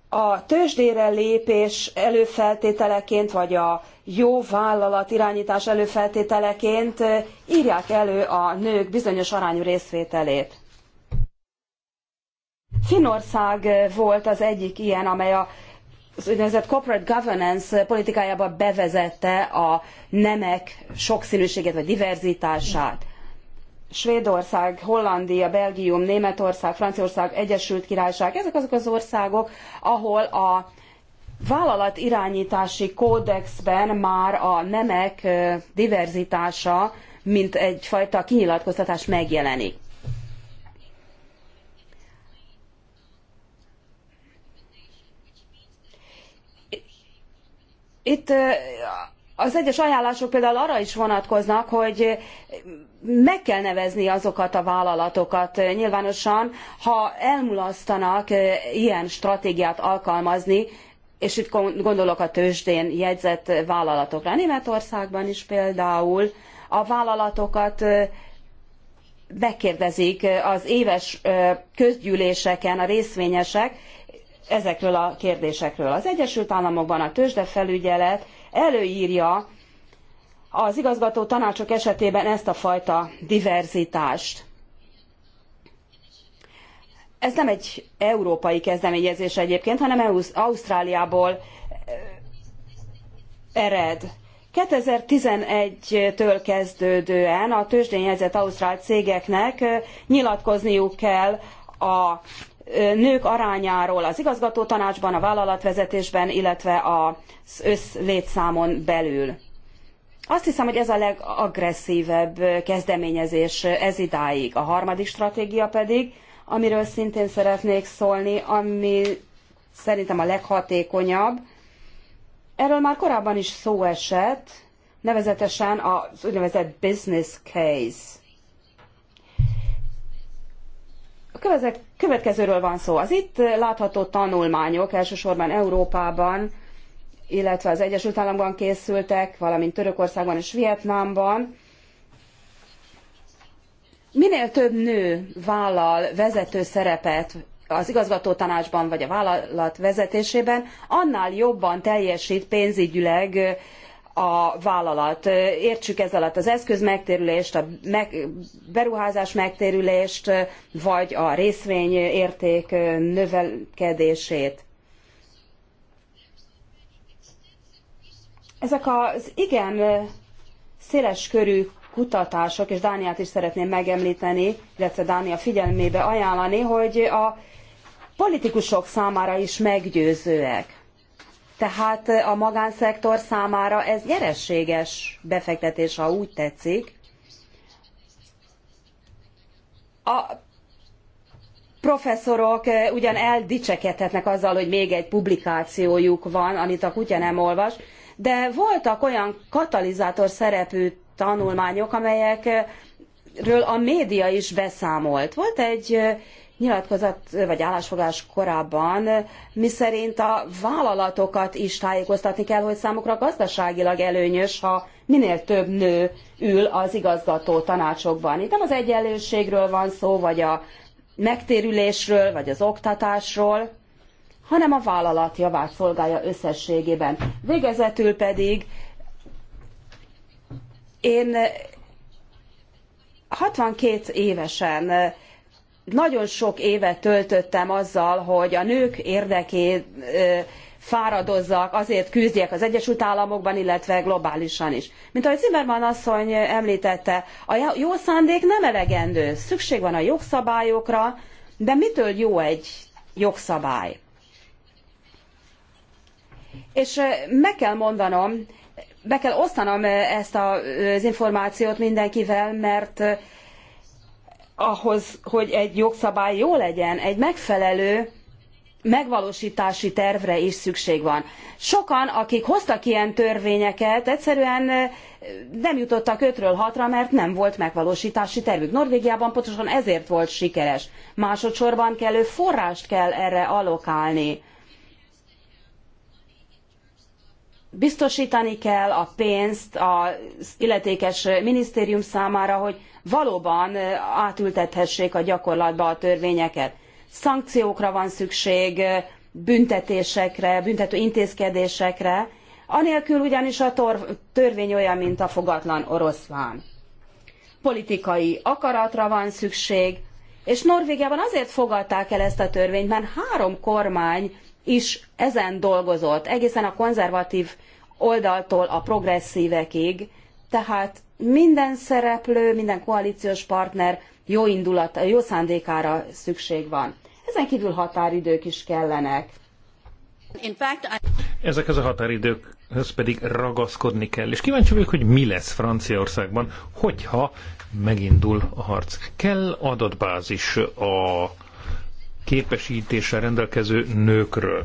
a tőzsdére lépés előfeltételeként, vagy a jó vállalat irányítás előfeltételeként írják elő a nők bizonyos arányú részvételét. Finország volt az egyik ilyen, amely a az úgynevezett corporate governance politikájába bevezette a nemek sokszínűségét vagy diverzitását. Svédország, Hollandia, Belgium, Németország, Franciaország, Egyesült Királyság, ezek azok az országok, ahol a vállalatirányítási kódexben már a nemek diverzitása, mint egyfajta kinyilatkoztatás megjelenik. Itt az egyes ajánlások például arra is vonatkoznak, hogy meg kell nevezni azokat a vállalatokat nyilvánosan, ha elmulasztanak ilyen stratégiát alkalmazni, és itt gondolok a tőzsdén jegyzett vállalatokra. Németországban is például a vállalatokat megkérdezik az éves közgyűléseken a részvényesek ezekről a kérdésekről. Az Egyesült Államokban a tőzsdefelügyelet előírja az igazgató tanácsok esetében ezt a fajta diverzitást. Ez nem egy európai kezdeményezés egyébként, hanem Ausztráliából eh, ered. 2011-től kezdődően a tőzsdényezett ausztrál cégeknek eh, nyilatkozniuk kell a eh, nők arányáról az igazgatótanácsban, a vállalatvezetésben, illetve az összlétszámon belül. Azt hiszem, hogy ez a legagresszívebb kezdeményezés ez idáig. A harmadik stratégia pedig, amiről szintén szeretnék szólni, ami szerintem a leghatékonyabb. Erről már korábban is szó esett, nevezetesen az úgynevezett business case. A következőről van szó. Az itt látható tanulmányok, elsősorban Európában, illetve az Egyesült Államokban készültek, valamint Törökországban és Vietnámban. Minél több nő vállal vezető szerepet az igazgatótanácsban vagy a vállalat vezetésében, annál jobban teljesít pénzügyileg a vállalat. Értsük ez alatt az eszközmegtérülést, a meg, beruházás megtérülést, vagy a részvényérték növelkedését. Ezek az igen széles körű kutatások, és Dániát is szeretném megemlíteni, illetve Dánia figyelmébe ajánlani, hogy a politikusok számára is meggyőzőek. Tehát a magánszektor számára ez nyereséges befektetés, ha úgy tetszik. A professzorok ugyan eldicsekedhetnek azzal, hogy még egy publikációjuk van, amit a kutya nem olvas, de voltak olyan katalizátor szerepű tanulmányok, amelyekről a média is beszámolt. Volt egy nyilatkozat vagy állásfoglalás korábban, miszerint a vállalatokat is tájékoztatni kell, hogy számukra gazdaságilag előnyös, ha minél több nő ül az igazgató tanácsokban. Itt nem az egyenlőségről van szó, vagy a megtérülésről, vagy az oktatásról, hanem a vállalat javát szolgálja összességében. Végezetül pedig én 62 évesen nagyon sok évet töltöttem azzal, hogy a nők érdekét fáradozzak, azért küzdjek az Egyesült Államokban, illetve globálisan is. Mint ahogy Zimmermann asszony említette, a jó szándék nem elegendő. Szükség van a jogszabályokra, de mitől jó egy jogszabály? És eh, meg kell mondanom, meg kell osztanom eh, ezt az információt mindenkivel, mert eh, ahhoz, hogy egy jogszabály jó legyen, egy megfelelő megvalósítási tervre is szükség van. Sokan, akik hoztak ilyen törvényeket, egyszerűen nem jutottak ötről hatra, mert nem volt megvalósítási tervük. Norvégiában pontosan ezért volt sikeres. Másodszorban kellő forrást kell erre allokálni. biztosítani kell a pénzt az illetékes minisztérium számára, hogy valóban átültethessék a gyakorlatba a törvényeket. Szankciókra van szükség, büntetésekre, büntető intézkedésekre, anélkül ugyanis a törvény olyan, mint a fogatlan oroszlán. Politikai akaratra van szükség, és Norvégiában azért fogadták el ezt a törvényt, mert három kormány is ezen dolgozott, egészen a konzervatív oldaltól a progresszívekig, tehát minden szereplő, minden koalíciós partner jó indulat, jó szándékára szükség van. Ezen kívül határidők is kellenek. Ezekhez a határidőkhöz pedig ragaszkodni kell, és kíváncsi vagyok, hogy mi lesz Franciaországban, hogyha megindul a harc. Kell adatbázis a képesítéssel rendelkező nőkről.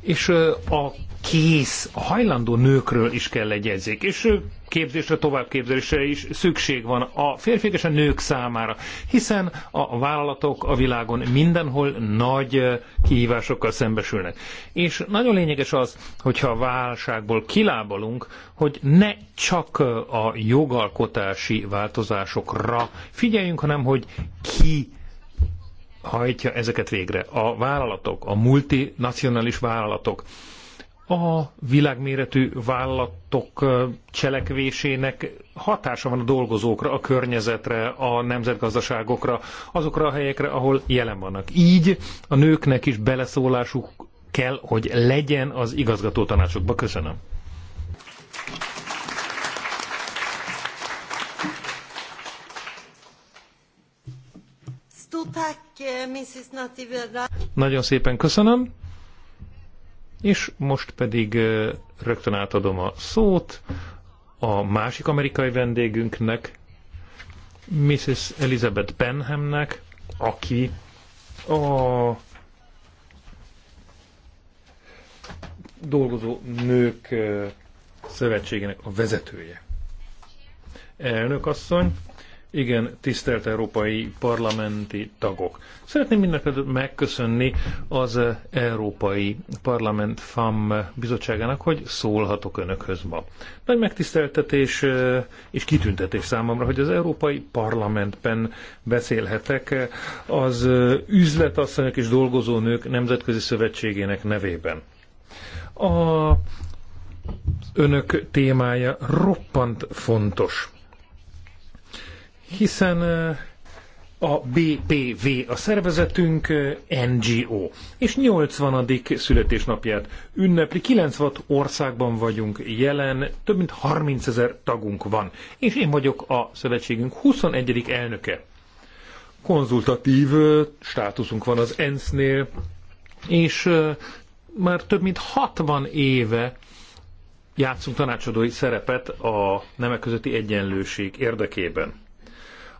És a kész, a hajlandó nőkről is kell legyezzék, és képzésre, továbbképzésre is szükség van a férfiak és a nők számára, hiszen a vállalatok a világon mindenhol nagy kihívásokkal szembesülnek. És nagyon lényeges az, hogyha a válságból kilábalunk, hogy ne csak a jogalkotási változásokra figyeljünk, hanem hogy ki hajtja ezeket végre. A vállalatok, a multinacionális vállalatok, a világméretű vállalatok cselekvésének hatása van a dolgozókra, a környezetre, a nemzetgazdaságokra, azokra a helyekre, ahol jelen vannak. Így a nőknek is beleszólásuk kell, hogy legyen az igazgató tanácsokba. Köszönöm. Stupak. Nagyon szépen köszönöm. És most pedig rögtön átadom a szót a másik amerikai vendégünknek, Mrs. Elizabeth Benhamnek, aki a dolgozó nők szövetségének a vezetője. Elnök asszony, igen, tisztelt európai parlamenti tagok. Szeretném mindenkit megköszönni az Európai Parlament FAM bizottságának, hogy szólhatok önökhöz ma. Nagy megtiszteltetés és kitüntetés számomra, hogy az Európai Parlamentben beszélhetek az üzletasszonyok és dolgozónők nemzetközi szövetségének nevében. A önök témája roppant fontos hiszen eh, a BPV a szervezetünk eh, NGO, és 80. születésnapját ünnepli, 96 országban vagyunk jelen, több mint 30 ezer tagunk van, és én vagyok a szövetségünk 21. elnöke. Konzultatív eh, státuszunk van az ENSZ-nél, és már több mint 60 éve játszunk tanácsadói szerepet a nemek közötti egyenlőség érdekében.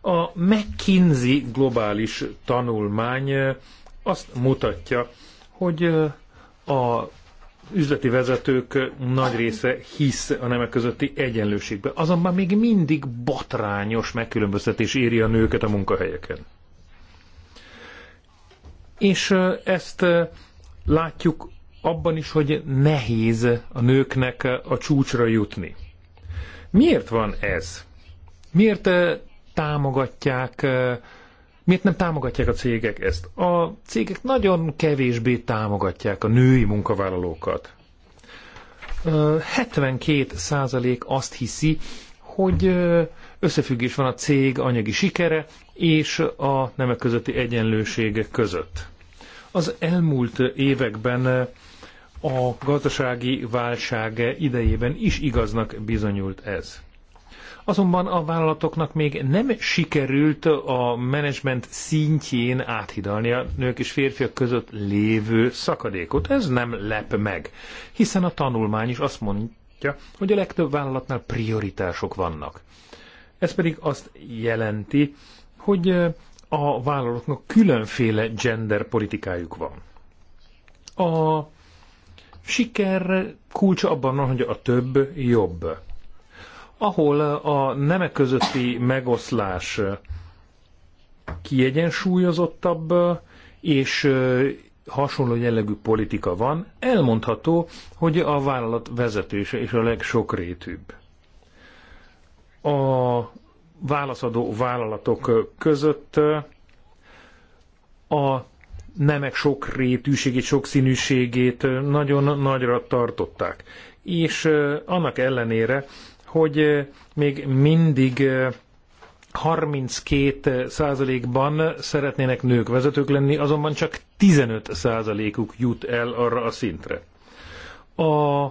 A McKinsey globális tanulmány azt mutatja, hogy a üzleti vezetők nagy része hisz a nemek közötti egyenlőségbe. Azonban még mindig botrányos megkülönböztetés éri a nőket a munkahelyeken. És ezt látjuk abban is, hogy nehéz a nőknek a csúcsra jutni. Miért van ez? Miért támogatják, miért nem támogatják a cégek ezt? A cégek nagyon kevésbé támogatják a női munkavállalókat. 72% azt hiszi, hogy összefüggés van a cég anyagi sikere és a nemek közötti egyenlőség között. Az elmúlt években a gazdasági válság idejében is igaznak bizonyult ez. Azonban a vállalatoknak még nem sikerült a menedzsment szintjén áthidalni a nők és férfiak között lévő szakadékot. Ez nem lep meg, hiszen a tanulmány is azt mondja, hogy a legtöbb vállalatnál prioritások vannak. Ez pedig azt jelenti, hogy a vállalatoknak különféle gender politikájuk van. A siker kulcsa abban van, hogy a több jobb ahol a nemek közötti megoszlás kiegyensúlyozottabb és hasonló jellegű politika van, elmondható, hogy a vállalat vezetése is a legsokrétűbb. A válaszadó vállalatok között a nemek sok rétűségét, sokszínűségét nagyon nagyra tartották. És annak ellenére, hogy még mindig 32 százalékban szeretnének nők vezetők lenni, azonban csak 15 százalékuk jut el arra a szintre. A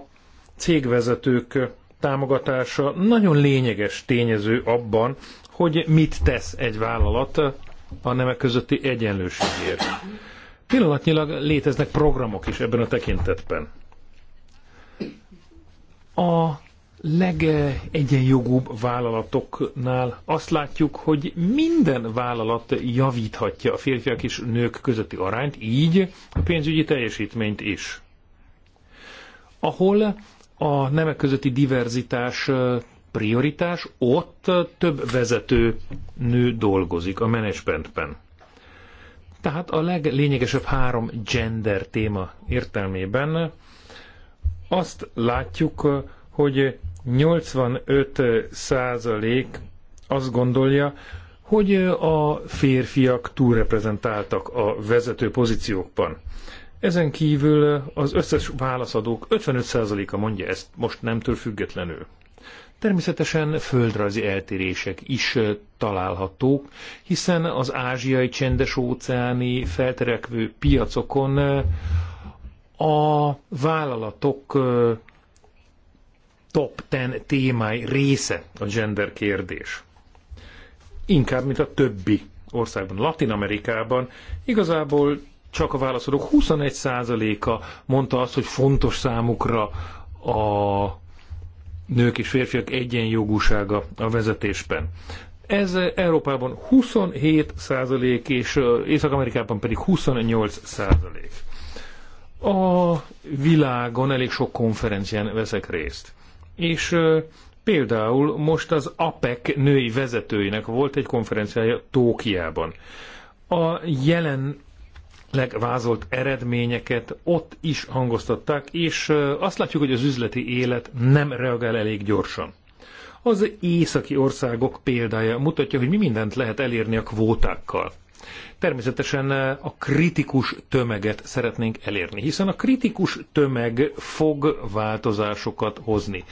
cégvezetők támogatása nagyon lényeges tényező abban, hogy mit tesz egy vállalat a nemek közötti egyenlőségért. Pillanatnyilag léteznek programok is ebben a tekintetben. A legegyenjogúbb vállalatoknál azt látjuk, hogy minden vállalat javíthatja a férfiak és nők közötti arányt, így a pénzügyi teljesítményt is. Ahol a nemek közötti diverzitás prioritás, ott több vezető nő dolgozik a menedzsmentben. Tehát a leglényegesebb három gender téma értelmében azt látjuk, hogy 85 százalék azt gondolja, hogy a férfiak túlreprezentáltak a vezető pozíciókban. Ezen kívül az összes válaszadók 55%-a mondja ezt most nemtől függetlenül. Természetesen földrajzi eltérések is találhatók, hiszen az ázsiai csendes óceáni felterekvő piacokon a vállalatok top ten témái része a gender kérdés. Inkább, mint a többi országban. Latin Amerikában igazából csak a válaszolók 21%-a mondta azt, hogy fontos számukra a nők és férfiak egyenjogúsága a vezetésben. Ez Európában 27 százalék, és Észak-Amerikában pedig 28 százalék. A világon elég sok konferencián veszek részt. És például most az APEC női vezetőinek volt egy konferenciája Tókiában. A jelen legvázolt eredményeket ott is hangoztatták, és azt látjuk, hogy az üzleti élet nem reagál elég gyorsan. Az északi országok példája mutatja, hogy mi mindent lehet elérni a kvótákkal. Természetesen eh, a kritikus tömeget szeretnénk elérni, hiszen a kritikus tömeg fog változásokat hozni.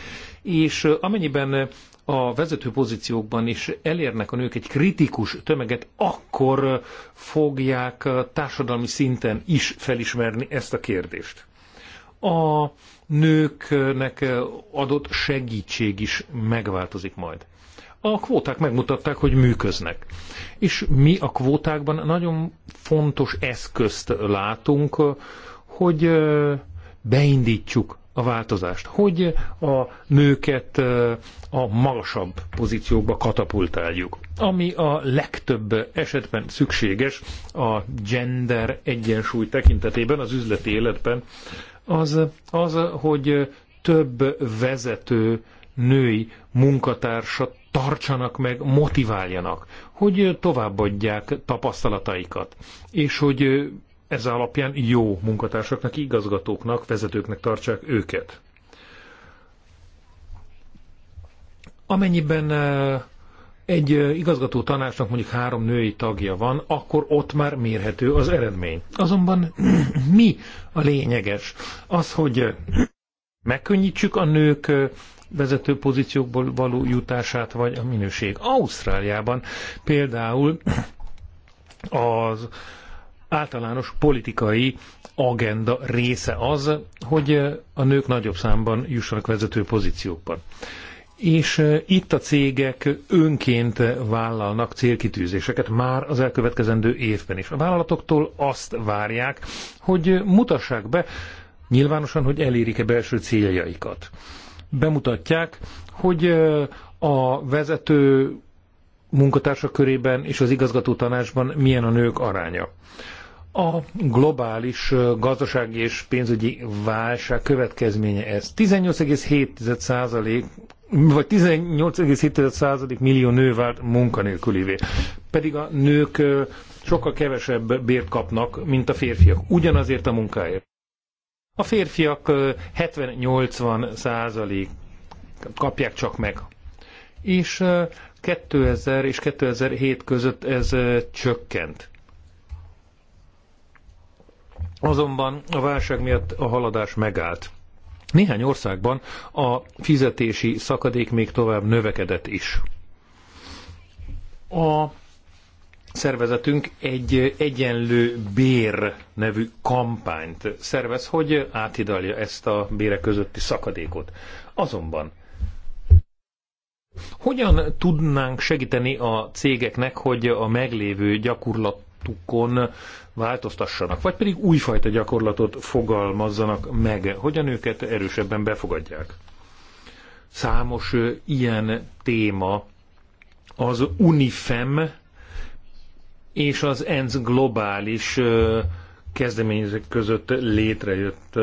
És eh, amennyiben eh, a vezető pozíciókban is elérnek a nők egy kritikus tömeget, akkor fogják társadalmi szinten is felismerni ezt a kérdést. A nőknek adott segítség is megváltozik majd a kvóták megmutatták, hogy működnek. És mi a kvótákban nagyon fontos eszközt látunk, hogy beindítsuk a változást, hogy a nőket a magasabb pozíciókba katapultáljuk, ami a legtöbb esetben szükséges a gender egyensúly tekintetében az üzleti életben, az, az hogy több vezető női munkatársat tartsanak meg, motiváljanak, hogy továbbadják tapasztalataikat, és hogy ez alapján jó munkatársaknak, igazgatóknak, vezetőknek tartsák őket. Amennyiben egy igazgató tanácsnak mondjuk három női tagja van, akkor ott már mérhető az eredmény. Azonban [clears throat] mi a lényeges? Az, hogy megkönnyítsük a nők vezető pozíciókból való jutását, vagy a minőség. Ausztráliában például az általános politikai agenda része az, hogy a nők nagyobb számban jussanak vezető pozíciókban. És eh, itt a cégek önként vállalnak célkitűzéseket már az elkövetkezendő évben is. A vállalatoktól azt várják, hogy mutassák be nyilvánosan, hogy elérik-e belső céljaikat bemutatják, hogy a vezető munkatársak körében és az igazgató tanácsban milyen a nők aránya. A globális gazdasági és pénzügyi válság következménye ez. 18,7% vagy 18,7% millió nő vált munkanélkülivé. Pedig a nők sokkal kevesebb bért kapnak, mint a férfiak. Ugyanazért a munkáért. A férfiak 70-80 százalék kapják csak meg. És 2000 és 2007 között ez csökkent. Azonban a válság miatt a haladás megállt. Néhány országban a fizetési szakadék még tovább növekedett is. A szervezetünk egy egyenlő bér nevű kampányt szervez, hogy áthidalja ezt a bérek közötti szakadékot. Azonban hogyan tudnánk segíteni a cégeknek, hogy a meglévő gyakorlatukon változtassanak, vagy pedig újfajta gyakorlatot fogalmazzanak meg, hogyan őket erősebben befogadják? Számos ilyen téma az Unifem és az ENSZ globális kezdeményezők között létrejött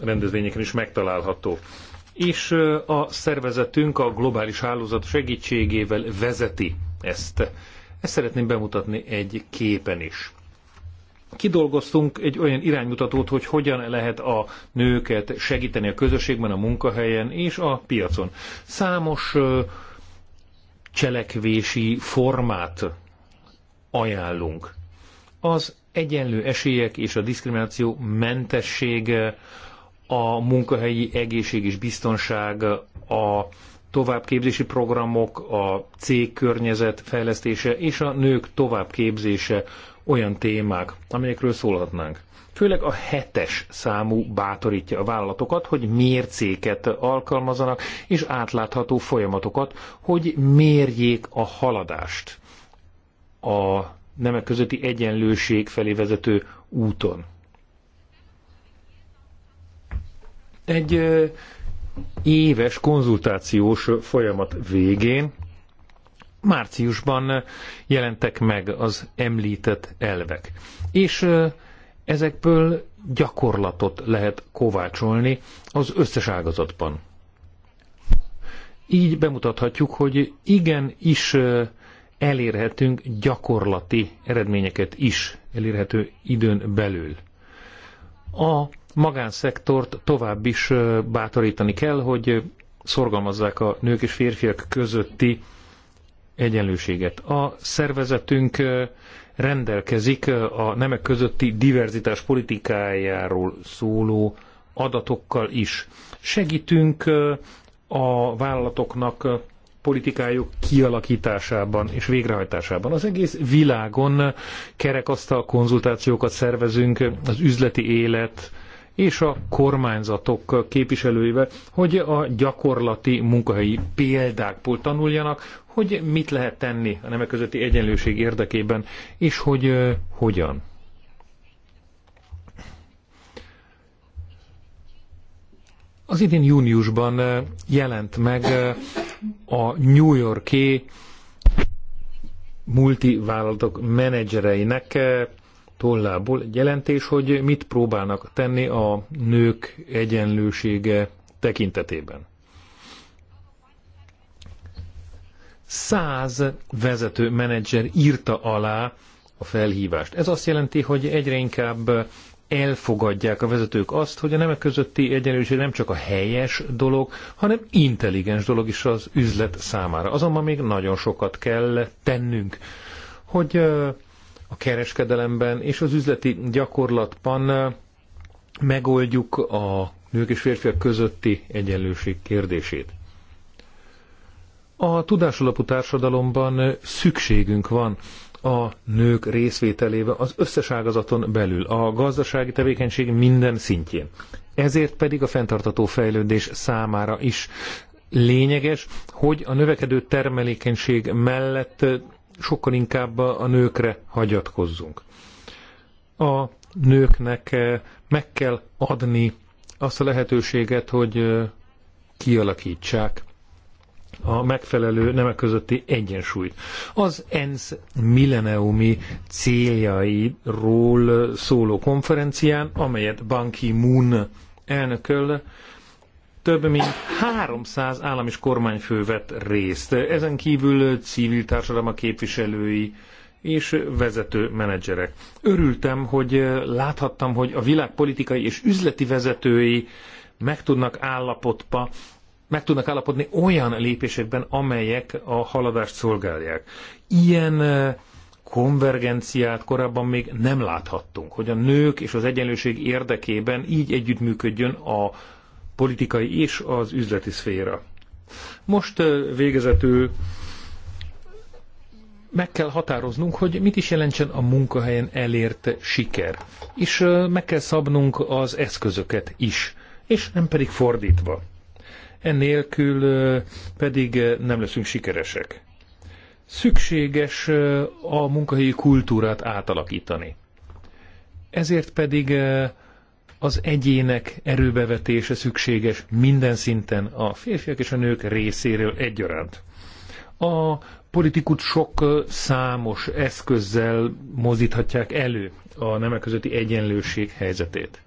rendezvényeken is megtalálható. És a szervezetünk a globális hálózat segítségével vezeti ezt. Ezt szeretném bemutatni egy képen is. Kidolgoztunk egy olyan iránymutatót, hogy hogyan lehet a nőket segíteni a közösségben, a munkahelyen és a piacon. Számos cselekvési formát ajánlunk. Az egyenlő esélyek és a diszkrimináció mentessége, a munkahelyi egészség és biztonság, a továbbképzési programok, a cégkörnyezet fejlesztése és a nők továbbképzése olyan témák, amelyekről szólhatnánk. Főleg a hetes számú bátorítja a vállalatokat, hogy mércéket alkalmazanak, és átlátható folyamatokat, hogy mérjék a haladást a nemek közötti egyenlőség felé vezető úton. Egy éves konzultációs folyamat végén márciusban jelentek meg az említett elvek. És ezekből gyakorlatot lehet kovácsolni az összes ágazatban. Így bemutathatjuk, hogy igen is elérhetünk gyakorlati eredményeket is elérhető időn belül. A magánszektort tovább is bátorítani kell, hogy szorgalmazzák a nők és férfiak közötti egyenlőséget. A szervezetünk rendelkezik a nemek közötti diverzitás politikájáról szóló adatokkal is. Segítünk a vállalatoknak politikájuk kialakításában és végrehajtásában. Az egész világon kerekasztal konzultációkat szervezünk az üzleti élet és a kormányzatok képviselőivel, hogy a gyakorlati munkahelyi példákból tanuljanak, hogy mit lehet tenni a nemek közötti egyenlőség érdekében, és hogy uh, hogyan. Az idén júniusban jelent meg a New Yorki multivállalatok menedzsereinek tollából egy jelentés, hogy mit próbálnak tenni a nők egyenlősége tekintetében. Száz vezető menedzser írta alá a felhívást. Ez azt jelenti, hogy egyre inkább elfogadják a vezetők azt, hogy a nemek közötti egyenlőség nem csak a helyes dolog, hanem intelligens dolog is az üzlet számára. Azonban még nagyon sokat kell tennünk, hogy a kereskedelemben és az üzleti gyakorlatban megoldjuk a nők és férfiak közötti egyenlőség kérdését. A tudásalapú társadalomban szükségünk van a nők részvételével az összes ágazaton belül, a gazdasági tevékenység minden szintjén. Ezért pedig a fenntartató fejlődés számára is lényeges, hogy a növekedő termelékenység mellett sokkal inkább a nőkre hagyatkozzunk. A nőknek meg kell adni azt a lehetőséget, hogy kialakítsák a megfelelő nemek közötti egyensúlyt. Az ENSZ milleniumi céljairól szóló konferencián, amelyet Ban Ki-moon elnököl, több mint 300 állam és kormányfő vett részt. Ezen kívül civil a képviselői, és vezető menedzserek. Örültem, hogy láthattam, hogy a világ politikai és üzleti vezetői meg tudnak állapotba meg tudnak állapodni olyan lépésekben, amelyek a haladást szolgálják. Ilyen konvergenciát korábban még nem láthattunk, hogy a nők és az egyenlőség érdekében így együttműködjön a politikai és az üzleti szféra. Most végezetül meg kell határoznunk, hogy mit is jelentsen a munkahelyen elért siker, és meg kell szabnunk az eszközöket is, és nem pedig fordítva enélkül pedig nem leszünk sikeresek. Szükséges a munkahelyi kultúrát átalakítani. Ezért pedig az egyének erőbevetése szükséges minden szinten a férfiak és a nők részéről egyaránt. A sok számos eszközzel mozíthatják elő a nemek közötti egyenlőség helyzetét.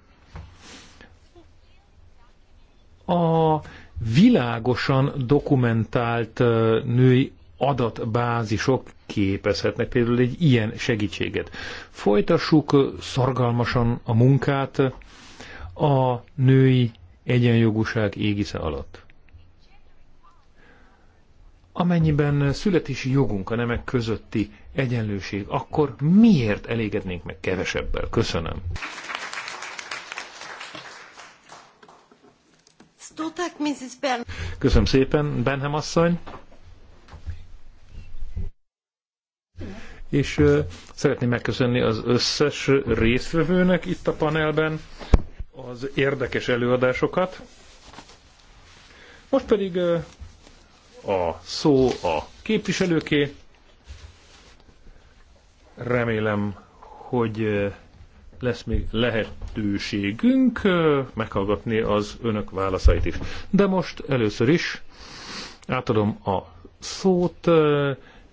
A világosan dokumentált női adatbázisok képezhetnek például egy ilyen segítséget. Folytassuk szorgalmasan a munkát a női egyenjogúság égisze alatt. Amennyiben születési jogunk a nemek közötti egyenlőség, akkor miért elégednénk meg kevesebbel? Köszönöm. Köszönöm szépen, Benham asszony. És uh, szeretném megköszönni az összes résztvevőnek itt a panelben az érdekes előadásokat. Most pedig a szó a képviselőké. Remélem, hogy lesz még lehetőségünk meghallgatni az önök válaszait is. De most először is átadom a szót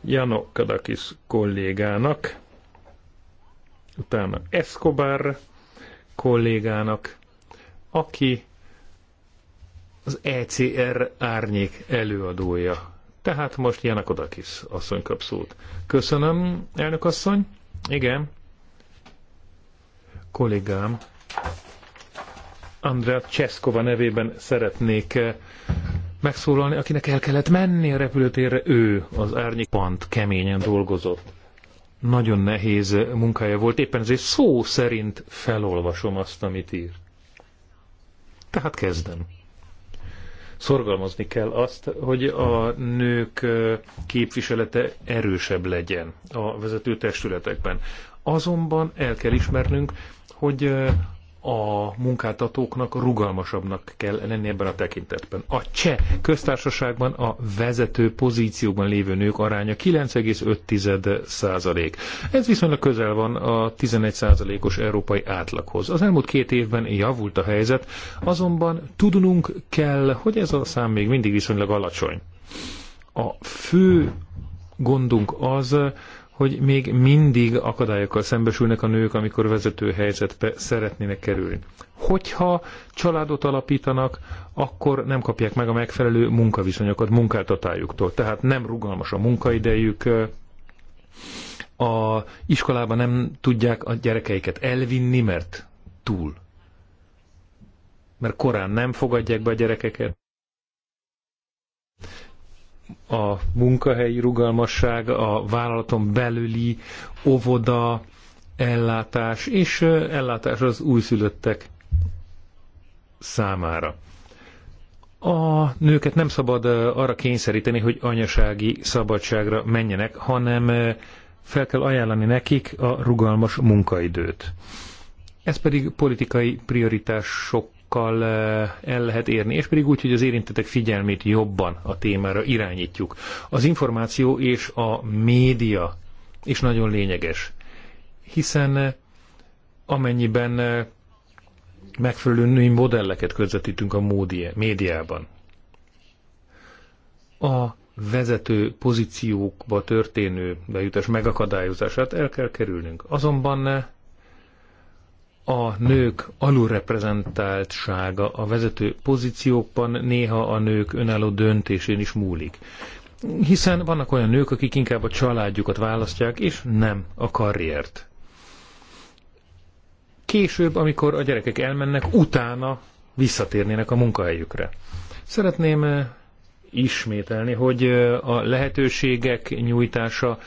Jano Kadakis kollégának, utána Escobar kollégának, aki az ECR árnyék előadója. Tehát most Janakodakis asszony kap szót. Köszönöm, elnök asszony. Igen, kollégám Andrea Cseszkova nevében szeretnék eh, megszólalni, akinek el kellett menni a repülőtérre, ő az árnyék pont keményen dolgozott. Nagyon nehéz munkája volt, éppen ezért szó szerint felolvasom azt, amit ír. Tehát kezdem. Szorgalmazni kell azt, hogy a nők eh, képviselete erősebb legyen a vezető testületekben. Azonban el kell ismernünk, hogy a munkáltatóknak rugalmasabbnak kell lenni ebben a tekintetben. A cseh köztársaságban a vezető pozícióban lévő nők aránya 9,5 százalék. Ez viszonylag közel van a 11 százalékos európai átlaghoz. Az elmúlt két évben javult a helyzet, azonban tudnunk kell, hogy ez a szám még mindig viszonylag alacsony. A fő gondunk az, hogy még mindig akadályokkal szembesülnek a nők, amikor vezető helyzetbe szeretnének kerülni. Hogyha családot alapítanak, akkor nem kapják meg a megfelelő munkaviszonyokat munkáltatájuktól. Tehát nem rugalmas a munkaidejük, a iskolában nem tudják a gyerekeiket elvinni, mert túl. Mert korán nem fogadják be a gyerekeket a munkahelyi rugalmasság, a vállalaton belüli óvoda, ellátás és ellátás az újszülöttek számára. A nőket nem szabad arra kényszeríteni, hogy anyasági szabadságra menjenek, hanem fel kell ajánlani nekik a rugalmas munkaidőt. Ez pedig politikai prioritások sokkal el lehet érni, és pedig úgy, hogy az érintetek figyelmét jobban a témára irányítjuk. Az információ és a média is nagyon lényeges, hiszen amennyiben megfelelő női modelleket közvetítünk a médiában, a vezető pozíciókba történő bejutás megakadályozását el kell kerülnünk. Azonban a nők alulreprezentáltsága a vezető pozíciókban néha a nők önálló döntésén is múlik. Hiszen vannak olyan nők, akik inkább a családjukat választják, és nem a karriert. Később, amikor a gyerekek elmennek, utána visszatérnének a munkahelyükre. Szeretném eh, ismételni, hogy eh, a lehetőségek nyújtása,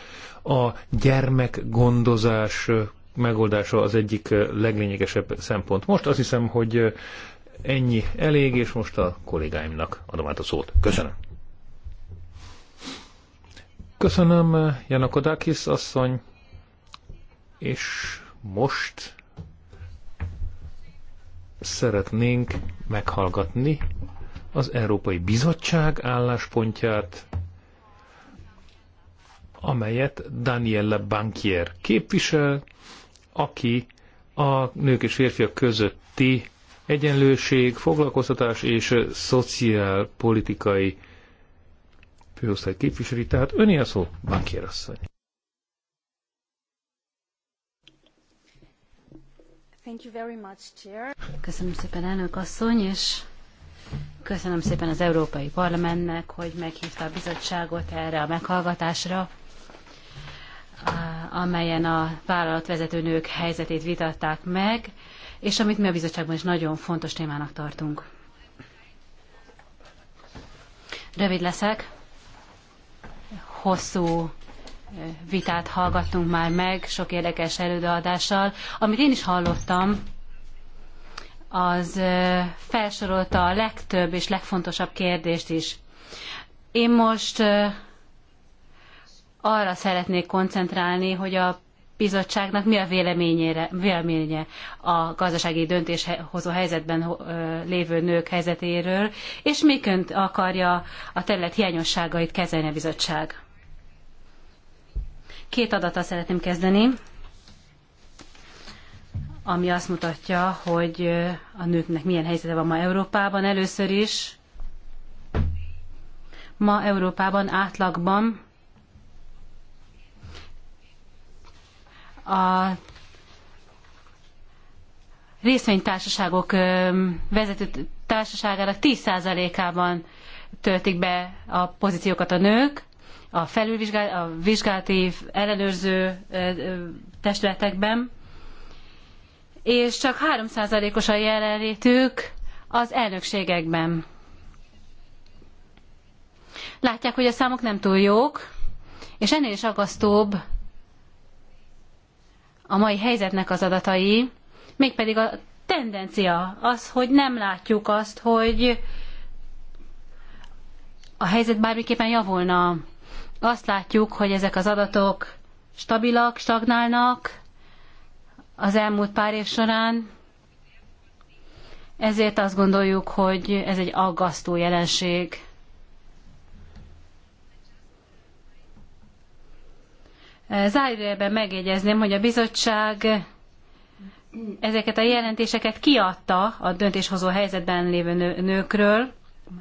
a gyermekgondozás eh, megoldása az egyik leglényegesebb szempont. Most azt hiszem, hogy ennyi elég, és most a kollégáimnak adom át a szót. Köszönöm. Köszönöm, Janakodakis asszony, és most szeretnénk meghallgatni az Európai Bizottság álláspontját, amelyet Daniele Bankier képvisel, aki a nők és férfiak közötti egyenlőség, foglalkoztatás és szociálpolitikai főosztály képviseli. Tehát öné a szó, bankérasszony. Köszönöm szépen, elnök asszony, és köszönöm szépen az Európai Parlamentnek, hogy meghívta a bizottságot erre a meghallgatásra amelyen a nők helyzetét vitatták meg, és amit mi a bizottságban is nagyon fontos témának tartunk. Rövid leszek. Hosszú vitát hallgattunk már meg, sok érdekes előadással. Amit én is hallottam, az felsorolta a legtöbb és legfontosabb kérdést is. Én most arra szeretnék koncentrálni, hogy a bizottságnak mi a véleményére, véleménye a gazdasági döntéshozó helyzetben lévő nők helyzetéről, és miként akarja a terület hiányosságait kezelni a bizottság. Két adattal szeretném kezdeni, ami azt mutatja, hogy a nőknek milyen helyzete van ma Európában először is. Ma Európában átlagban a részvénytársaságok vezető társaságának 10%-ában töltik be a pozíciókat a nők, a felülvizsgál, a vizsgálati ellenőrző testületekben, és csak 3%-os a jelenlétük az elnökségekben. Látják, hogy a számok nem túl jók, és ennél is aggasztóbb a mai helyzetnek az adatai, mégpedig a tendencia az, hogy nem látjuk azt, hogy a helyzet bármiképpen javulna. Azt látjuk, hogy ezek az adatok stabilak, stagnálnak az elmúlt pár év során, ezért azt gondoljuk, hogy ez egy aggasztó jelenség. Zárójelben megjegyezném, hogy a bizottság ezeket a jelentéseket kiadta a döntéshozó helyzetben lévő nőkről,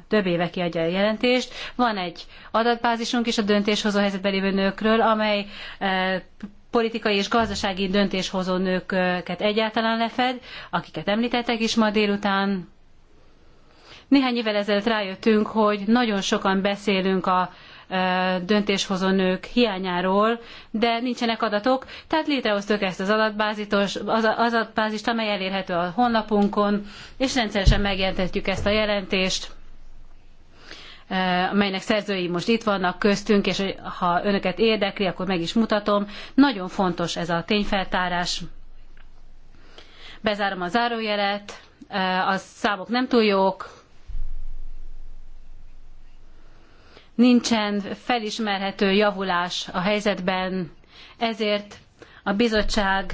több éve kiadja a jelentést. Van egy adatbázisunk is a döntéshozó helyzetben lévő nőkről, amely e, politikai és gazdasági döntéshozó nőket egyáltalán lefed, akiket említettek is ma délután. Néhány évvel ezelőtt rájöttünk, hogy nagyon sokan beszélünk a döntéshozó nők hiányáról, de nincsenek adatok, tehát létrehoztuk ezt az adatbázist, amely elérhető a honlapunkon, és rendszeresen megjelentetjük ezt a jelentést amelynek szerzői most itt vannak köztünk, és ha önöket érdekli, akkor meg is mutatom. Nagyon fontos ez a tényfeltárás. Bezárom a zárójelet, a számok nem túl jók, nincsen felismerhető javulás a helyzetben, ezért a bizottság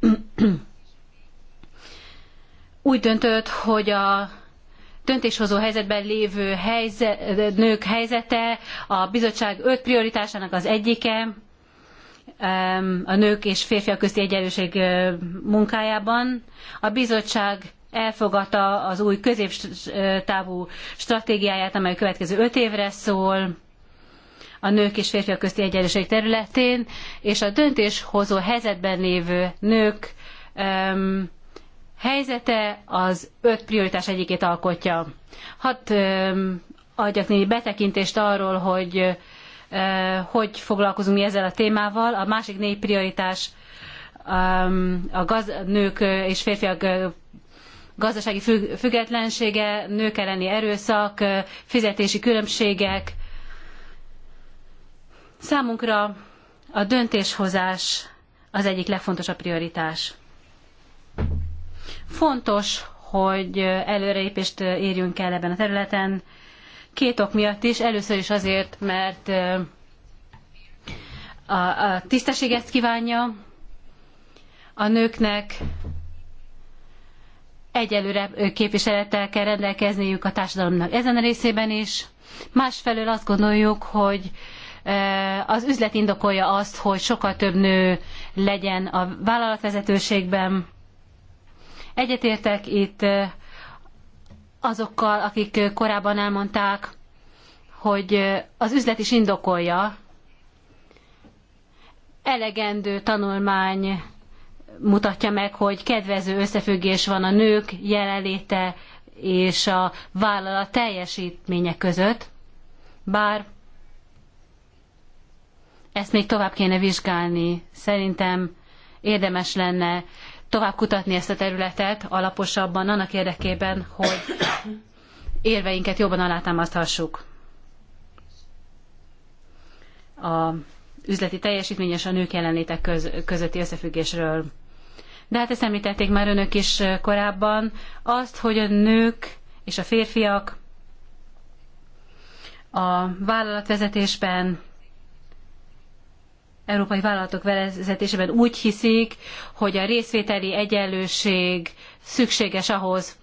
[clears throat] úgy döntött, hogy a döntéshozó helyzetben lévő nők helyzete a bizottság öt prioritásának az egyike a nők és férfiak közti egyenlőség munkájában. A bizottság elfogadta az új középtávú stratégiáját, amely a következő öt évre szól a nők és férfiak közti egyenlőség területén, és a döntéshozó helyzetben lévő nők um, helyzete az öt prioritás egyikét alkotja. Hadd um, adjak némi betekintést arról, hogy uh, hogy foglalkozunk mi ezzel a témával. A másik négy prioritás um, a gaz, nők és férfiak gazdasági függetlensége, nők elleni erőszak, fizetési különbségek. Számunkra a döntéshozás az egyik legfontosabb prioritás. Fontos, hogy előrelépést érjünk el ebben a területen, két ok miatt is. Először is azért, mert a, a tisztesség ezt kívánja, a nőknek egyelőre képviselettel kell rendelkezniük a társadalomnak ezen a részében is. Másfelől azt gondoljuk, hogy az üzlet indokolja azt, hogy sokkal több nő legyen a vállalatvezetőségben. Egyetértek itt azokkal, akik korábban elmondták, hogy az üzlet is indokolja elegendő tanulmány mutatja meg, hogy kedvező összefüggés van a nők jelenléte és a vállalat teljesítménye között, bár ezt még tovább kéne vizsgálni. Szerintem érdemes lenne tovább kutatni ezt a területet alaposabban, annak érdekében, hogy érveinket jobban alátámaszthassuk. A üzleti teljesítmény és a nők jelenlétek közötti összefüggésről de hát ezt említették már önök is korábban, azt, hogy a nők és a férfiak a vállalatvezetésben, európai vállalatok vezetésében úgy hiszik, hogy a részvételi egyenlőség szükséges ahhoz,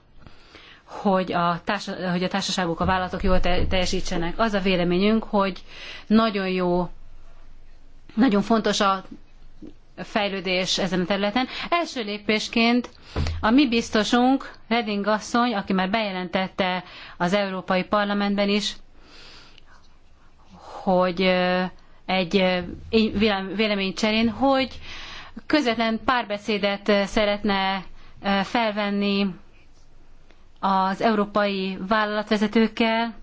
hogy a, társa, hogy a társaságok, a vállalatok jól teljesítsenek. Az a véleményünk, hogy nagyon jó, nagyon fontos a fejlődés ezen a területen. Első lépésként a mi biztosunk, Reding asszony, aki már bejelentette az Európai Parlamentben is, hogy egy véleménycserén, hogy közvetlen párbeszédet szeretne felvenni az európai vállalatvezetőkkel,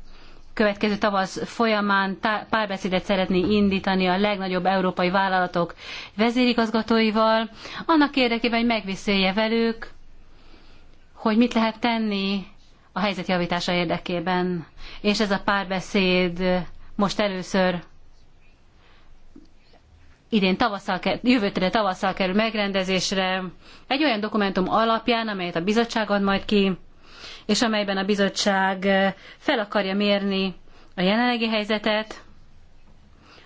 következő tavasz folyamán párbeszédet szeretné indítani a legnagyobb európai vállalatok vezérigazgatóival, annak érdekében, hogy megviszélje velük, hogy mit lehet tenni a helyzet javítása érdekében. És ez a párbeszéd most először idén tavasszal, jövőtre tavasszal kerül megrendezésre, egy olyan dokumentum alapján, amelyet a bizottság ad majd ki, és amelyben a bizottság eh, fel akarja mérni a jelenlegi helyzetet,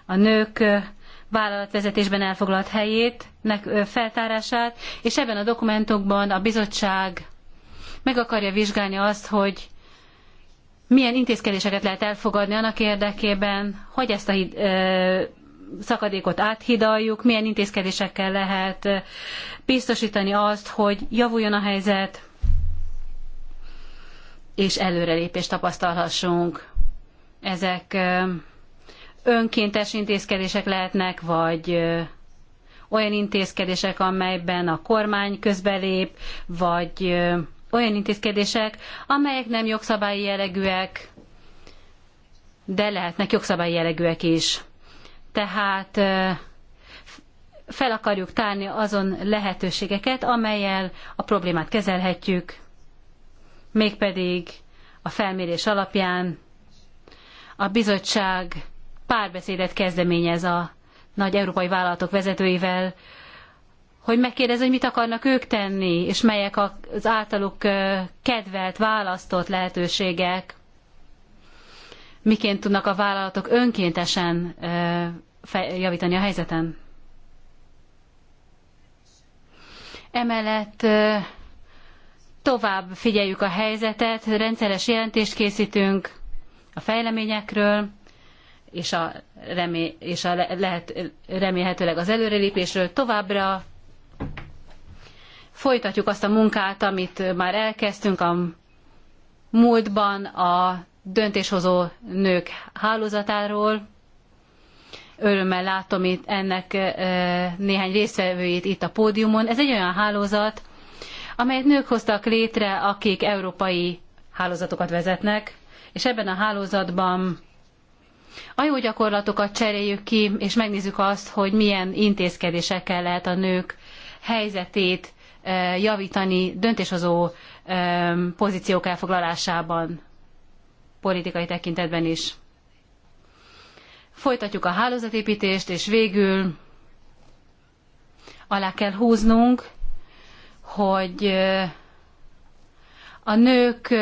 a nők eh, vállalatvezetésben elfoglalt helyét, eh, feltárását, és ebben a dokumentumban a bizottság meg akarja vizsgálni azt, hogy milyen intézkedéseket lehet elfogadni annak érdekében, hogy ezt a szakadékot áthidaljuk, milyen intézkedésekkel lehet biztosítani azt, hogy javuljon a helyzet, és előrelépést tapasztalhassunk. Ezek önkéntes intézkedések lehetnek, vagy olyan intézkedések, amelyben a kormány közbelép, vagy olyan intézkedések, amelyek nem jogszabályi jellegűek, de lehetnek jogszabályi jellegűek is. Tehát fel akarjuk tárni azon lehetőségeket, amelyel a problémát kezelhetjük, mégpedig a felmérés alapján a bizottság párbeszédet kezdeményez a nagy európai vállalatok vezetőivel, hogy megkérdez, hogy mit akarnak ők tenni, és melyek az általuk kedvelt, választott lehetőségek, miként tudnak a vállalatok önkéntesen javítani a helyzeten. Emellett Tovább figyeljük a helyzetet, rendszeres jelentést készítünk a fejleményekről, és a, remé- és a lehet, remélhetőleg az előrelépésről továbbra folytatjuk azt a munkát, amit már elkezdtünk a múltban a döntéshozó nők hálózatáról. Örömmel látom itt ennek eh, néhány résztvevőjét itt a pódiumon. Ez egy olyan hálózat, amelyet nők hoztak létre, akik európai hálózatokat vezetnek, és ebben a hálózatban a jó gyakorlatokat cseréljük ki, és megnézzük azt, hogy milyen intézkedésekkel lehet a nők helyzetét javítani döntéshozó pozíciók elfoglalásában, politikai tekintetben is. Folytatjuk a hálózatépítést, és végül alá kell húznunk, hogy a nők,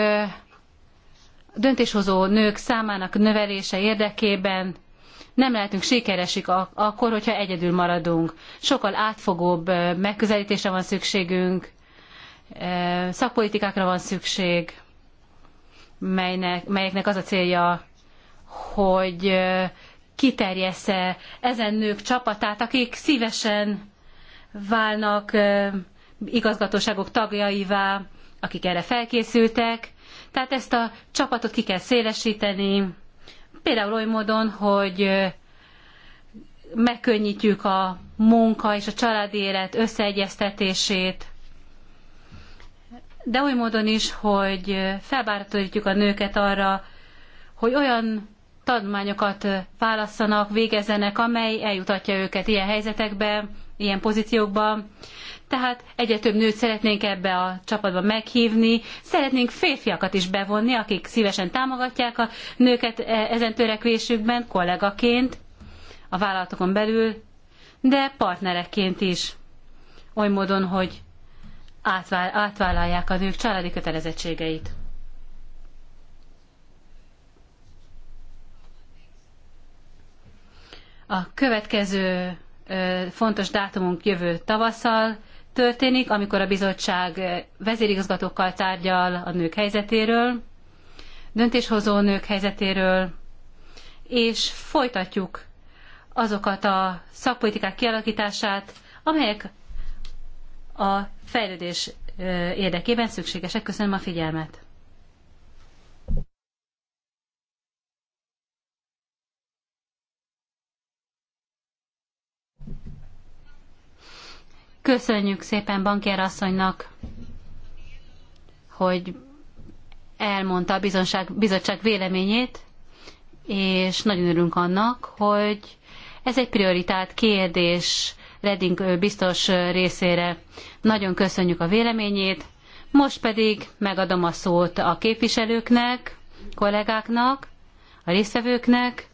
döntéshozó nők számának növelése érdekében nem lehetünk sikeresik akkor, hogyha egyedül maradunk. Sokkal átfogóbb megközelítésre van szükségünk, szakpolitikákra van szükség, melynek, melyeknek az a célja, hogy kiterjessze ezen nők csapatát, akik szívesen válnak igazgatóságok tagjaivá, akik erre felkészültek. Tehát ezt a csapatot ki kell szélesíteni, például oly módon, hogy megkönnyítjük a munka és a családi élet összeegyeztetését, de oly módon is, hogy felbátorítjuk a nőket arra, hogy olyan tanulmányokat válasszanak, végezzenek, amely eljutatja őket ilyen helyzetekbe, ilyen pozíciókba tehát egyre több nőt szeretnénk ebbe a csapatba meghívni, szeretnénk férfiakat is bevonni, akik szívesen támogatják a nőket e, ezen törekvésükben, kollégaként, a vállalatokon belül, de partnereként is, oly módon, hogy átvállalják a nők családi kötelezettségeit. A következő fontos dátumunk jövő tavasszal, történik, amikor a bizottság vezérigazgatókkal tárgyal a nők helyzetéről, döntéshozó nők helyzetéről, és folytatjuk azokat a szakpolitikák kialakítását, amelyek a fejlődés érdekében szükségesek. Köszönöm a figyelmet! Köszönjük szépen bankér asszonynak, hogy elmondta a bizonság, bizottság véleményét, és nagyon örülünk annak, hogy ez egy prioritált kérdés Redding biztos részére. Nagyon köszönjük a véleményét, most pedig megadom a szót a képviselőknek, kollégáknak, a résztvevőknek.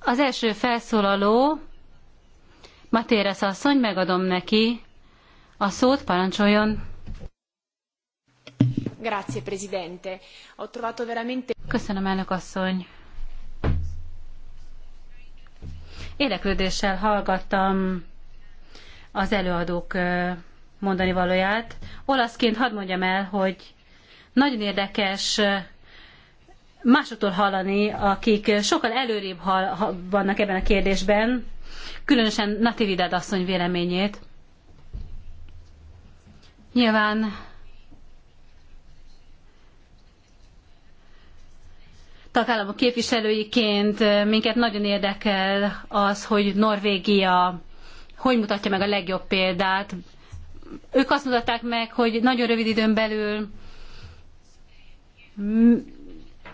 Az első felszólaló Matérez asszony, megadom neki a szót, parancsoljon. Grazie, Presidente. Ho trovato veramente... Köszönöm, elnök asszony. Érdeklődéssel hallgattam az előadók mondani valóját. Olaszként hadd mondjam el, hogy nagyon érdekes másoktól hallani, akik sokkal előrébb vannak ebben a kérdésben, különösen Natividad asszony véleményét. Nyilván tagállamok képviselőiként eh, minket nagyon érdekel az, hogy Norvégia hogy mutatja meg a legjobb példát. Ők azt mutatták meg, hogy nagyon rövid időn belül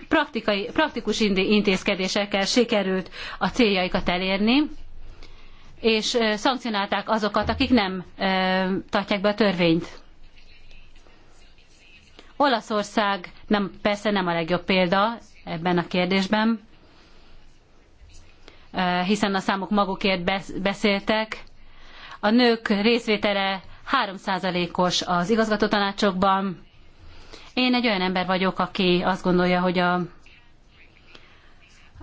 praktikai, praktikus intézkedésekkel sikerült a céljaikat elérni, és szankcionálták azokat, akik nem tartják be a törvényt. Olaszország nem, persze nem a legjobb példa ebben a kérdésben, hiszen a számok magukért beszéltek. A nők részvétele 3%-os az igazgatótanácsokban, én egy olyan ember vagyok, aki azt gondolja, hogy a,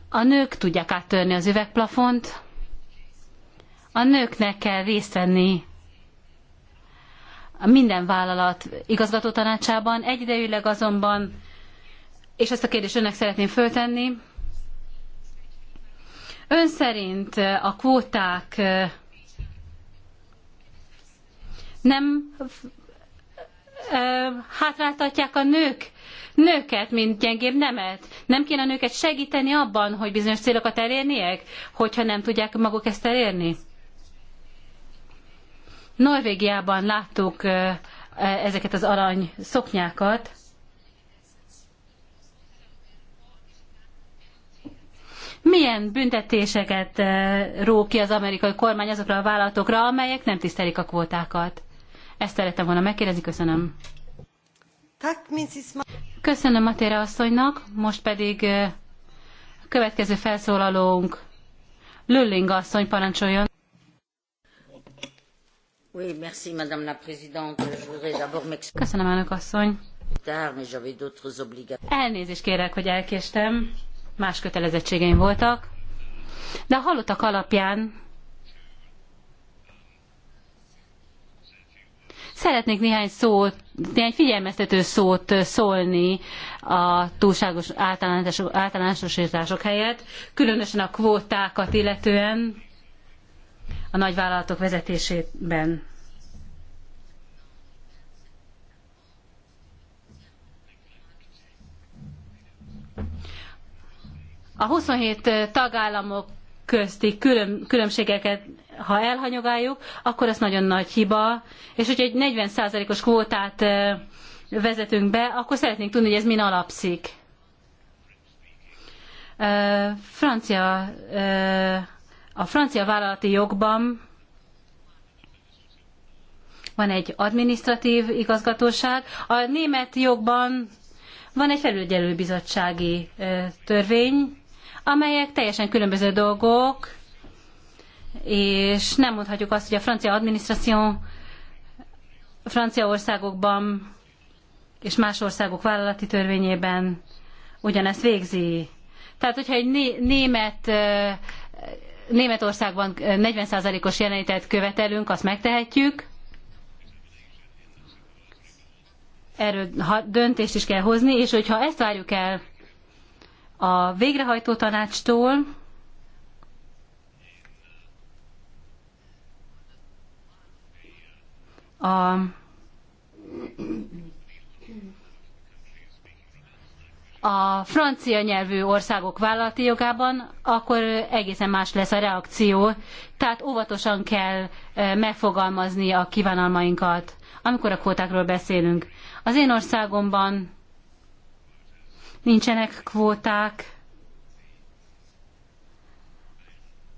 a nők tudják áttörni az üvegplafont, a nőknek kell részt venni minden vállalat igazgatótanácsában, egyidejűleg azonban, és ezt a kérdést önnek szeretném föltenni, ön szerint a kvóták nem hátráltatják a nők nőket, mint gyengébb nemet? Nem kéne a nőket segíteni abban, hogy bizonyos célokat elérniek, hogyha nem tudják maguk ezt elérni? Norvégiában láttuk e, ezeket az arany szoknyákat, milyen büntetéseket ró ki az amerikai kormány azokra a vállalatokra, amelyek nem tisztelik a kvótákat? Ezt szerettem volna megkérdezni, köszönöm. Köszönöm Matera asszonynak, most pedig a következő felszólalónk Lulling asszony parancsoljon. Köszönöm, elnök asszony. Elnézést kérek, hogy elkéstem, más kötelezettségeim voltak, de a hallottak alapján Szeretnék néhány szót, néhány figyelmeztető szót szólni a túlságos általános, általánosítások helyett, különösen a kvótákat illetően a nagyvállalatok vezetésében. A 27 tagállamok közti külön, különbségeket ha elhanyagáljuk, akkor ez nagyon nagy hiba, és hogyha egy 40%-os kvótát vezetünk be, akkor szeretnénk tudni, hogy ez min alapszik. Francia, a francia vállalati jogban van egy administratív igazgatóság, a német jogban van egy felügyelőbizottsági törvény, amelyek teljesen különböző dolgok, és nem mondhatjuk azt, hogy a francia adminisztráció francia országokban és más országok vállalati törvényében ugyanezt végzi. Tehát, hogyha egy német Németországban 40%-os jelenítet követelünk, azt megtehetjük. Erről döntést is kell hozni, és hogyha ezt várjuk el a végrehajtó tanácstól, A a francia nyelvű országok vállalati jogában, akkor egészen más lesz a reakció. Tehát óvatosan kell e, megfogalmazni a kívánalmainkat, amikor a kvótákról beszélünk. Az én országomban nincsenek kvóták,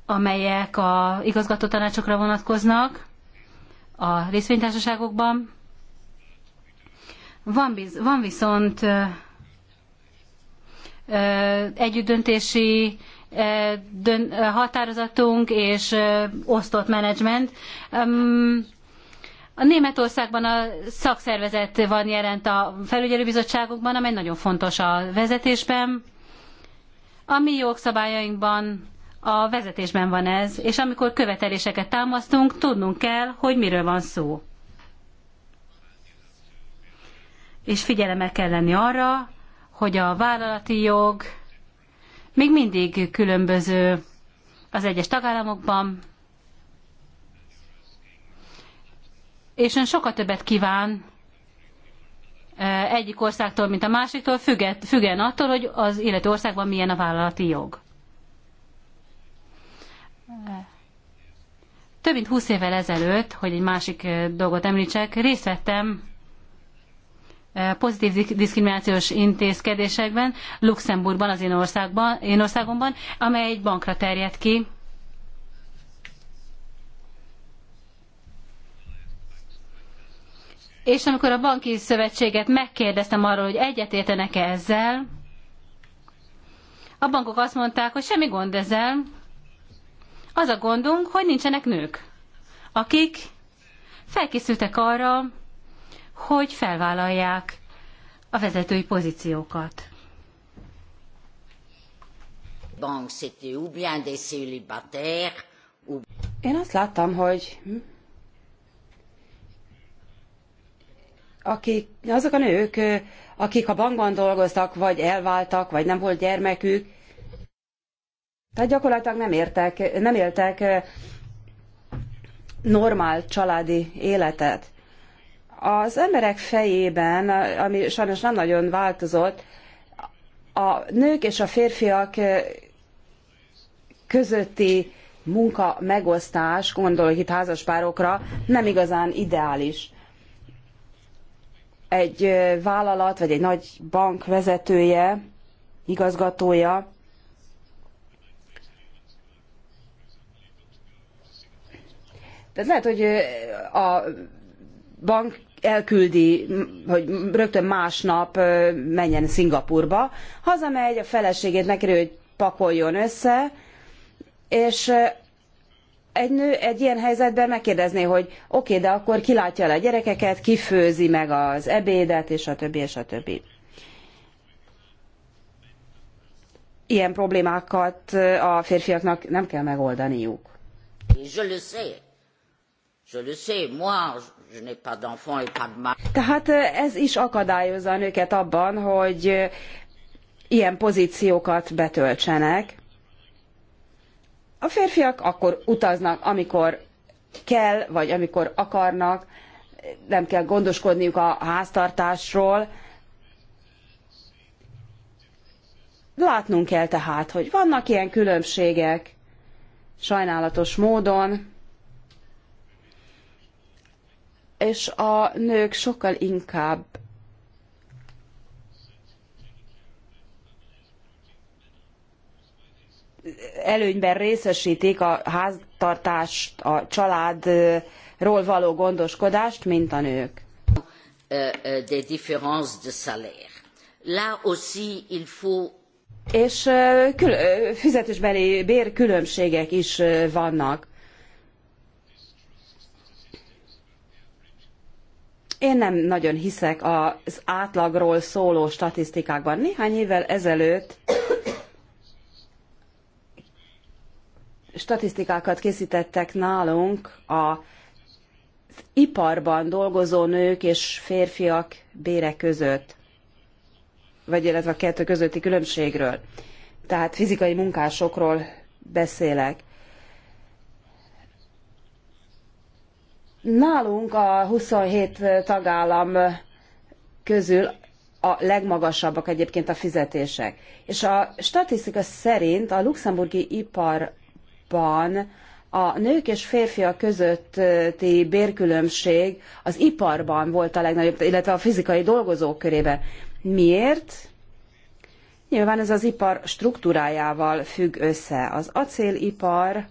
amelyek a igazgatótanácsokra vonatkoznak a részvénytársaságokban. Van, biz, van viszont ö, ö, együttdöntési ö, dön, ö, határozatunk és ö, osztott menedzsment. A Németországban a szakszervezet van jelent a felügyelőbizottságokban, amely nagyon fontos a vezetésben. A mi jogszabályainkban a vezetésben van ez, és amikor követeléseket támasztunk, tudnunk kell, hogy miről van szó. És figyelemmel kell lenni arra, hogy a vállalati jog még mindig különböző az egyes tagállamokban, és ön sokkal többet kíván e, egyik országtól, mint a másiktól, függen, függen attól, hogy az illető országban milyen a vállalati jog több mint húsz évvel ezelőtt, hogy egy másik eh, dolgot említsek, részt vettem eh, pozitív diszkriminációs intézkedésekben Luxemburgban, az én, országban, én országomban, amely egy bankra terjed ki. És amikor a banki szövetséget megkérdeztem arról, hogy egyetértenek-e ezzel, a bankok azt mondták, hogy semmi gond ezzel, az a gondunk, hogy nincsenek nők, akik felkészültek arra, hogy felvállalják a vezetői pozíciókat. Én azt láttam, hogy akik, azok a nők, akik a bankban dolgoztak, vagy elváltak, vagy nem volt gyermekük, tehát gyakorlatilag nem, értek, nem éltek normál családi életet. Az emberek fejében, ami sajnos nem nagyon változott, a nők és a férfiak közötti munka megosztás, gondolok itt házaspárokra, nem igazán ideális. Egy vállalat vagy egy nagy bank vezetője, igazgatója Tehát lehet, hogy a bank elküldi, hogy rögtön másnap menjen Szingapurba, hazamegy, a feleségét megkérdezi, hogy pakoljon össze, és egy nő egy ilyen helyzetben megkérdezné, hogy oké, okay, de akkor kilátja le a gyerekeket, kifőzi meg az ebédet, és a többi, és a többi. Ilyen problémákat a férfiaknak nem kell megoldaniuk. Je le sais. Tehát eh, ez is akadályozza a nőket abban, hogy eh, ilyen pozíciókat betöltsenek. A férfiak akkor utaznak, amikor kell, vagy amikor akarnak, nem kell gondoskodniuk a háztartásról. Látnunk kell tehát, hogy vannak ilyen különbségek, sajnálatos módon és a nők sokkal inkább előnyben részesítik a háztartást, a családról való gondoskodást, mint a nők. Euh, euh, de différence de salaire. Là aussi, il faut és euh, fizetésbeli bérkülönbségek is vannak. Én nem nagyon hiszek az átlagról szóló statisztikákban. Néhány évvel ezelőtt statisztikákat készítettek nálunk a iparban dolgozó nők és férfiak bére között, vagy illetve a kettő közötti különbségről. Tehát fizikai munkásokról beszélek. Nálunk a 27 tagállam közül a legmagasabbak egyébként a fizetések. És a statisztika szerint a luxemburgi iparban a nők és férfiak közötti bérkülönbség az iparban volt a legnagyobb, illetve a fizikai dolgozók körében. Miért? Nyilván ez az ipar struktúrájával függ össze. Az acélipar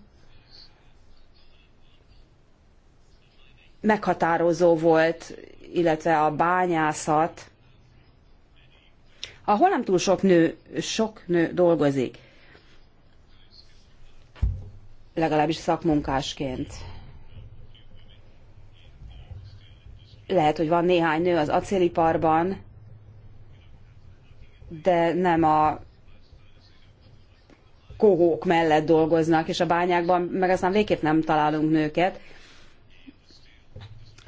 meghatározó volt, illetve a bányászat, ahol nem túl sok nő, sok nő dolgozik. Legalábbis szakmunkásként. Lehet, hogy van néhány nő az acéliparban, de nem a kohók mellett dolgoznak, és a bányákban meg aztán végképp nem találunk nőket.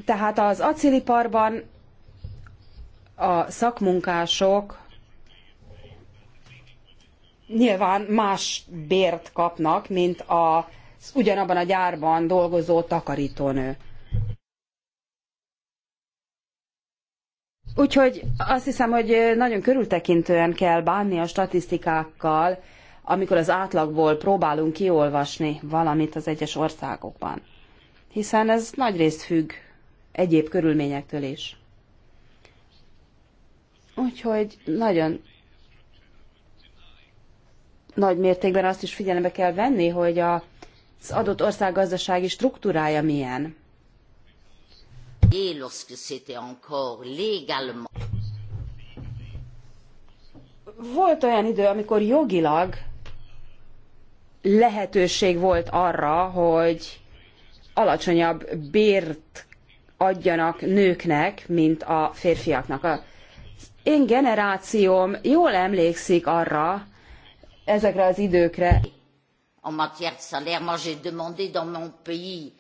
Tehát az acéliparban a szakmunkások nyilván más bért kapnak, mint a ugyanabban a gyárban dolgozó takarítónő. Úgyhogy azt hiszem, hogy nagyon körültekintően kell bánni a statisztikákkal, amikor az átlagból próbálunk kiolvasni valamit az egyes országokban. Hiszen ez nagyrészt függ egyéb körülményektől is. Úgyhogy nagyon nagy mértékben azt is figyelembe kell venni, hogy a, az adott ország gazdasági struktúrája milyen. Volt olyan idő, amikor jogilag lehetőség volt arra, hogy alacsonyabb bért adjanak nőknek, mint a férfiaknak. Az én generációm jól emlékszik arra, ezekre az időkre. En matière de salaire, moi j'ai demandé dans mon pays.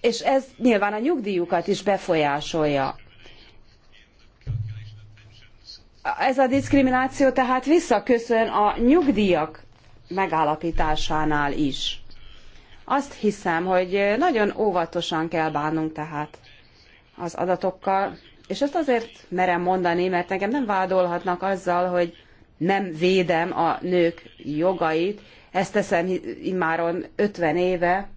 És ez nyilván a nyugdíjukat is befolyásolja. Ez a diszkrimináció tehát visszaköszön a nyugdíjak megállapításánál is. Azt hiszem, hogy nagyon óvatosan kell bánnunk tehát az adatokkal, és ezt azért merem mondani, mert engem nem vádolhatnak azzal, hogy nem védem a nők jogait. Ezt teszem immáron 50 éve.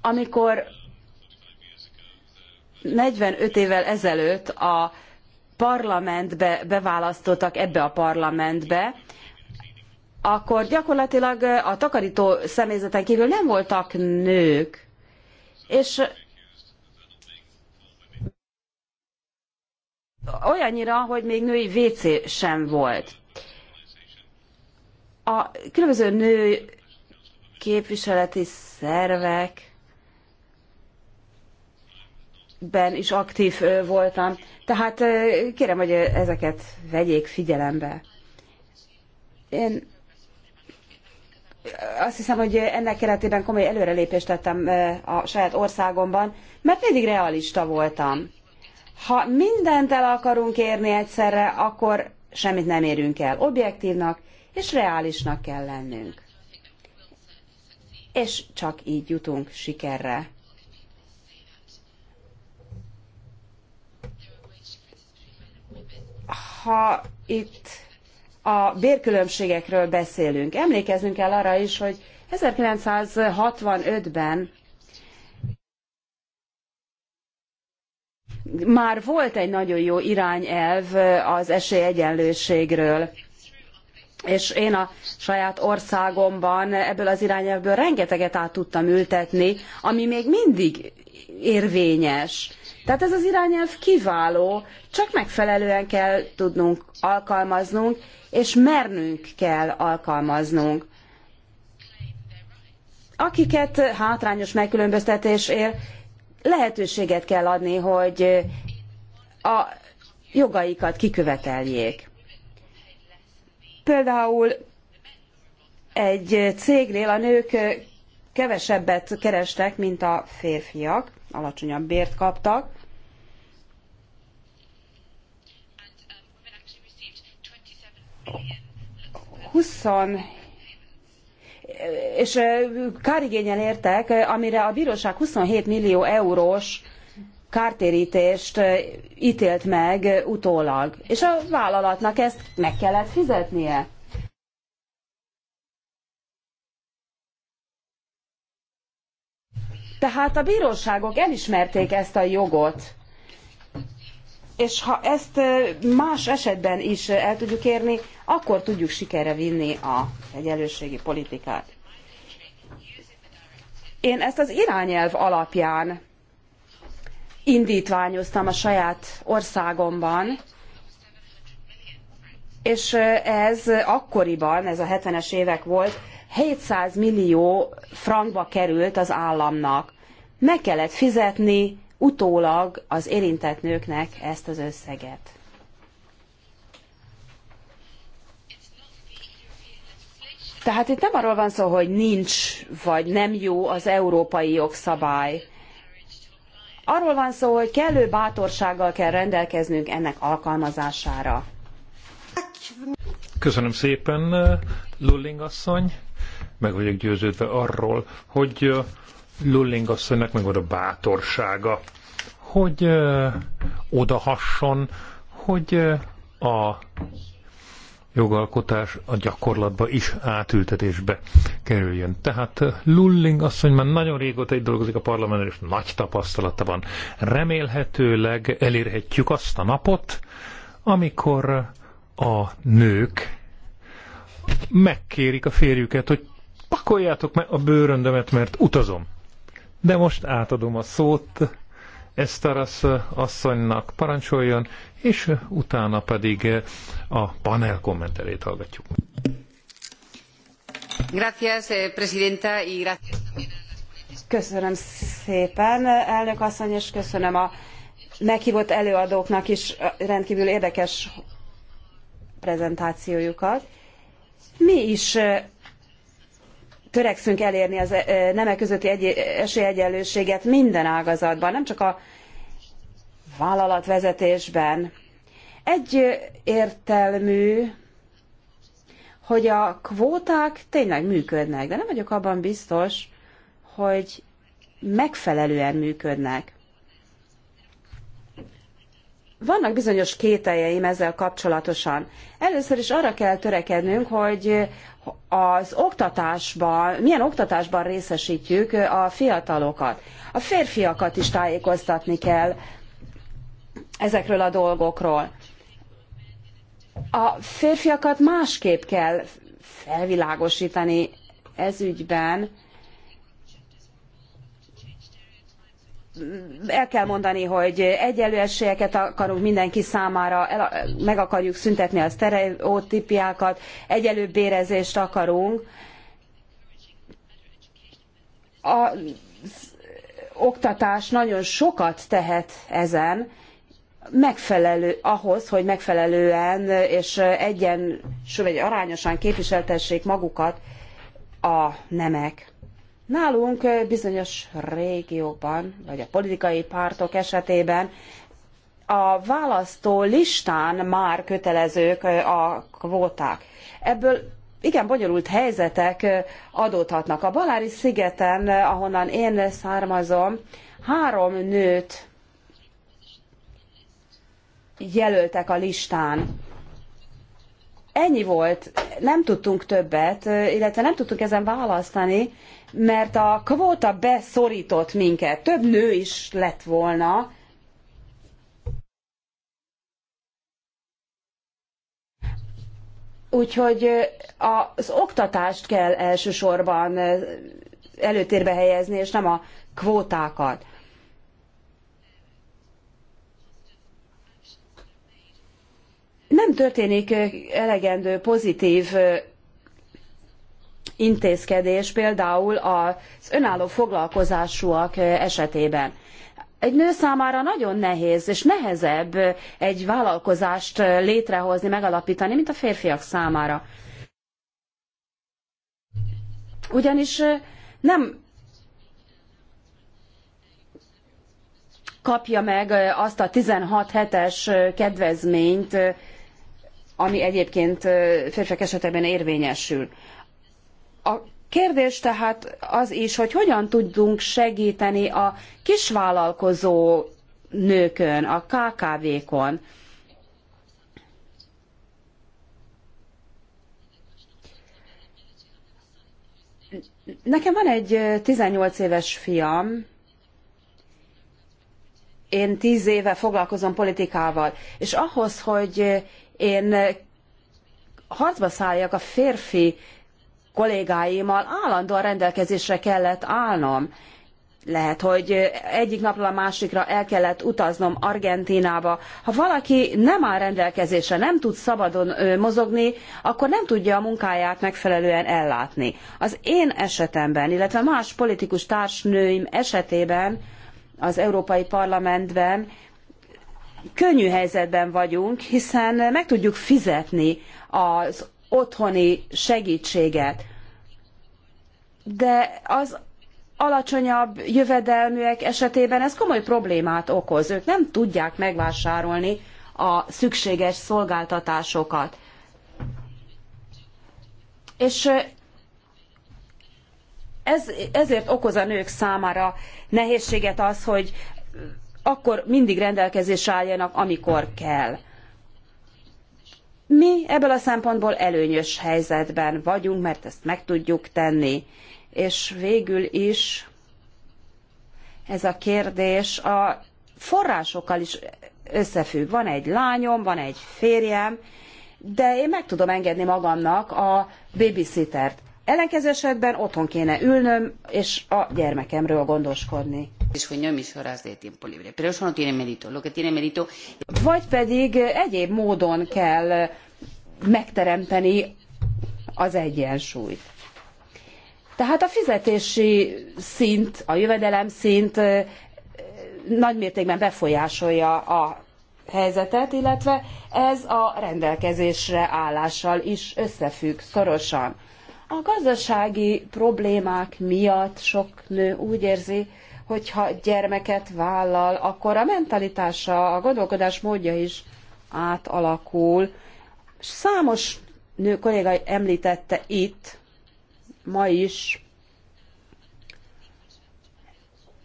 Amikor 45 évvel ezelőtt a parlamentbe beválasztottak ebbe a parlamentbe, akkor gyakorlatilag a takarító személyzeten kívül nem voltak nők. És olyannyira, hogy még női WC sem volt. A különböző nő képviseleti szervek ben is aktív voltam. Tehát kérem, hogy ezeket vegyék figyelembe. Én azt hiszem, hogy ennek keretében komoly előrelépést tettem a saját országomban, mert mindig realista voltam. Ha mindent el akarunk érni egyszerre, akkor semmit nem érünk el. Objektívnak és reálisnak kell lennünk. És csak így jutunk sikerre. Ha itt a bérkülönbségekről beszélünk. Emlékezzünk el arra is, hogy 1965-ben már volt egy nagyon jó irányelv az esélyegyenlőségről. És én a saját országomban ebből az irányelvből rengeteget át tudtam ültetni, ami még mindig érvényes. Tehát ez az irányelv kiváló, csak megfelelően kell tudnunk alkalmaznunk, és mernünk kell alkalmaznunk. Akiket hátrányos megkülönböztetés ér, lehetőséget kell adni, hogy a jogaikat kiköveteljék. Például egy cégnél a nők kevesebbet kerestek, mint a férfiak, alacsonyabb bért kaptak, 20 és kárigényen értek, amire a bíróság 27 millió eurós kártérítést ítélt meg utólag. És a vállalatnak ezt meg kellett fizetnie. Tehát a bíróságok elismerték ezt a jogot, és ha ezt más esetben is el tudjuk érni, akkor tudjuk sikerre vinni a egyenlőségi politikát. Én ezt az irányelv alapján indítványoztam a saját országomban, és ez akkoriban, ez a 70-es évek volt, 700 millió frankba került az államnak. Meg kellett fizetni utólag az érintett nőknek ezt az összeget. Tehát itt nem arról van szó, hogy nincs vagy nem jó az európai jogszabály. Arról van szó, hogy kellő bátorsággal kell rendelkeznünk ennek alkalmazására. Köszönöm szépen, Lulling asszony. Meg vagyok győződve arról, hogy Lulling asszonynak meg a bátorsága, hogy ö, odahasson, hogy ö, a jogalkotás a gyakorlatba is átültetésbe kerüljön. Tehát Lulling asszony már nagyon régóta egy dolgozik a parlamentben, és nagy tapasztalata van. Remélhetőleg elérhetjük azt a napot, amikor a nők megkérik a férjüket, hogy pakoljátok meg a bőröndömet, mert utazom. De most átadom a szót Esztarasz asszonynak parancsoljon, és utána pedig a panel kommenterét hallgatjuk. Gracias, eh, presidenta, y gracias Köszönöm szépen, elnök asszony, és köszönöm a meghívott előadóknak is rendkívül érdekes prezentációjukat. Mi is eh, törekszünk elérni az nemek közötti egy, esélyegyenlőséget minden ágazatban, nem csak a vállalatvezetésben. Egyértelmű, hogy a kvóták tényleg működnek, de nem vagyok abban biztos, hogy megfelelően működnek. Vannak bizonyos kételjeim ezzel kapcsolatosan. Először is arra kell törekednünk, hogy az oktatásban, milyen oktatásban részesítjük a fiatalokat. A férfiakat is tájékoztatni kell ezekről a dolgokról. A férfiakat másképp kell felvilágosítani ez ügyben, el kell mondani, hogy egyenlő esélyeket akarunk mindenki számára, el, meg akarjuk szüntetni a sztereotípiákat, egyenlő bérezést akarunk. A oktatás nagyon sokat tehet ezen, megfelelő ahhoz, hogy megfelelően és egyen, vagy arányosan képviseltessék magukat a nemek. Nálunk eh, bizonyos régióban, vagy a politikai pártok esetében a választó listán már kötelezők eh, a kvóták. Ebből igen bonyolult helyzetek eh, adódhatnak. A Balári szigeten, ahonnan én származom, három nőt jelöltek a listán. Ennyi volt, nem tudtunk többet, illetve nem tudtunk ezen választani, mert a kvóta beszorított minket, több nő is lett volna, Úgyhogy az oktatást kell elsősorban előtérbe helyezni, és nem a kvótákat. Nem történik elegendő pozitív intézkedés például az önálló foglalkozásúak esetében. Egy nő számára nagyon nehéz és nehezebb egy vállalkozást létrehozni, megalapítani, mint a férfiak számára. Ugyanis nem kapja meg azt a 16 hetes kedvezményt, ami egyébként férfiak esetében érvényesül. A kérdés tehát az is, hogy hogyan tudunk segíteni a kisvállalkozó nőkön, a KKV-kon. Nekem van egy 18 éves fiam, én 10 éve foglalkozom politikával, és ahhoz, hogy én harcba szálljak a férfi kollégáimmal állandóan rendelkezésre kellett állnom. Lehet, hogy egyik napról a másikra el kellett utaznom Argentinába. Ha valaki nem áll rendelkezésre, nem tud szabadon mozogni, akkor nem tudja a munkáját megfelelően ellátni. Az én esetemben, illetve más politikus társnőim esetében az Európai Parlamentben könnyű helyzetben vagyunk, hiszen meg tudjuk fizetni az otthoni segítséget. De az alacsonyabb jövedelműek esetében ez komoly problémát okoz. Ők nem tudják megvásárolni a szükséges szolgáltatásokat. És ez, ezért okoz a nők számára nehézséget az, hogy akkor mindig rendelkezésre álljanak, amikor kell mi ebből a szempontból előnyös helyzetben vagyunk, mert ezt meg tudjuk tenni. És végül is ez a kérdés a forrásokkal is összefügg. Van egy lányom, van egy férjem, de én meg tudom engedni magamnak a babysittert. Ellenkező esetben otthon kéne ülnöm, és a gyermekemről gondoskodni. Vagy pedig eh, egyéb módon kell megteremteni az egyensúlyt. Tehát a fizetési szint, a jövedelem szint eh, nagy mértékben befolyásolja a helyzetet, illetve ez a rendelkezésre állással is összefügg szorosan. A gazdasági problémák miatt sok nő úgy érzi, hogyha gyermeket vállal, akkor a mentalitása, a gondolkodás módja is átalakul. Számos nő kolléga említette itt, ma is,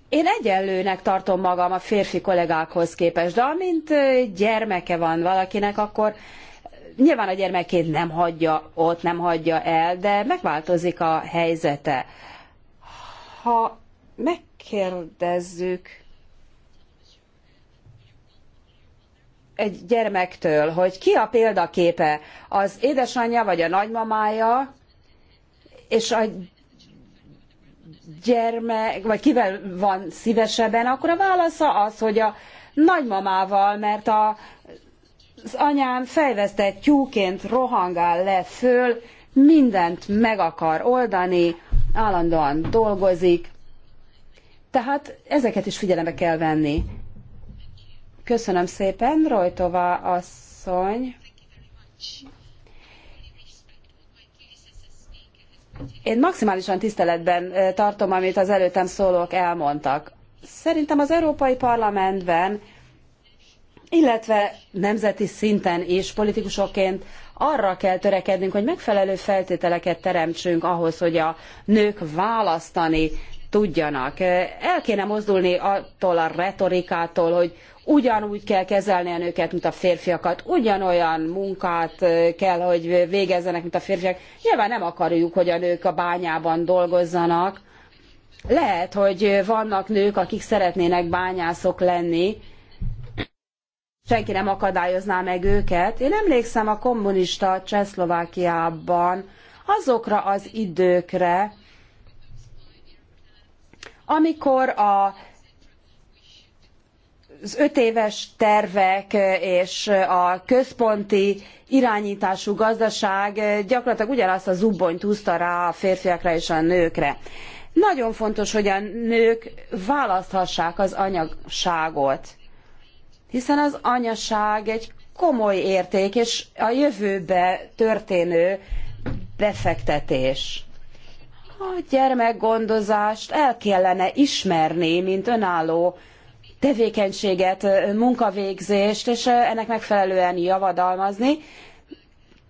én egyenlőnek tartom magam a férfi kollégákhoz képest, de amint gyermeke van valakinek, akkor nyilván a gyermekét nem hagyja ott, nem hagyja el, de megváltozik a helyzete. Ha meg megkérdezzük egy gyermektől, hogy ki a példaképe, az édesanyja vagy a nagymamája, és a gyermek, vagy kivel van szívesebben, akkor a válasza az, hogy a nagymamával, mert a, az anyám fejvesztett tyúként rohangál le föl, mindent meg akar oldani, állandóan dolgozik, tehát ezeket is figyelembe kell venni. Köszönöm szépen, Rojtova asszony. Én maximálisan tiszteletben eh, tartom, amit az előttem szólók elmondtak. Szerintem az Európai Parlamentben, illetve nemzeti szinten is politikusokként arra kell törekednünk, hogy megfelelő feltételeket teremtsünk ahhoz, hogy a nők választani tudjanak. El kéne mozdulni attól a retorikától, hogy ugyanúgy kell kezelni a nőket, mint a férfiakat, ugyanolyan munkát kell, hogy végezzenek, mint a férfiak. Nyilván nem akarjuk, hogy a nők a bányában dolgozzanak. Lehet, hogy vannak nők, akik szeretnének bányászok lenni, senki nem akadályozná meg őket. Én emlékszem a kommunista Csehszlovákiában azokra az időkre, amikor a az öt éves tervek és a központi irányítású gazdaság gyakorlatilag ugyanazt a zubbonyt húzta rá a férfiakra és a nőkre. Nagyon fontos, hogy a nők választhassák az anyaságot, hiszen az anyaság egy komoly érték és a jövőbe történő befektetés a gyermekgondozást el kellene ismerni, mint önálló tevékenységet, munkavégzést, és ennek megfelelően javadalmazni.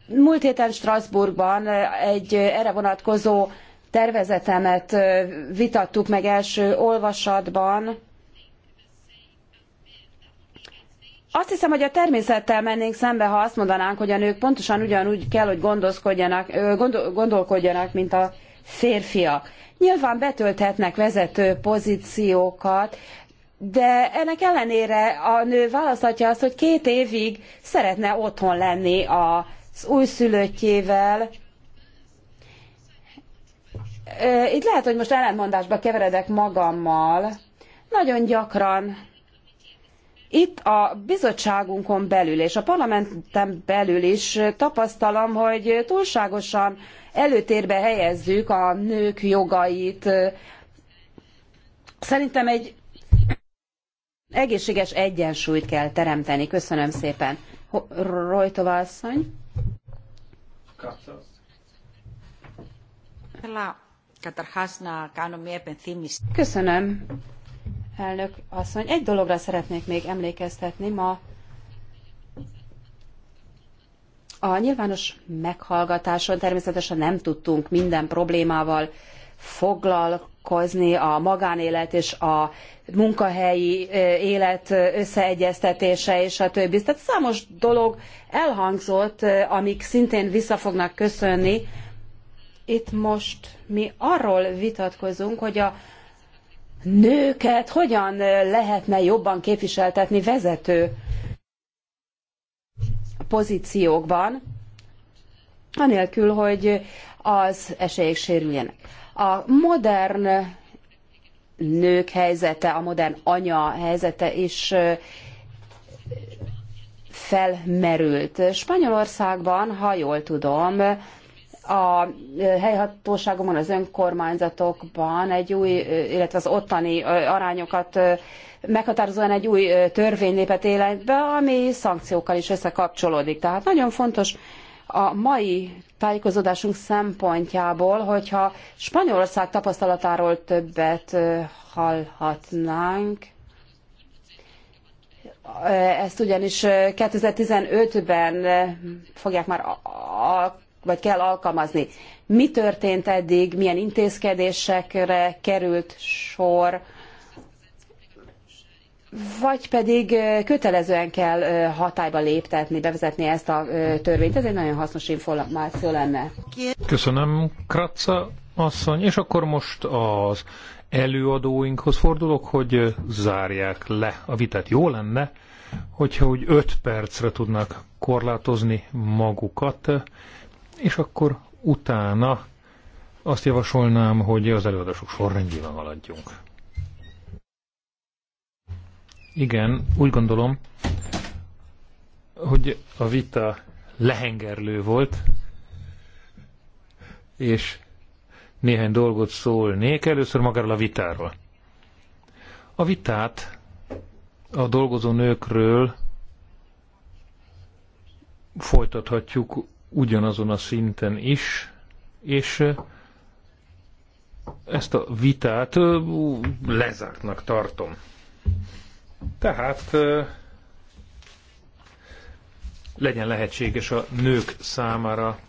Múlt héten Strasbourgban egy erre vonatkozó tervezetemet vitattuk meg első olvasatban. Azt hiszem, hogy a természettel mennénk szembe, ha azt mondanánk, hogy a nők pontosan ugyanúgy kell, hogy gondol, gondolkodjanak, mint a férfiak. Nyilván betölthetnek vezető pozíciókat, de ennek ellenére a nő választhatja azt, hogy két évig szeretne otthon lenni az újszülöttjével. Itt lehet, hogy most ellentmondásba keveredek magammal. Nagyon gyakran itt a bizottságunkon belül és a parlamenten belül is tapasztalom, hogy túlságosan előtérbe helyezzük a nők jogait. Szerintem egy egészséges egyensúlyt kell teremteni. Köszönöm szépen. Rojtova asszony. Köszönöm, elnök asszony. Egy dologra szeretnék még emlékeztetni. Ma A nyilvános meghallgatáson természetesen nem tudtunk minden problémával foglalkozni, a magánélet és a munkahelyi élet összeegyeztetése és a többi. Tehát számos dolog elhangzott, amik szintén vissza fognak köszönni. Itt most mi arról vitatkozunk, hogy a nőket hogyan lehetne jobban képviseltetni vezető pozíciókban, anélkül, hogy az esélyek sérüljenek. A modern nők helyzete, a modern anya helyzete is felmerült. Spanyolországban, ha jól tudom, a helyhatóságokban, az önkormányzatokban egy új, illetve az ottani arányokat meghatározóan egy új törvény lépett életbe, ami szankciókkal is összekapcsolódik. Tehát nagyon fontos a mai tájékozódásunk szempontjából, hogyha Spanyolország tapasztalatáról többet hallhatnánk, ezt ugyanis 2015-ben eh, eh, fogják már vagy kell alkalmazni. Mi történt eddig, milyen intézkedésekre került sor, vagy pedig kötelezően kell hatályba léptetni, bevezetni ezt a törvényt. Ez egy nagyon hasznos információ lenne. Köszönöm, Kratza asszony. És akkor most az előadóinkhoz fordulok, hogy zárják le a vitát. Jó lenne, hogyha úgy öt percre tudnak korlátozni magukat, és akkor utána azt javasolnám, hogy az előadások sorrendjében haladjunk. Igen, úgy gondolom, hogy a vita lehengerlő volt, és néhány dolgot szólnék. Először magáról a vitáról. A vitát a dolgozó nőkről folytathatjuk ugyanazon a szinten is, és ezt a vitát lezártnak tartom. Tehát legyen lehetséges a nők számára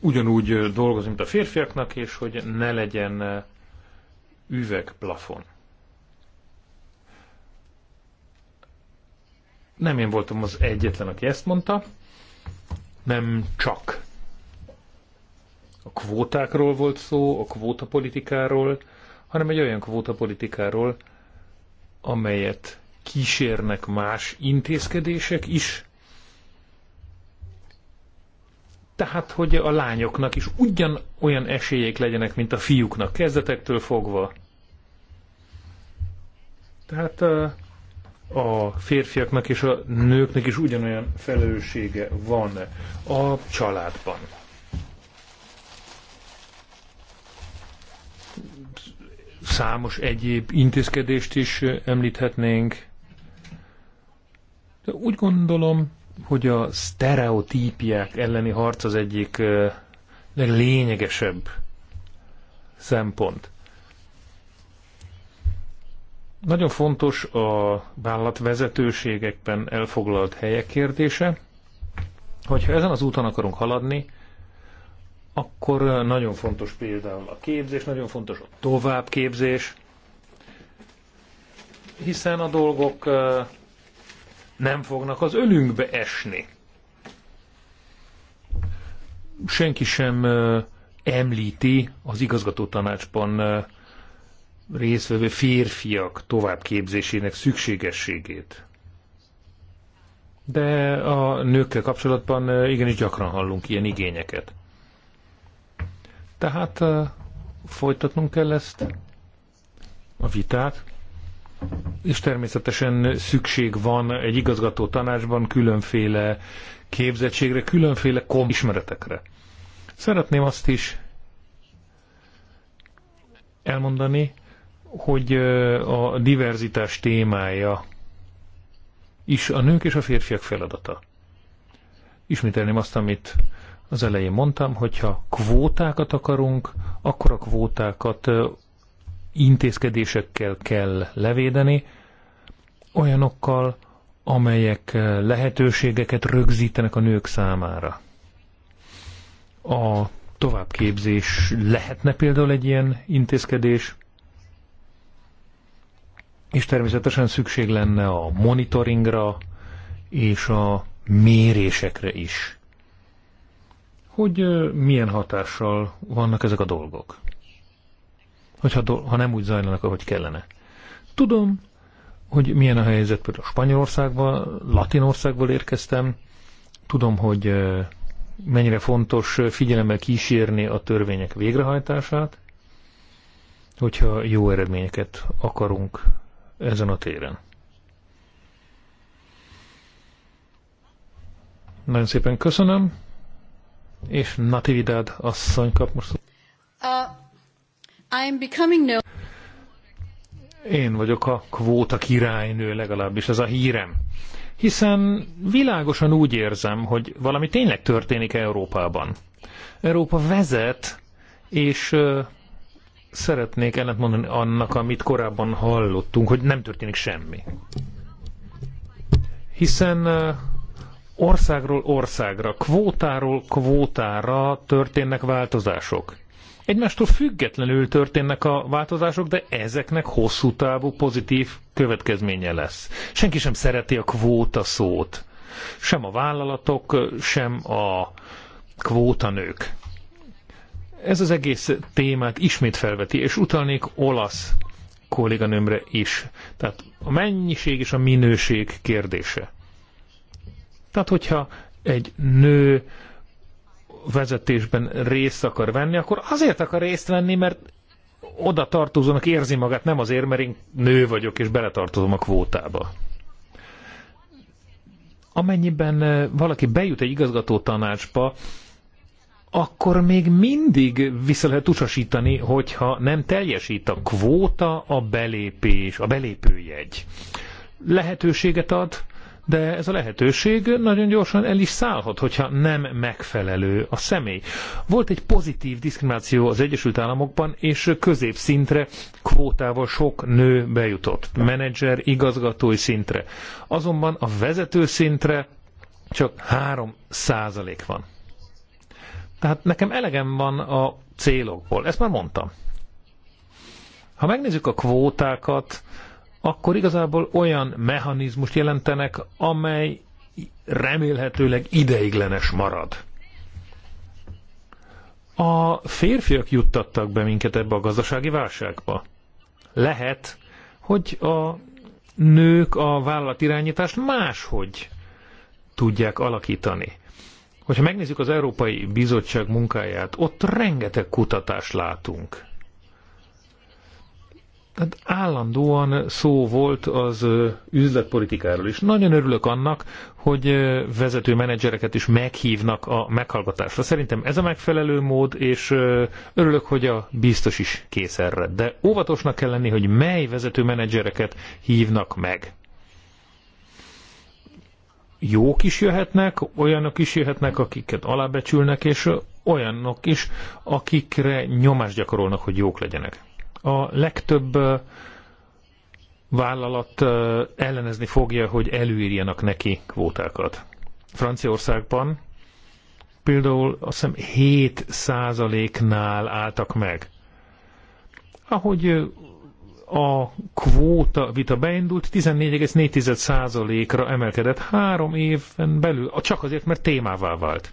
ugyanúgy dolgozni, mint a férfiaknak, és hogy ne legyen üvegplafon. Nem én voltam az egyetlen, aki ezt mondta nem csak a kvótákról volt szó, a kvótapolitikáról, hanem egy olyan kvótapolitikáról, amelyet kísérnek más intézkedések is. Tehát, hogy a lányoknak is ugyan olyan esélyek legyenek, mint a fiúknak kezdetektől fogva. Tehát a férfiaknak és a nőknek is ugyanolyan felelőssége van a családban. Számos egyéb intézkedést is említhetnénk. De úgy gondolom, hogy a sztereotípiák elleni harc az egyik leglényegesebb szempont. Nagyon fontos a vállalatvezetőségekben elfoglalt helyek kérdése. Hogyha ezen az úton akarunk haladni, akkor nagyon fontos például a képzés, nagyon fontos a továbbképzés, hiszen a dolgok nem fognak az önünkbe esni. Senki sem említi az igazgató tanácsban részvevő férfiak továbbképzésének szükségességét. De a nőkkel kapcsolatban igenis gyakran hallunk ilyen igényeket. Tehát folytatnunk kell ezt a vitát, és természetesen szükség van egy igazgató tanácsban különféle képzettségre, különféle kom ismeretekre. Szeretném azt is elmondani, hogy a diverzitás témája is a nők és a férfiak feladata. Ismételném azt, amit az elején mondtam, hogyha kvótákat akarunk, akkor a kvótákat intézkedésekkel kell levédeni, olyanokkal, amelyek lehetőségeket rögzítenek a nők számára. A továbbképzés lehetne például egy ilyen intézkedés, és természetesen szükség lenne a monitoringra és a mérésekre is. Hogy milyen hatással vannak ezek a dolgok? Hogyha do ha nem úgy zajlanak, ahogy kellene. Tudom, hogy milyen a helyzet például Spanyolországban, Latinországból érkeztem. Tudom, hogy mennyire fontos figyelemmel kísérni a törvények végrehajtását, hogyha jó eredményeket akarunk ezen a téren. Nagyon szépen köszönöm, és Natividad asszony kap most. Uh, I'm becoming no... Én vagyok a kvóta királynő, legalábbis ez a hírem. Hiszen világosan úgy érzem, hogy valami tényleg történik Európában. Európa vezet, és szeretnék mondani annak, amit korábban hallottunk, hogy nem történik semmi. Hiszen országról országra, kvótáról kvótára történnek változások. Egymástól függetlenül történnek a változások, de ezeknek hosszú távú pozitív következménye lesz. Senki sem szereti a kvóta szót. Sem a vállalatok, sem a kvótanők ez az egész témát ismét felveti, és utalnék olasz kolléganőmre is. Tehát a mennyiség és a minőség kérdése. Tehát, hogyha egy nő vezetésben részt akar venni, akkor azért akar részt venni, mert oda tartozónak érzi magát, nem azért, mert én nő vagyok, és beletartozom a kvótába. Amennyiben eh, valaki bejut egy igazgató tanácsba, akkor még mindig vissza lehet utasítani, hogyha nem teljesít a kvóta, a belépés, a belépőjegy. Lehetőséget ad, de ez a lehetőség nagyon gyorsan el is szállhat, hogyha nem megfelelő a személy. Volt egy pozitív diszkrimináció az Egyesült Államokban, és középszintre kvótával sok nő bejutott, menedzser, igazgatói szintre. Azonban a vezető szintre csak 3 százalék van. Tehát nekem elegem van a célokból, ezt már mondtam. Ha megnézzük a kvótákat, akkor igazából olyan mechanizmust jelentenek, amely remélhetőleg ideiglenes marad. A férfiak juttattak be minket ebbe a gazdasági válságba. Lehet, hogy a nők a vállalatirányítást máshogy tudják alakítani. Hogyha megnézzük az Európai Bizottság munkáját, ott rengeteg kutatást látunk. Hát állandóan szó volt az üzletpolitikáról is. Nagyon örülök annak, hogy vezető menedzsereket is meghívnak a meghallgatásra. Szerintem ez a megfelelő mód, és örülök, hogy a biztos is kész erre. De óvatosnak kell lenni, hogy mely vezető menedzsereket hívnak meg jók is jöhetnek, olyanok is jöhetnek, akiket alábecsülnek, és olyanok is, akikre nyomást gyakorolnak, hogy jók legyenek. A legtöbb vállalat ellenezni fogja, hogy előírjanak neki kvótákat. Franciaországban például azt hiszem 7 nál álltak meg. Ahogy a kvóta vita beindult, 14,4%-ra emelkedett három éven belül, csak azért, mert témává vált.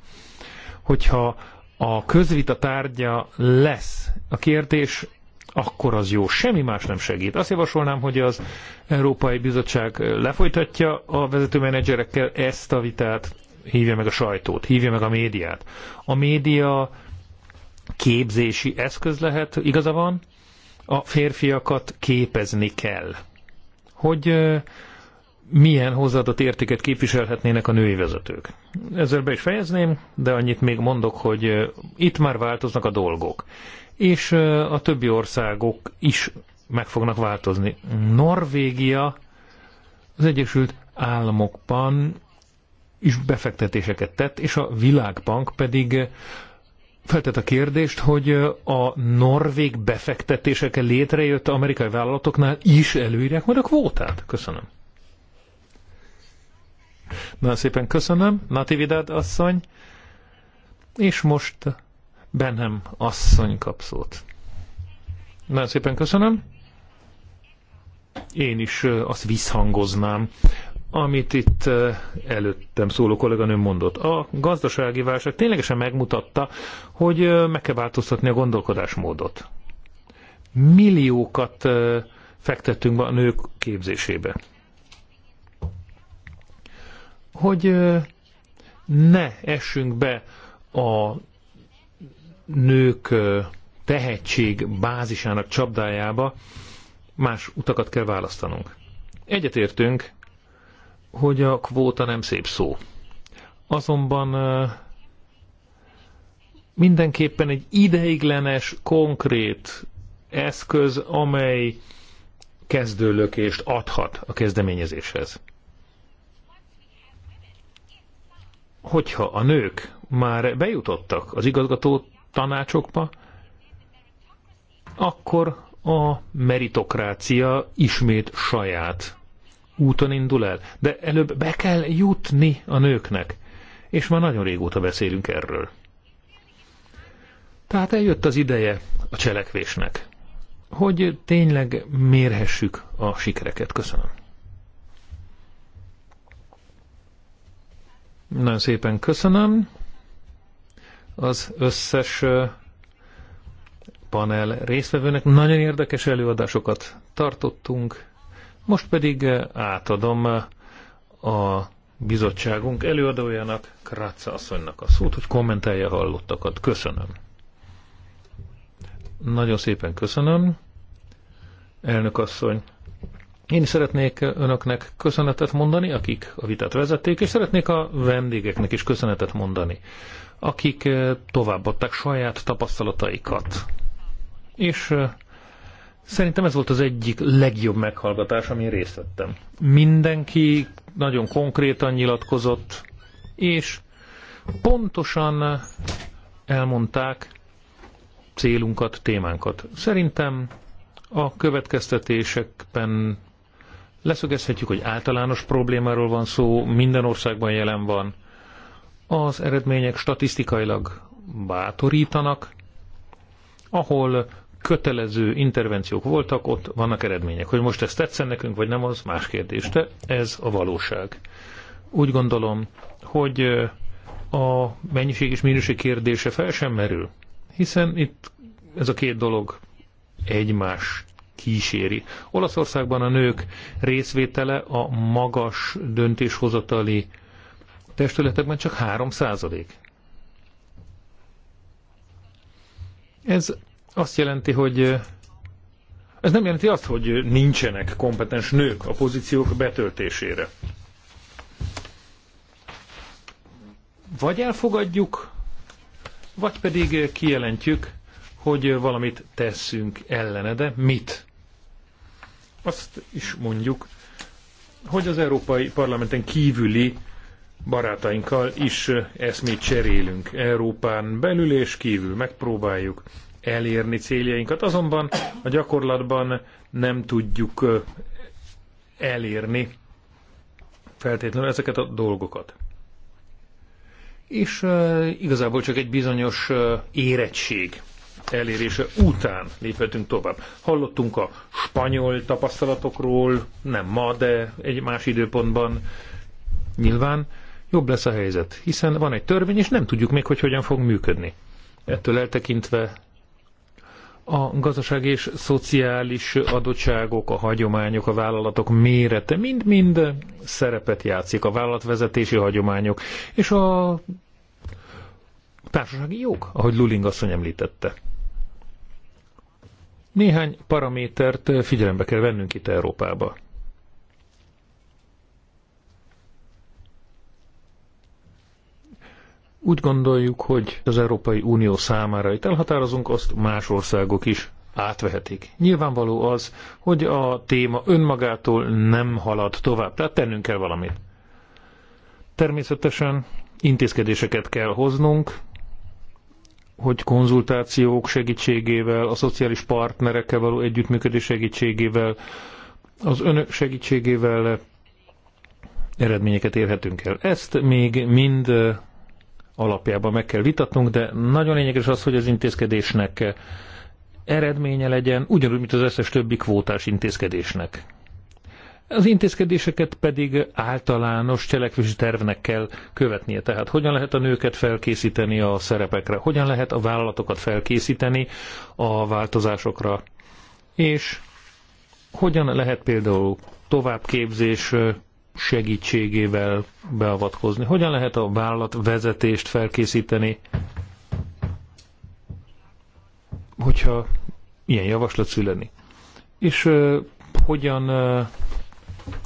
Hogyha a közvita tárgya lesz a kérdés, akkor az jó, semmi más nem segít. Azt javasolnám, hogy az Európai Bizottság lefolytatja a menedzserekkel ezt a vitát, hívja meg a sajtót, hívja meg a médiát. A média képzési eszköz lehet, igaza van, a férfiakat képezni kell, hogy milyen hozzáadott értéket képviselhetnének a női vezetők. Ezzel be is fejezném, de annyit még mondok, hogy itt már változnak a dolgok. És a többi országok is meg fognak változni. Norvégia az Egyesült Államokban is befektetéseket tett, és a Világbank pedig feltett a kérdést, hogy a norvég befektetésekkel létrejött amerikai vállalatoknál is előírják majd a kvótát. Köszönöm. Nagyon szépen köszönöm, Natividad asszony. És most benem asszony kap szót. Nagyon szépen köszönöm. Én is azt visszhangoznám, amit itt előttem szóló kolléganőm mondott. A gazdasági válság ténylegesen megmutatta, hogy meg kell változtatni a gondolkodásmódot. Milliókat fektettünk be a nők képzésébe. Hogy ne essünk be a nők tehetség bázisának csapdájába, más utakat kell választanunk. Egyetértünk hogy a kvóta nem szép szó. Azonban mindenképpen egy ideiglenes, konkrét eszköz, amely kezdőlökést adhat a kezdeményezéshez. Hogyha a nők már bejutottak az igazgató tanácsokba, akkor a meritokrácia ismét saját úton indul el, de előbb be kell jutni a nőknek. És már nagyon régóta beszélünk erről. Tehát eljött az ideje a cselekvésnek, hogy tényleg mérhessük a sikereket. Köszönöm. Nagyon szépen köszönöm az összes panel résztvevőnek. Nagyon érdekes előadásokat tartottunk. Most pedig eh, átadom eh, a bizottságunk előadójának, Kratza asszonynak a szót, hogy kommentálja hallottakat. Köszönöm. Nagyon szépen köszönöm, elnök asszony. Én is szeretnék önöknek köszönetet mondani, akik a vitát vezették, és szeretnék a vendégeknek is köszönetet mondani, akik eh, továbbadták saját tapasztalataikat. És Szerintem ez volt az egyik legjobb meghallgatás, amin részt vettem. Mindenki nagyon konkrétan nyilatkozott, és pontosan elmondták célunkat, témánkat. Szerintem a következtetésekben leszögezhetjük, hogy általános problémáról van szó, minden országban jelen van. Az eredmények statisztikailag bátorítanak, ahol kötelező intervenciók voltak, ott vannak eredmények. Hogy most ezt tetszen nekünk, vagy nem, az más kérdés, de ez a valóság. Úgy gondolom, hogy a mennyiség és minőség kérdése fel sem merül, hiszen itt ez a két dolog egymás kíséri. Olaszországban a nők részvétele a magas döntéshozatali testületekben csak 3 százalék. Ez azt jelenti, hogy ez nem jelenti azt, hogy nincsenek kompetens nők a pozíciók betöltésére. Vagy elfogadjuk, vagy pedig kijelentjük, hogy valamit tesszünk ellene, de mit? Azt is mondjuk, hogy az Európai Parlamenten kívüli barátainkkal is eszmét cserélünk Európán belül és kívül. Megpróbáljuk elérni céljainkat, azonban a gyakorlatban nem tudjuk elérni feltétlenül ezeket a dolgokat. És igazából csak egy bizonyos érettség elérése után léphetünk tovább. Hallottunk a spanyol tapasztalatokról, nem ma, de egy más időpontban nyilván jobb lesz a helyzet, hiszen van egy törvény, és nem tudjuk még, hogy hogyan fog működni. Ettől eltekintve a gazdaság és szociális adottságok, a hagyományok, a vállalatok mérete mind-mind szerepet játszik, a vállalatvezetési hagyományok, és a társasági jog, ahogy Luling asszony említette. Néhány paramétert figyelembe kell vennünk itt Európába. Úgy gondoljuk, hogy az Európai Unió számára itt elhatározunk, azt más országok is átvehetik. Nyilvánvaló az, hogy a téma önmagától nem halad tovább, tehát tennünk kell valamit. Természetesen intézkedéseket kell hoznunk, hogy konzultációk segítségével, a szociális partnerekkel való együttműködés segítségével, az önök segítségével eredményeket érhetünk el. Ezt még mind alapjában meg kell vitatnunk, de nagyon lényeges az, hogy az intézkedésnek eredménye legyen, ugyanúgy, mint az összes többi kvótás intézkedésnek. Az intézkedéseket pedig általános cselekvési tervnek kell követnie. Tehát hogyan lehet a nőket felkészíteni a szerepekre, hogyan lehet a vállalatokat felkészíteni a változásokra, és hogyan lehet például továbbképzés segítségével beavatkozni? Hogyan lehet a vállalat vezetést felkészíteni, hogyha ilyen javaslat születni. És uh, hogyan uh,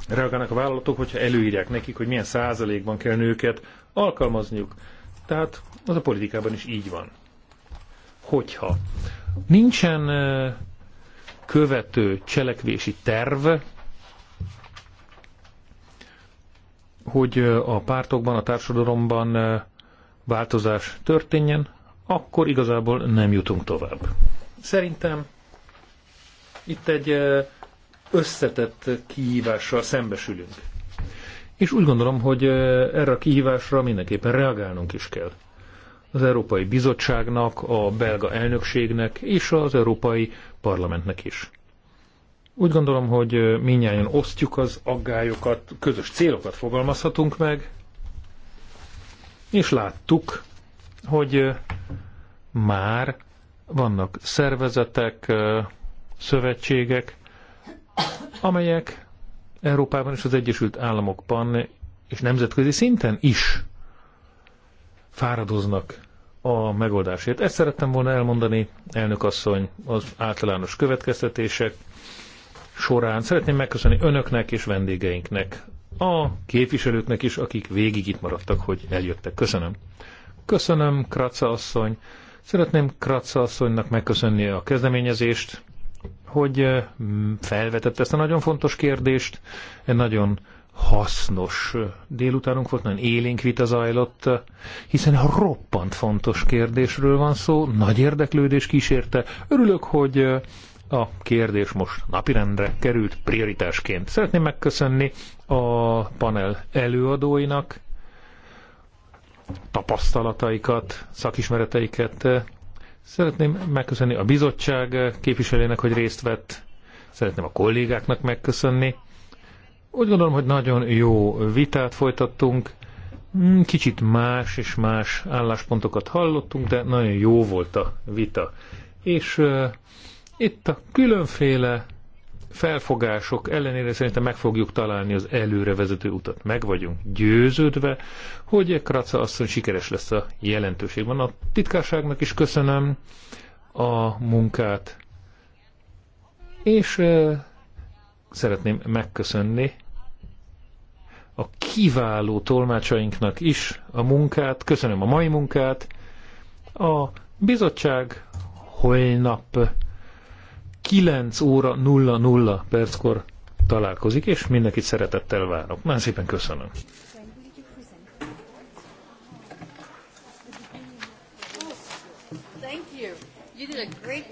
reagálnak a vállalatok, hogyha előírják nekik, hogy milyen százalékban kell nőket alkalmazniuk? Tehát az a politikában is így van. Hogyha nincsen uh, követő cselekvési terv, hogy a pártokban, a társadalomban változás történjen, akkor igazából nem jutunk tovább. Szerintem itt egy összetett kihívással szembesülünk. És úgy gondolom, hogy erre a kihívásra mindenképpen reagálnunk is kell. Az Európai Bizottságnak, a belga elnökségnek és az Európai Parlamentnek is. Úgy gondolom, hogy minnyáján osztjuk az aggályokat, közös célokat fogalmazhatunk meg, és láttuk, hogy már vannak szervezetek, szövetségek, amelyek Európában és az Egyesült Államokban és nemzetközi szinten is fáradoznak a megoldásért. Ezt szerettem volna elmondani, elnök asszony, az általános következtetések során szeretném megköszönni önöknek és vendégeinknek, a képviselőknek is, akik végig itt maradtak, hogy eljöttek. Köszönöm. Köszönöm, Kraca asszony. Szeretném Kraca asszonynak megköszönni a kezdeményezést, hogy felvetett ezt a nagyon fontos kérdést. Egy nagyon hasznos délutánunk volt, nagyon élénk vita zajlott, hiszen a roppant fontos kérdésről van szó, nagy érdeklődés kísérte. Örülök, hogy a kérdés most napirendre került prioritásként. Szeretném megköszönni a panel előadóinak tapasztalataikat, szakismereteiket. Szeretném megköszönni a bizottság képviselőnek, hogy részt vett. Szeretném a kollégáknak megköszönni. Úgy gondolom, hogy nagyon jó vitát folytattunk. Kicsit más és más álláspontokat hallottunk, de nagyon jó volt a vita. És itt a különféle felfogások ellenére szerintem meg fogjuk találni az előre vezető utat. Meg vagyunk győződve, hogy Kraca asszony sikeres lesz a jelentőségben. A titkárságnak is köszönöm a munkát, és euh, szeretném megköszönni a kiváló tolmácsainknak is a munkát, köszönöm a mai munkát. A bizottság holnap 9 óra 00 perckor találkozik, és mindenkit szeretettel várok. Már szépen köszönöm. Thank you. You did a great